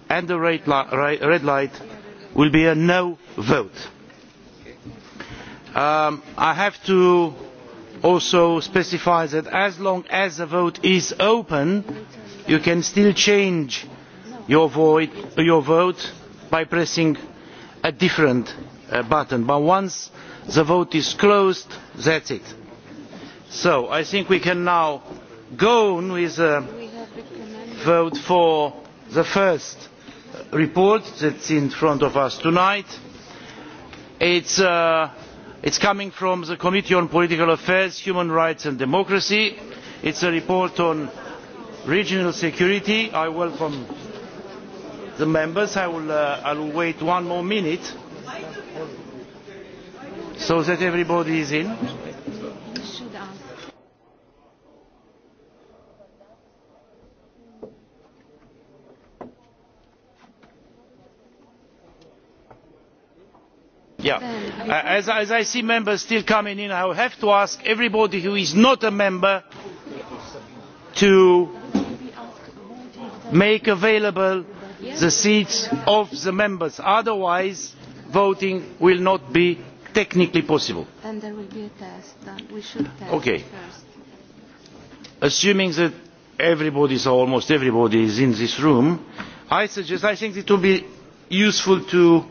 and the red light will be a no vote. I have to also specify that as long as the vote is open you can still change your vote by pressing a different button but once the vote is closed that's it. so i think we can now go on with vote for the first report that is in front of us tonight. It is coming from the Committee on Political Affairs, Human Rights and Democracy. is a report on regional security. I welcome the members. I will wait one more minute so that everybody is in. As, I see members still coming in, I have to ask everybody who is not a member to make available the seats of the members. Otherwise, voting will not be technically possible. Assuming that everybody, or almost everybody, is in this room, I suggest, I think it will be useful to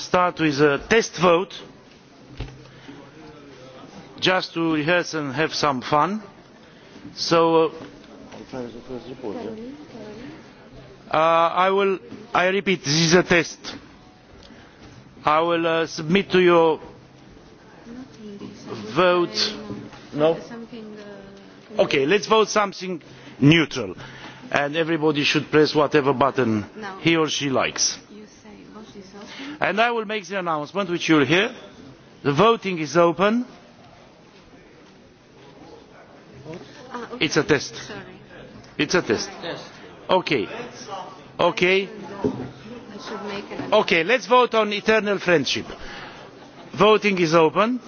start with a test vote just to rehearse and have some fun. So I will I repeat this is a test. I will submit to your vote no okay let's vote something neutral and everybody should press whatever button he or she likes and i will make the announcement which you will hear. the voting is open. it's a test. it's a test. okay. okay. okay. let's vote on eternal friendship. voting is open.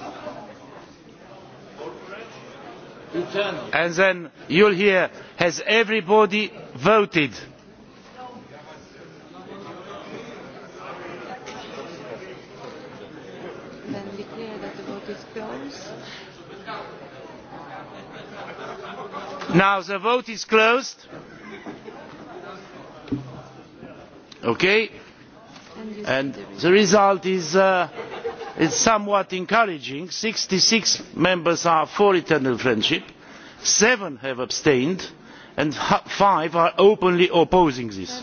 and then you will hear has everybody voted? Now the vote is closed. Okay. And the result is somewhat encouraging. 66 members are for eternal friendship, seven have abstained, and five are openly opposing this.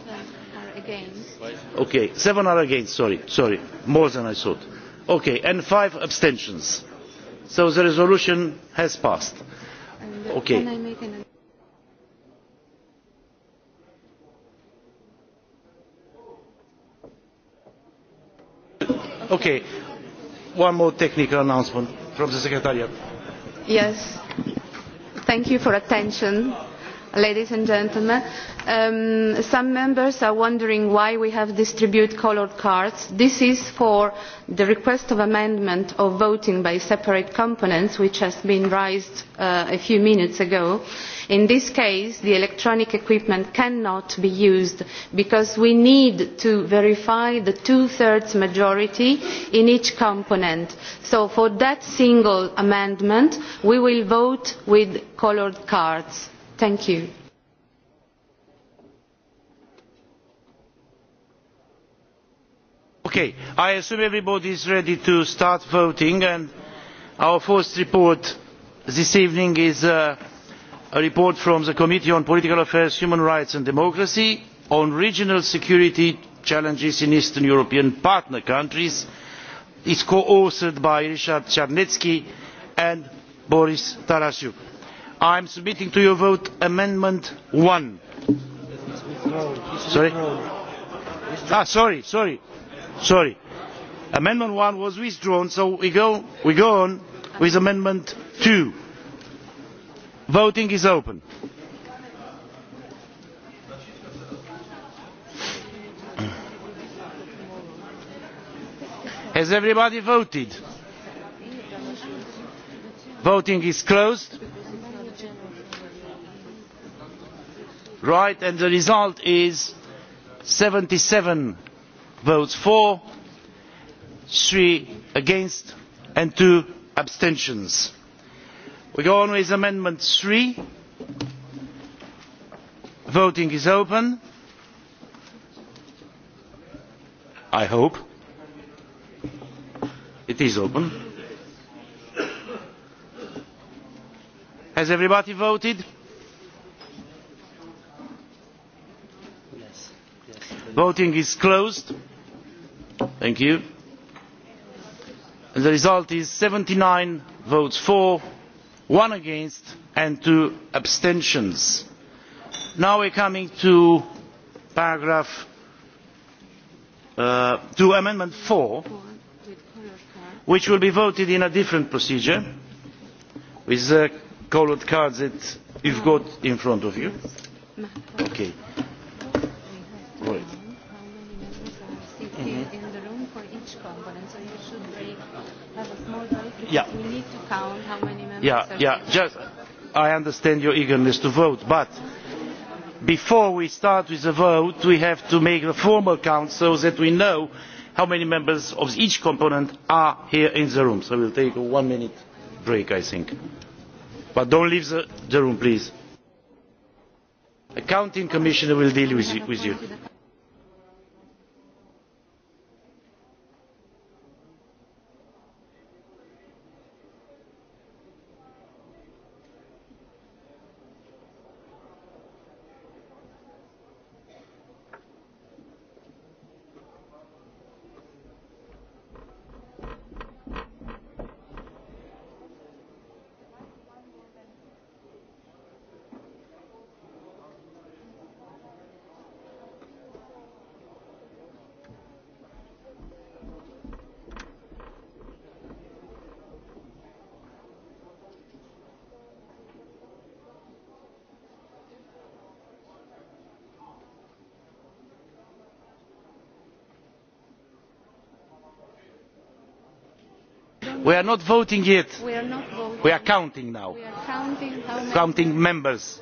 Okay, seven are against. Sorry, sorry, more than I thought. Okay, and five abstentions. So the resolution has passed. Okay. Okay. One more technical announcement from the Secretariat. Yes. Thank you for attention ladies and gentlemen. Some members are wondering why we have distributed coloured cards. This is for the request of amendment of voting by separate components, which has been raised a few minutes ago. In this case, the electronic equipment cannot be used because we need to verify the two-thirds majority in each component. So for that single amendment, we will vote with coloured cards. Thank you. Okay, I assume everybody is ready to start voting and our first report this evening is a report from the Committee on Political Affairs, Human Rights and Democracy on regional security challenges in Eastern European partner countries. It's is co-authored by Richard Czarnecki and Boris Tarasiuk I am submitting to your vote amendment one. Sorry? sorry, sorry, sorry. Amendment one was withdrawn, so we go we go on with amendment two. Voting is open. Has everybody voted? Voting is closed right and the result is 77 votes for, three against and two abstentions. We go on with amendment 3. Voting is open. I hope. It is open. Has everybody voted? voting is closed thank you the result is seventy nine votes for one against and two abstentions. now we are coming to paragraph to amendment four which will be voted in a different procedure with the coloured cards that you got in front of you in the room for each component, so you should have a small we need to count how many members yeah, yeah. Just, I understand your eagerness to vote, but before we start with the vote, we have to make a formal count so that we know how many members of each component are here in the room. So we'll take a one-minute break, I think. But don't leave the room, please. The counting commissioner will deal with you. are not voting yet. We are not voting. We are counting now. We are counting how many. Counting members.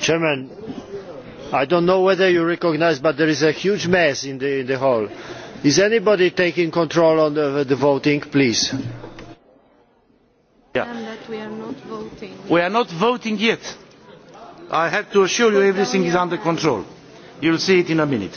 Chairman, I don't know whether you recognize, but there is a huge mess in the hall. Is anybody taking control of the voting, please? we are not voting yet. i have to assure you everything is under control. you will see it in a minute.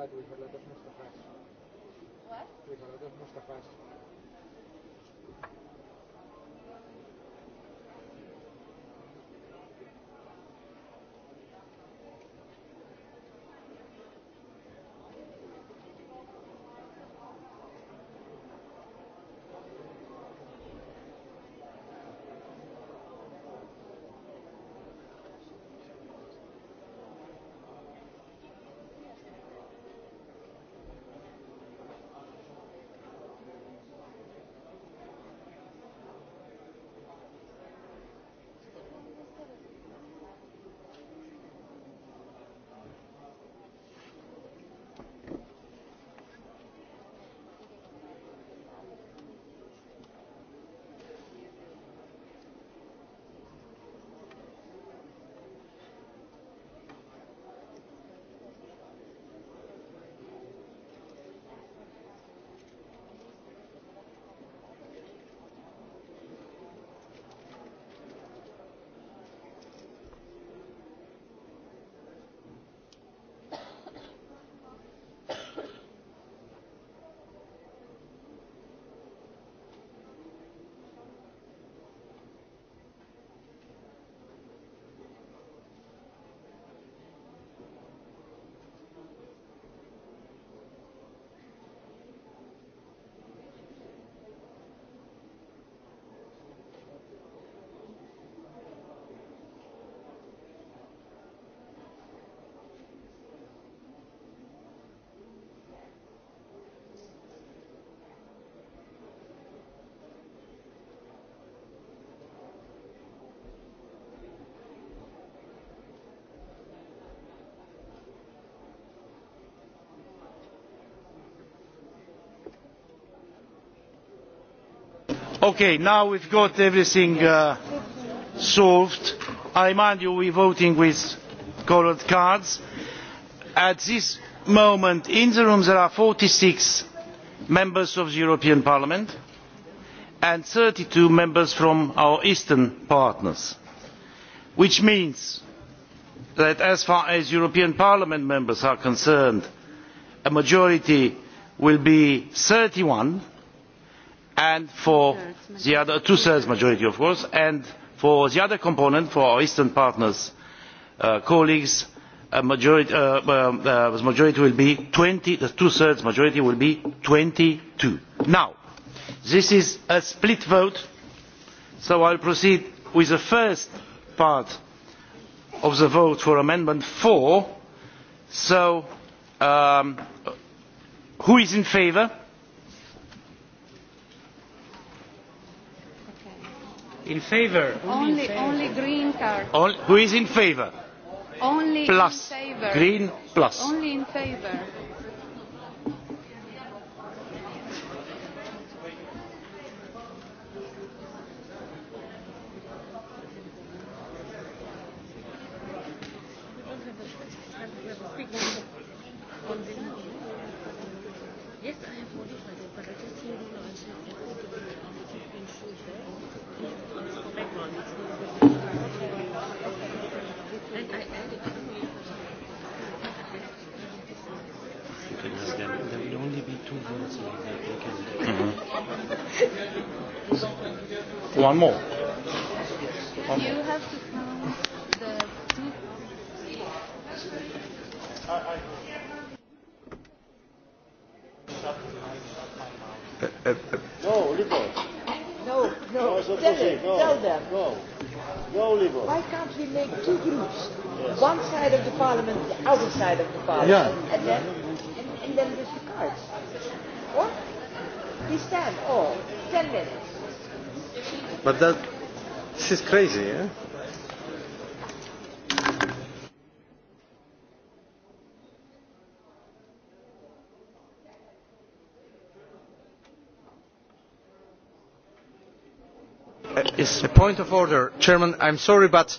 κάτι, ο Ιχαλάτος Μουσταφάς. What? Ο Μουσταφάς. Okay, now we've got everything solved. I remind you we're voting with colored cards. At this moment in the room there are 46 members of the European Parliament and 32 members from our eastern partners, which means that as far as European Parliament members are concerned, a majority will be 31 and for the other two thirds majority of course and for the other component for our eastern partners colleagues the majority will be twenty the two thirds majority will be twenty two. now this is a split vote so i will proceed with the first part of the vote for amendment four so who is in favour? In favor? Only, only green card. All, who is in favor? Only plus. in favor. Green plus. Only in favor. one more. One more. No, Libor. No, no. Tell them. Tell them. No. No, Libor. Why can't we make two groups? One side of the parliament, the other side of the parliament, and then and, and then with the cards. Or we stand all ten minutes. But that, this is crazy, yeah? It's a point of order, Chairman. I'm sorry, but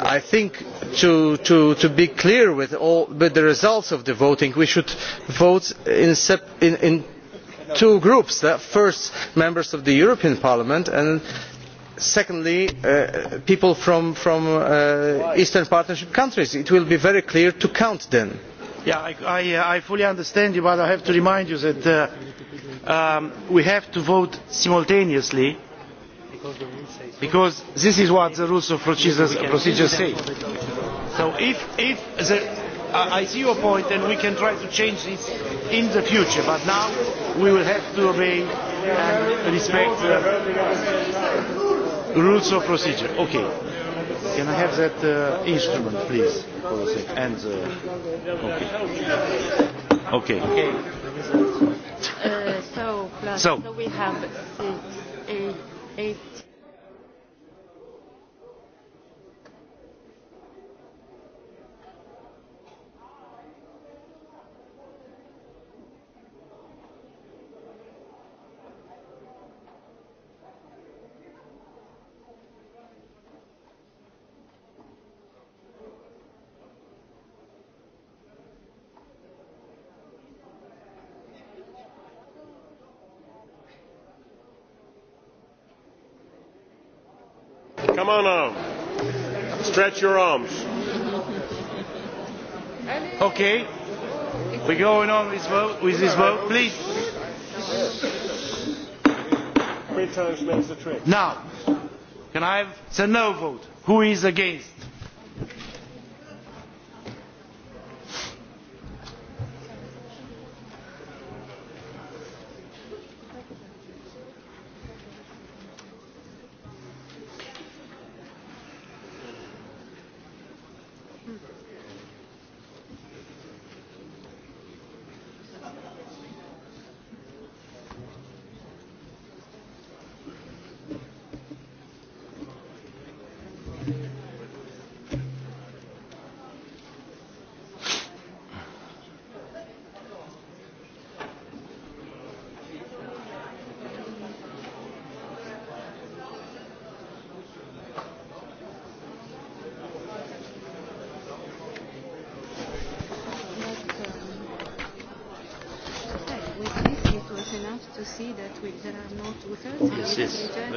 I think to to to be clear with all with the results of the voting, we should vote in in two groups. the First, members of the European Parliament, and secondly people from eastern partnership countries it will be very clear to count them. i fully understand you but i have to remind you that we have to vote simultaneously because this is what the rules of procedure say. so if i see your point and we can try to change this in the future but now we will have to obey and respect the Rules of procedure. Okay. Can I have that uh, instrument, please? Because it And Uh, okay. Okay. Okay. Uh, so, plus, so, so we have six, eight, eight Come on now. Stretch your arms. Okay. We're going on with, vote, with this vote, please. Three times makes the trick. Now, can I have a no vote? Who is against?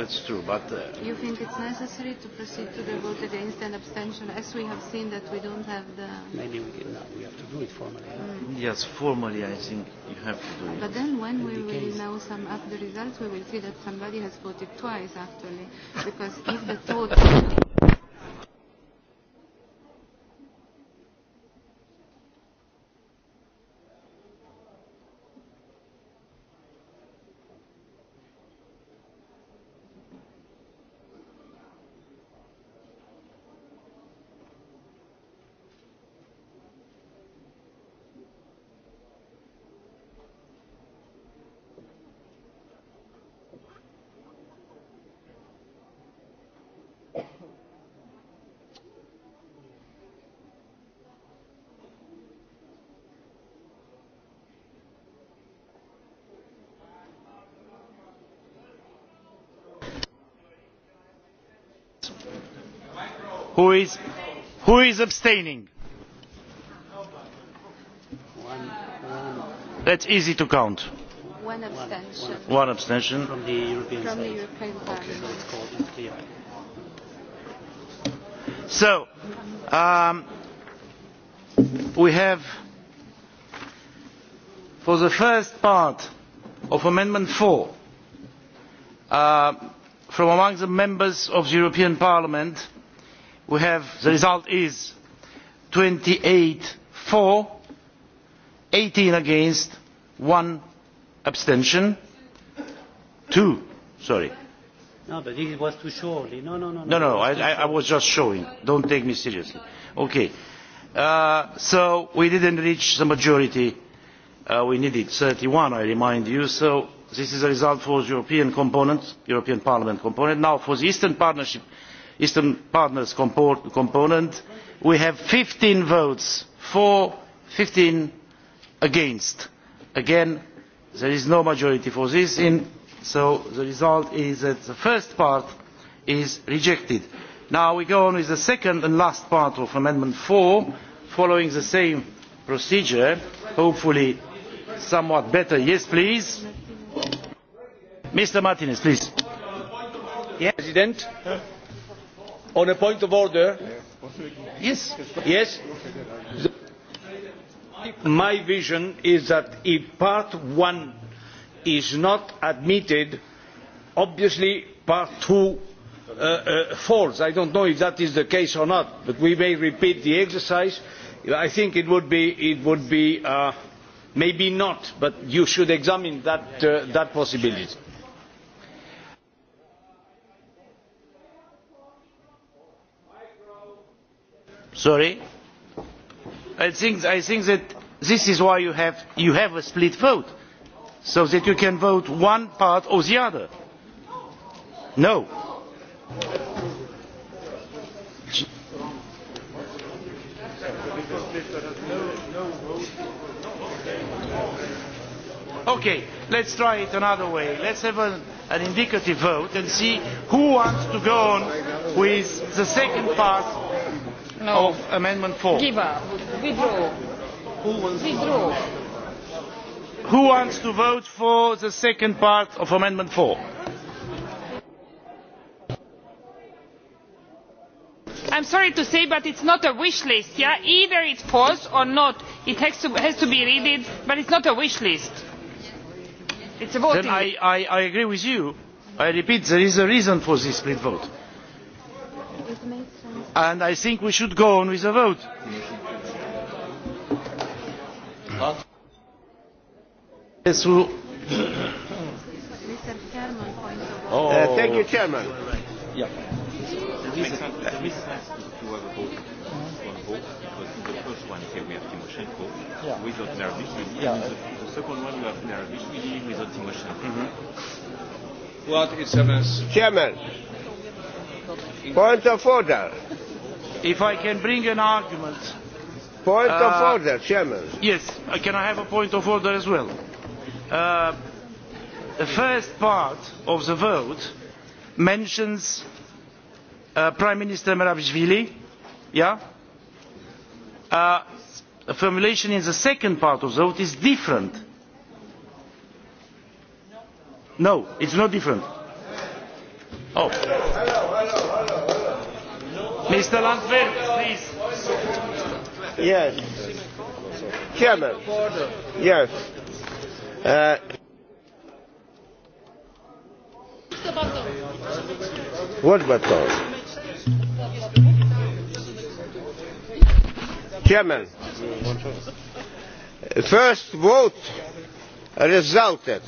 that's true, but... You think it's necessary to proceed to the vote against an abstention, as we have seen that we don't have the... Maybe we, can, we have to do it formally. Yes, formally I think you have to do it. But then when we will know some of the results, we will see that somebody has voted twice, actually, because if the total... Who is, That is abstaining? That's easy to count. One abstention. From the European Parliament. so we have for the first part of Amendment 4 from among the members of the European Parliament we have the result is twenty eight for eighteen against one abstention two sorry no but it was too short. no no no no no I, I was just showing don't take me seriously okay so we didn't reach the majority we needed 31 I remind you so this is the result for the European component European Parliament component now for the Eastern Partnership eastern partners component we have fifteen votes for fifteen against. again there is no majority for this so the result is that the first part is rejected. now we go on with the second and last part of amendment four following the same procedure hopefully somewhat better. yes please. mr martinez please. On a point of order. Yes. Yes. My vision is that if part one is not admitted, obviously part two falls. I don't know if that is the case or not, but we may repeat the exercise. I think it would be maybe not, but you should examine that possibility. Sorry? I think that this is why you have a split vote, so that you can vote one part or the other. No. Okay, let's try it another way. Let's have an indicative vote and see who wants to go on with the second part of Amendment 4? Give up. Withdraw. Who wants Withdraw. Who wants to vote for the second part of Amendment 4? I'm sorry to say, but it's not a wish list. Yeah? Either it's false or not. It has to, be read, but it's not a wish list. It's a voting. I, I agree with you. I repeat, there is a reason for this split vote and I think we should go on with the vote. Thank you, Chairman. first one here we have Timoshenko yeah. without Nervishvili, yeah. and the, the second one you have Nervishvili without Timoshenko. Mm -hmm. What is a mess. Chairman, Point of order. If I can bring an argument. Point of order, Chairman. Yes, can I have a point of order as well? The first part of the vote mentions Prime Minister Merabishvili. Yeah. The formulation in the second part of the vote is different. No, it's not different. Oh. Mr. Landwehr, please. Yes. Chairman. Yes. Uh, what button? Chairman. First vote resulted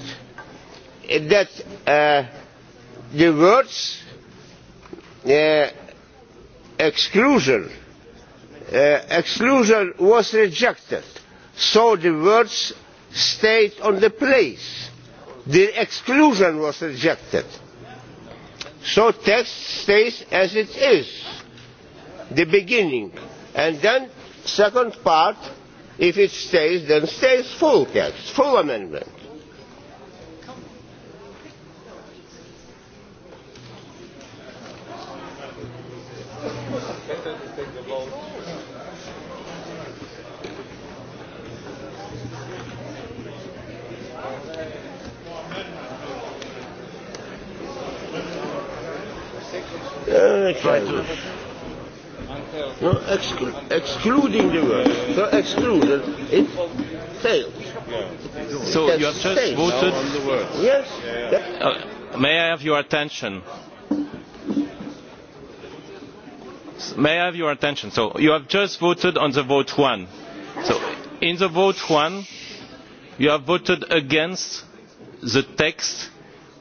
that uh, the words uh, exclusion exclusion was rejected so the words stayed on the place the exclusion was rejected so text stays as it is the beginning and then second part if it stays then stays full text full amendment No, exclu- excluding the word. So excluded, it fails. So you have just voted. Yes. May I have your attention? May I have your attention? So you have just voted on the vote one. So in the vote one, you have voted against the text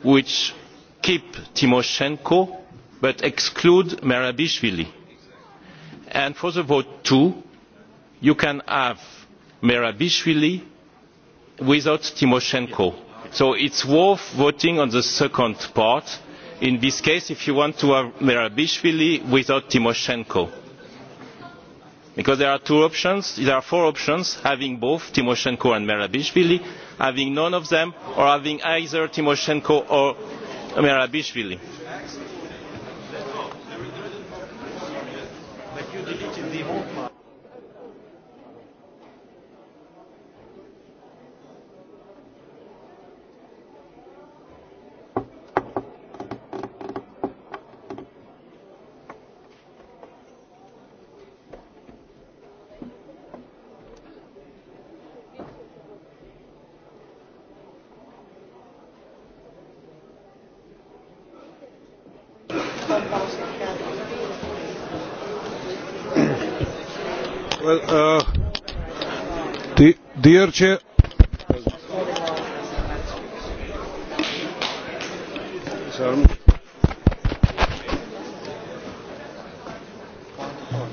which keep Timoshenko but exclude merabishvili and for the vote two you can have merabishvili without Timoshenko. so it's worth voting on the second part in this case if you want to have merabishvili without Timoshenko, because there are two options there are four options having both Timoshenko and merabishvili having none of them or having either Timoshenko or merabishvili Let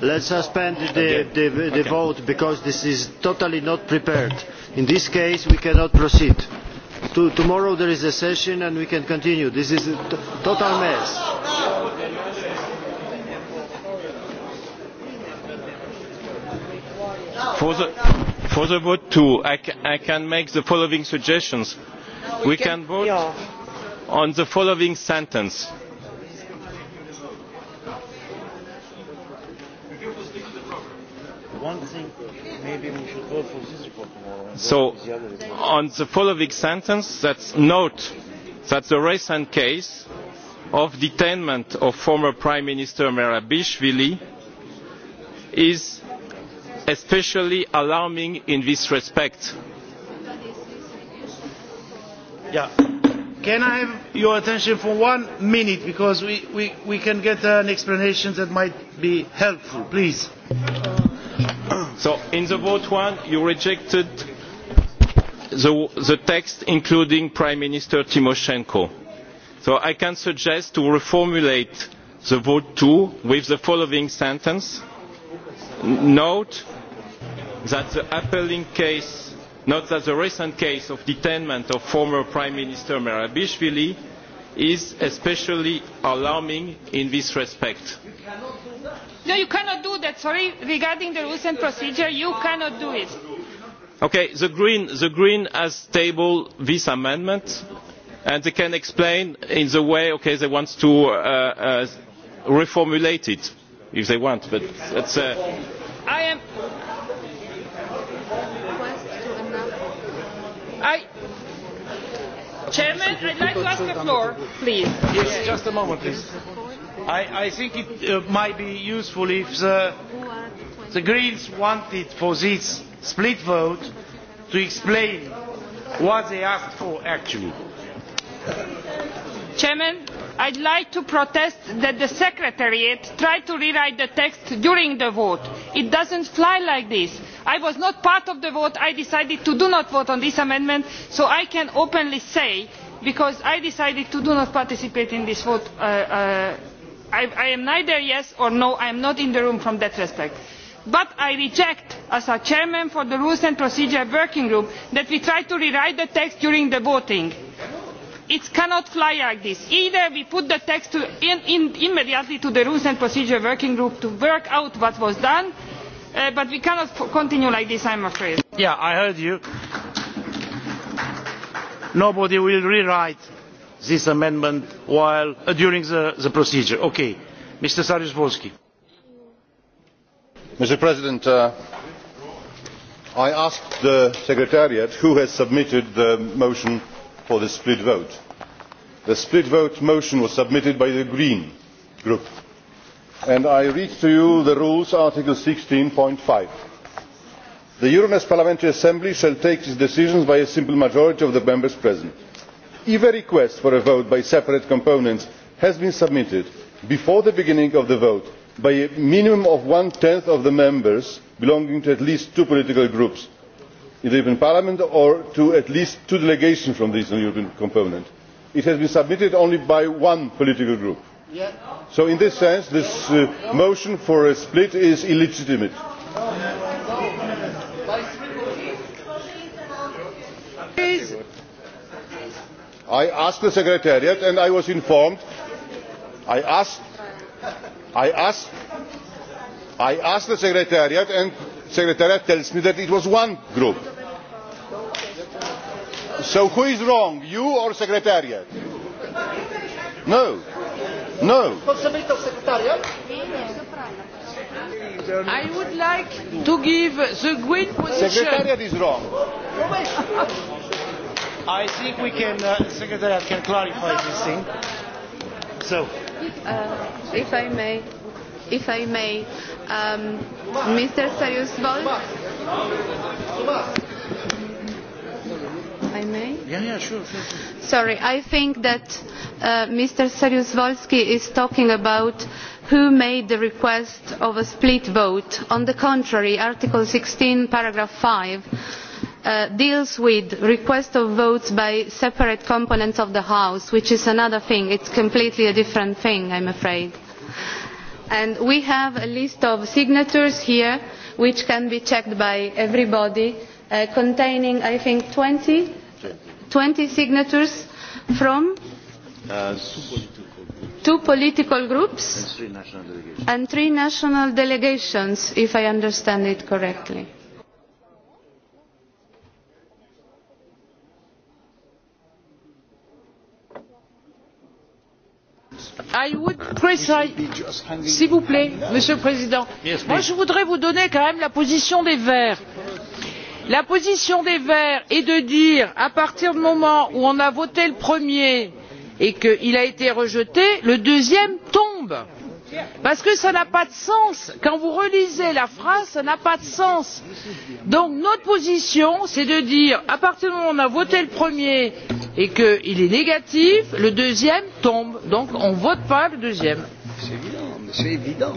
Let's suspend the, the, vote because this is totally not prepared. In this case, we cannot proceed. To, tomorrow there is a session and we can continue. This is a total mess. For the vote too, I can make the following suggestions. We can vote on the following sentence. So, on the following sentence, let's note that the recent case of detainment of former Prime Minister Merabishvili is especially alarming in this respect. Can I have your attention for one minute because we we can get an explanation that might be helpful, please. So in the vote one you rejected the text including Prime Minister Timoshenko. So I can suggest to reformulate the vote two with the following sentence. Note that the appalling case not that the recent case of detainment of former prime minister merabishvili is especially alarming in this respect. no you cannot do that sorry regarding the rules and procedure you cannot do it. okay the green has tabled this amendment and they can explain in the way they want to reformulate it if they want but that's I... Chairman, I'd like to ask the floor, please. Yes, just a moment, please. I, I think it uh, might be useful if the, the Greens wanted for this split vote to explain what they asked for actually. Chairman, I'd like to protest that the Secretariat tried to rewrite the text during the vote. It doesn't fly like this i was not part of the vote i decided to do not vote on this amendment so i can openly say because i decided to do not participate in this vote i am neither yes or no i am not in the room from that respect but i reject as a chairman for the rules and procedure working group that we try to rewrite the text during the voting. it cannot fly like this. either we put the text immediately to the rules and procedure working group to work out what was done but we cannot continue like this i am afraid. yeah i heard you. nobody will rewrite this amendment while during the procedure. okay. mr saryusz mr president i asked the secretariat who has submitted the motion for the split vote. the split vote motion was submitted by the green group and i read to you the rules article. sixteen the euronest parliamentary assembly shall take its decisions by a simple majority of the members present. if a request for a vote by separate components has been submitted before the beginning of the vote by a minimum of one tenth of the members belonging to at least two political groups in the european parliament or to at least two delegations from this european component it has been submitted only by one political group. So in this sense, this motion for a split is illegitimate. I asked the Secretariat and I was informed. I asked, I asked, I asked the Secretariat and the Secretariat tells me that it was one group. So who is wrong, you or Secretariat? No. No. I would like to give the green position. Secretariat is wrong. I think we can, uh, Secretariat can clarify this thing. So. Uh, if I may, if I may, um, Mr. Sarius Volk. I Yeah, sure, Sorry, I think that Mr. saryusz is talking about who made the request of a split vote. On the contrary, Article 16, paragraph 5 deals with request of votes by separate components of the House, which is another thing. It's completely a different thing, I'm afraid. And we have a list of signatures here, which can be checked by everybody containing, I think, 20, signatures from two political groups and three national delegations, if I understand it correctly. I would S'il vous plaît, Monsieur le Président, moi je voudrais vous donner quand même la position des Verts la position des verts est de dire à partir du moment où on a voté le premier et qu'il a été rejeté le deuxième tombe parce que cela n'a pas de sens quand vous relisez la phrase ça n'a pas de sens. donc notre position c'est de dire à partir du moment où on a voté le premier et qu'il est négatif le deuxième tombe donc on ne vote pas le deuxième. c'est évident.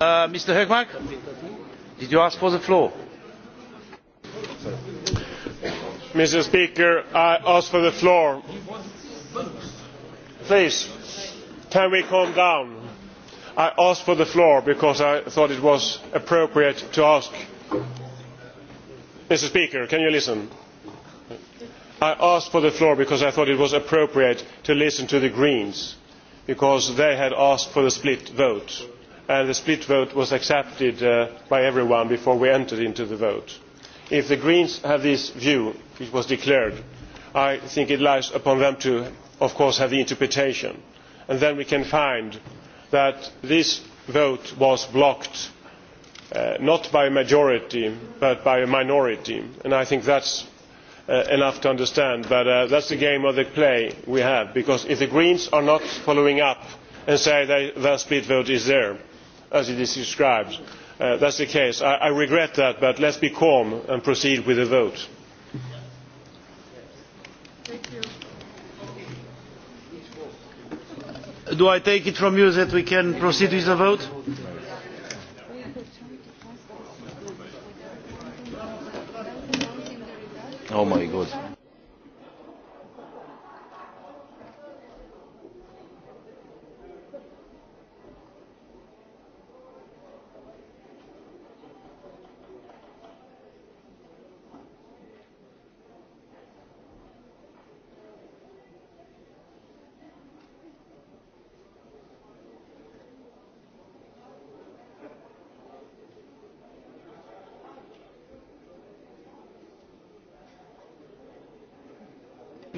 Mr. Hökmark, did you ask for the floor? Mr. Speaker, I asked for the floor. Please, can we calm down? I asked for the floor because I thought it was appropriate to ask. Mr. Speaker, can you listen? I asked for the floor because I thought it was appropriate to listen to the Greens, because they had asked for the split vote the split vote was accepted by everyone before we entered into the vote. if the greens have this view it was declared i think it lies upon them to of course have the interpretation and then we can find that this vote was blocked not by a majority but by a minority and i think that is enough to understand but that is the game of the play we have because if the greens are not following up and say that the split vote is there as it is described. That's the case. I regret that, but let's be calm and proceed with the vote. Do I take it from you that we can proceed with the vote? Oh my God.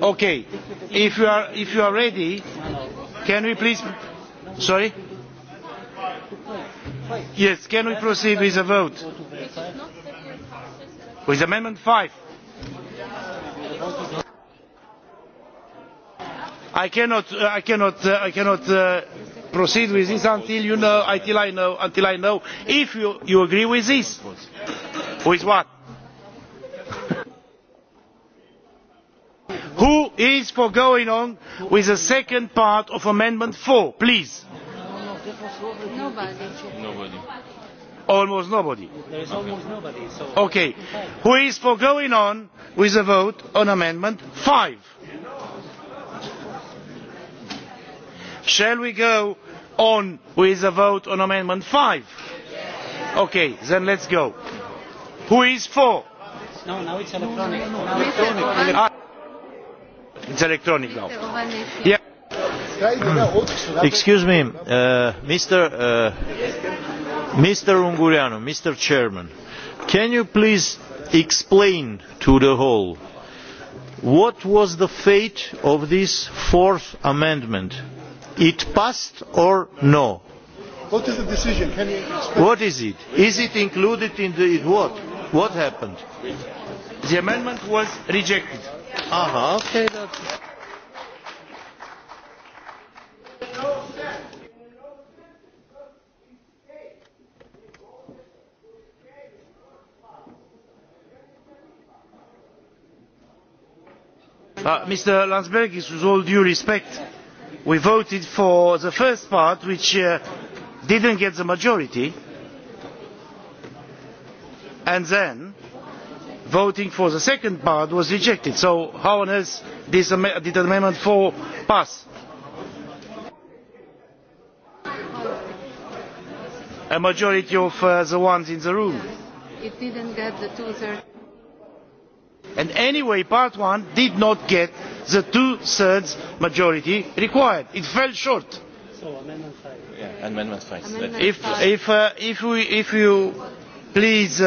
Okay. If you are if you are ready, can we please sorry? Yes, can we proceed with the vote? With amendment five. I cannot I cannot I cannot proceed with this until you know until I know until I know if you you agree with this. With what? is for going on with the second part of amendment 4 please nobody almost nobody okay who is for going on with the vote on amendment 5 shall we go on with the vote on amendment 5 okay then let's go who is for no now it's electronic It's electronic Excuse me, Mr. Mr. Unguriano, Mr. Chairman, can you please explain to the whole what was the fate of this fourth amendment? It passed or no? What is the decision? Can you What is it? Is it included in the what? What happened? The amendment was rejected. Aha, okay. Mr. Landsbergis, with all due respect, we voted for the first part, which didn't get the majority, and then voting for the second part was rejected so how on earth did amendment four pass? a majority of the ones in the room. it didn't get the two thirds. and anyway part one did not get the two thirds majority required. it fell short. so amendment five. amendment five. if if you please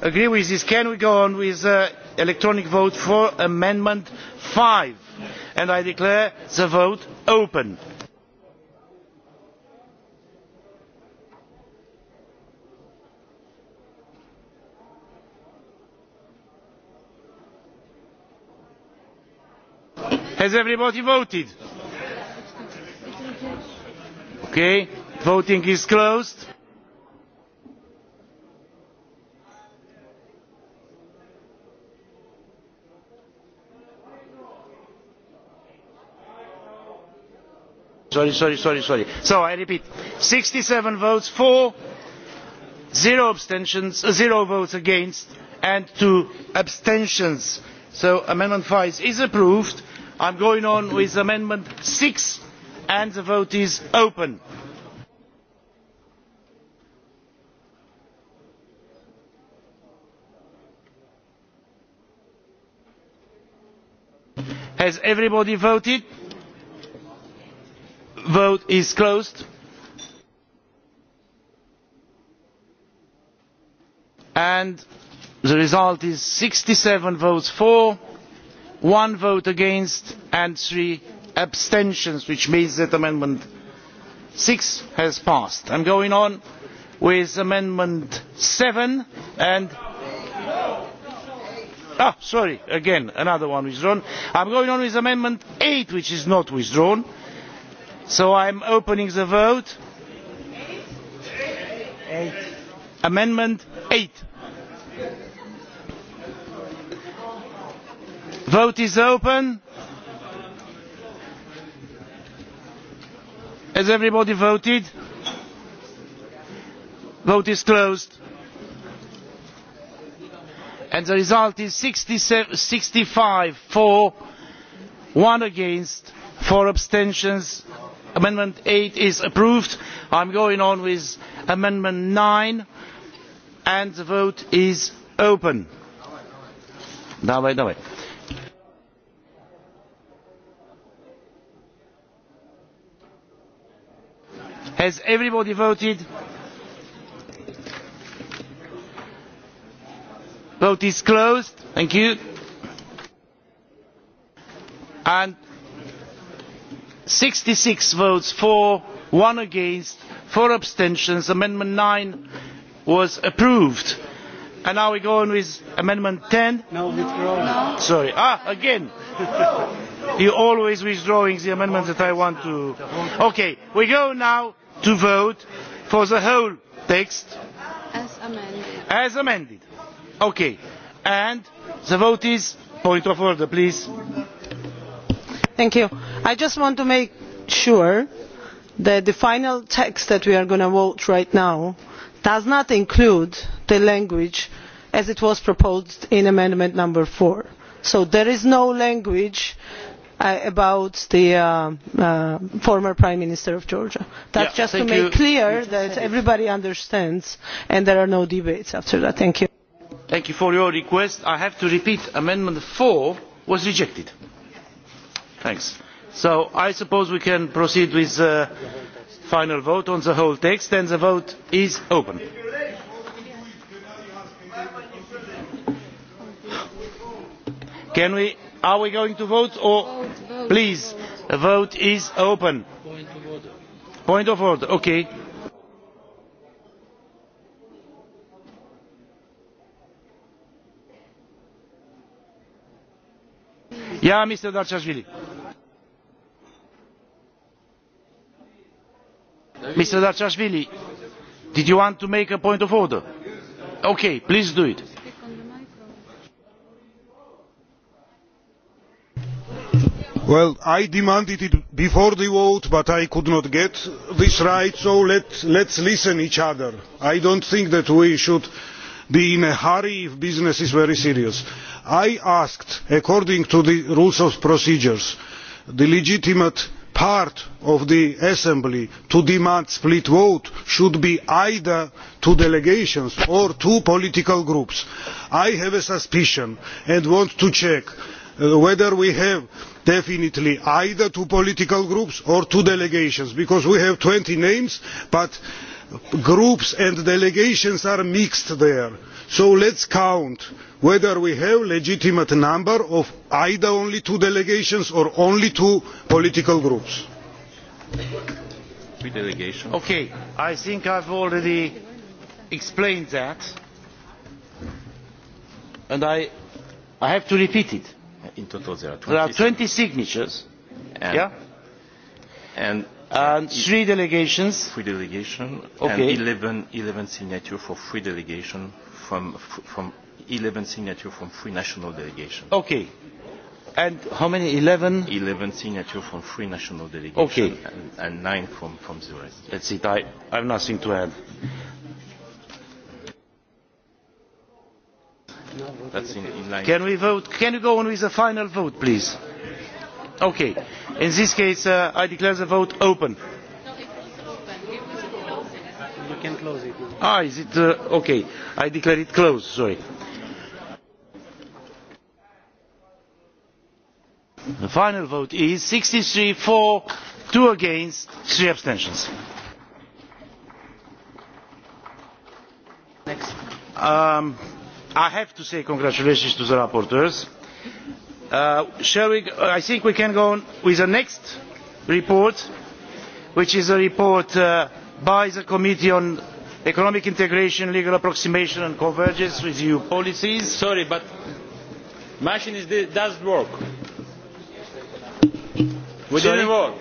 agree with this can we go on with the electronic vote for amendment five and i declare the vote open. has everybody voted? okay voting is closed. sorry sorry sorry sorry so i repeat 67 votes for zero abstentions zero votes against and two abstentions so amendment 5 is approved. I'm going on with amendment 6, and the vote is open. has everybody voted? vote is closed and the result is sixty seven votes for one vote against and three abstentions which means that amendment six has passed. I am going on with amendment seven and sorry again another one withdrawn. I am going on with amendment eight, which is not withdrawn So I am opening the vote. Amendment 8. Vote is open. Has everybody voted? Vote is closed. And the result is 65 for, one against, four abstentions amendment eight is approved. i am going on with amendment nine and the vote is open. has everybody voted? vote is closed. thank you sixty six votes for one against four abstentions amendment nine was approved and now we go on with amendment ten sorry ah again you always withdrawing the amendment that i want to okay we go now to vote for the whole text as amended as amended okay and the vote is point of order please Thank I just want to make sure that the final text that we are going to vote right now does not include the language as it was proposed in amendment No. four. So there is no language about the former Prime Minister of Georgia. That's just to make clear that everybody understands and there are no debates after that. Thank you. Thank you for your request. I have to repeat, Amendment 4 was rejected. Thanks. So I suppose we can proceed with the final vote on the whole text and the vote is open. Can we are we going to vote or please the vote is open. Point of order. Okay. Mr. Mr. Darchashvili, did you want to make a point of order? Okay, please do it. Well, I demanded it before the vote, but I could not get this right, so let's listen to each other. I don't think that we should be in a hurry if business is very serious. I asked, according to the rules of procedures, the legitimate part of the assembly to demand split vote should be either two delegations or two political groups. i have a suspicion and want to check whether we have definitely either two political groups or two delegations because we have twenty names but groups and delegations are mixed there so let us count whether we have a legitimate number of either only two delegations or only two political groups. okay i think i have already explained that and i have to repeat it. in total there are twenty signatures and three delegations. three delegations and eleven signatures for three delegation from 11 signatures from three national delegations. Okay. And how many? 11? 11 signatures from three national delegations. Okay. And nine from from the rest. That's it. I have nothing to add. That's in line. Can we vote? Can you go on with the final vote, please? Okay. In this case, I declare the vote open. You can close it is it okay? I declare it closed. Sorry. The final vote is 63 for, 2 against, 3 abstentions. I have to say congratulations to the rapporteurs. Shall we? I think we can go on with the next report, which is a report by the Committee on economic integration legal approximation and convergence with eu policies. sorry but machine does not work. it work.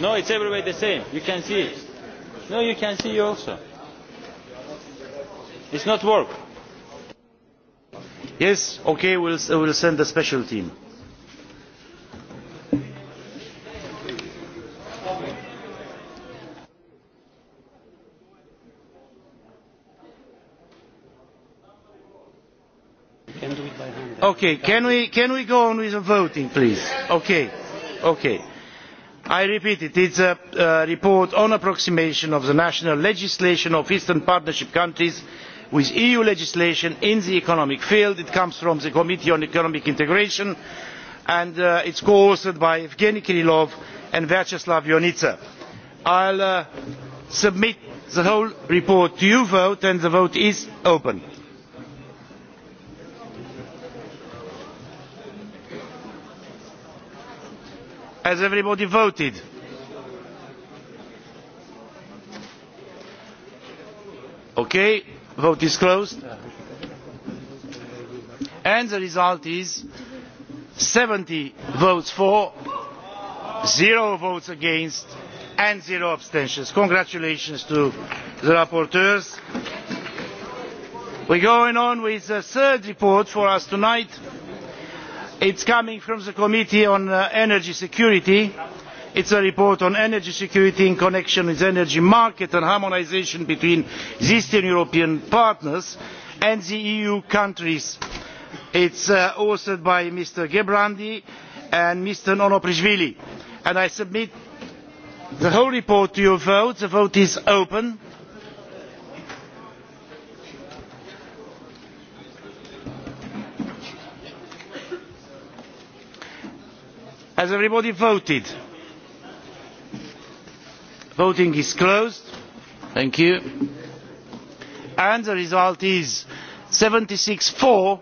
no it's is everywhere the same you can see it. no you can see also. It's not work. yes okay we will send a special team. Okay, can we can we go on with the voting, please? Okay, okay. I repeat it. is a report on approximation of the national legislation of Eastern Partnership countries with EU legislation in the economic field. It comes from the Committee on Economic Integration, and it's co-authored by Evgeny Kirilov and Vyacheslav Yonitsa. I'll submit the whole report to you vote, and the vote is open. Has everybody voted? Okay, vote is closed. And the result is 70 votes for, zero votes against and zero abstentions. Congratulations to the rapporteurs. We're going on with the third report for us tonight it is coming from the committee on energy security it is a report on energy security in connection with the energy market and harmonisation between eastern european partners and the eu countries. it is authored by mr gerbrandy and mr onoprishvili and i submit the whole report to your vote. the vote is open. Has everybody voted? Voting is closed. Thank you. And the result is 76 for,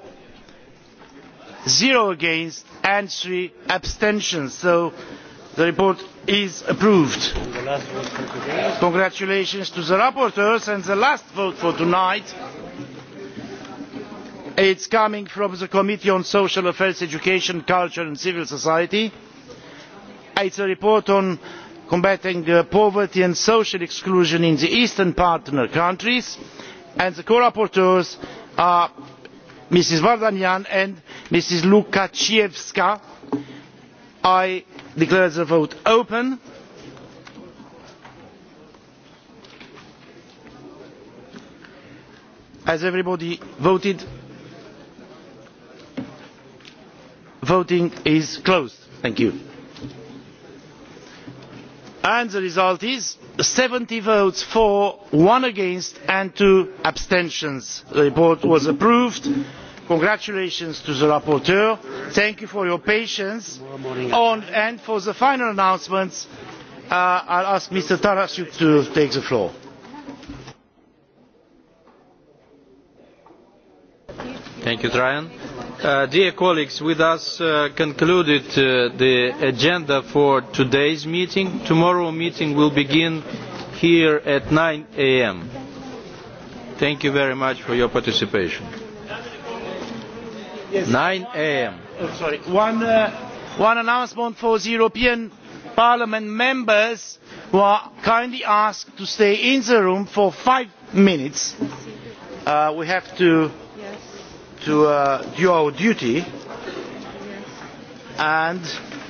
0 against and 3 abstentions. So the report is approved. Congratulations to the rapporteurs and the last vote for tonight it is coming from the committee on social affairs education culture and civil society. it is a report on combating poverty and social exclusion in the eastern partner countries and the co rapporteurs are mrs vardanian and mrs lukaevica. i declare the vote open. has everybody voted? voting is closed. thank you. and the result is 70 votes for one against and two abstentions. the report was approved. congratulations to the rapporteur. thank you for your patience and for the final announcements i ask mr tarasyuk to take the floor. thank you Dear colleagues, we us concluded the agenda for today's meeting. Tomorrow's meeting will begin here at 9 a.m. Thank you very much for your participation. 9 a.m. One announcement for the European Parliament members who are kindly asked to stay in the room for five minutes. We have to to uh, do our duty and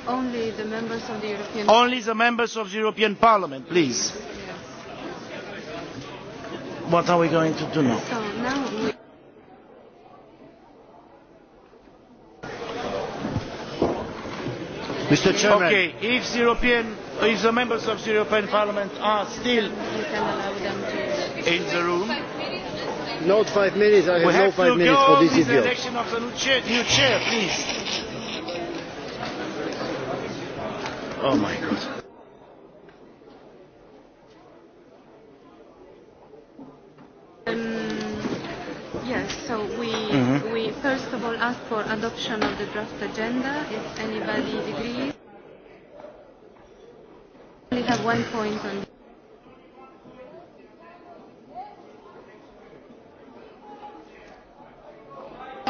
only the members of the European only the members of the European Parliament, please. What are we going to do now? Mr. Chairman. Okay, if the European, if the members of the European Parliament are still in the room. Not five minutes. I have, no five minutes for this the election of the new chair, new chair, please. Oh my God. Yes, so we, we first of all ask for adoption of the draft agenda, if anybody agrees. We have one point on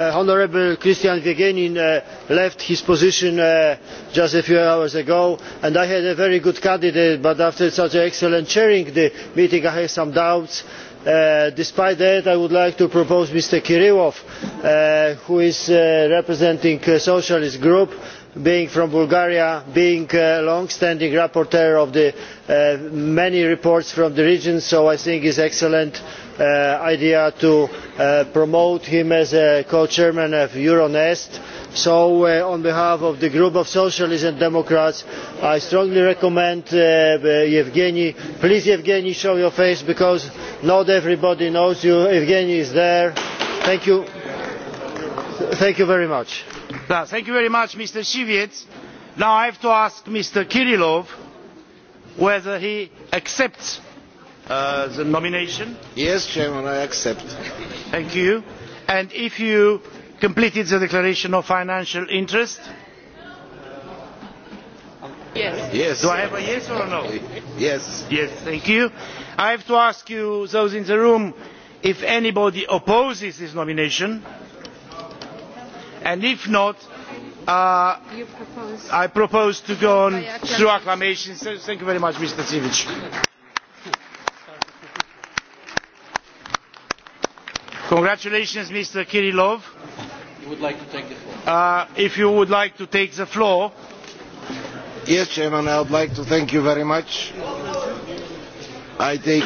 honourable christian gueguenin left his position just a few hours ago and i had a very good candidate but after such excellent chairing the meeting i have some doubts. despite that i would like to propose mr kirilov who is representing the socialist group being from bulgaria being a long standing rapporteur of the many reports from the region so i think he is an excellent idea to promote him as a co chairman of euronest so on behalf of the group of socialists and democrats i strongly recommend Evgeny. please Evgeny, show your face because not everybody knows you. Evgeny is there. thank you. thank you very much. thank you very much mr siwiec. now i have to ask mr Kirillov whether he accepts the nomination? Yes, Chairman, I accept. Thank you. And if you completed the declaration of financial interest? Yes. Yes. Do I have a yes or a no? Yes. Yes, thank you. I have to ask you, those in the room, if anybody opposes this nomination. And if not, I propose to go on through acclamation. Thank you very much, Mr. Sivic. Congratulations, Mr. Kirillov. if you would like to take the floor. Yes, Chairman, I would like to thank you very much. I take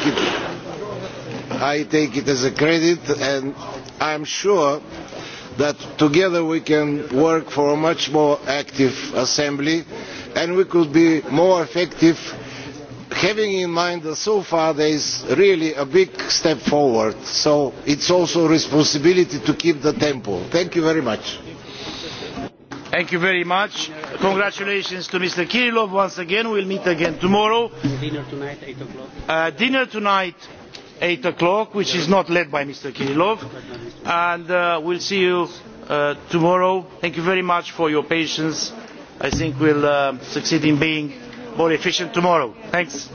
it as a credit, and I am sure that together we can work for a much more active assembly, and we could be more effective having in mind that so far there is really a big step forward so it is also a responsibility to keep the tempo. thank you very much. thank you very much. congratulations to mr kirilov once again. We'll meet again tomorrow. dinner tonight eight o'clock. dinner tonight eight o'clock which is not led by mr kirilov and we will see you tomorrow. thank you very much for your patience. i think we will succeed in being more efficient tomorrow. Thanks.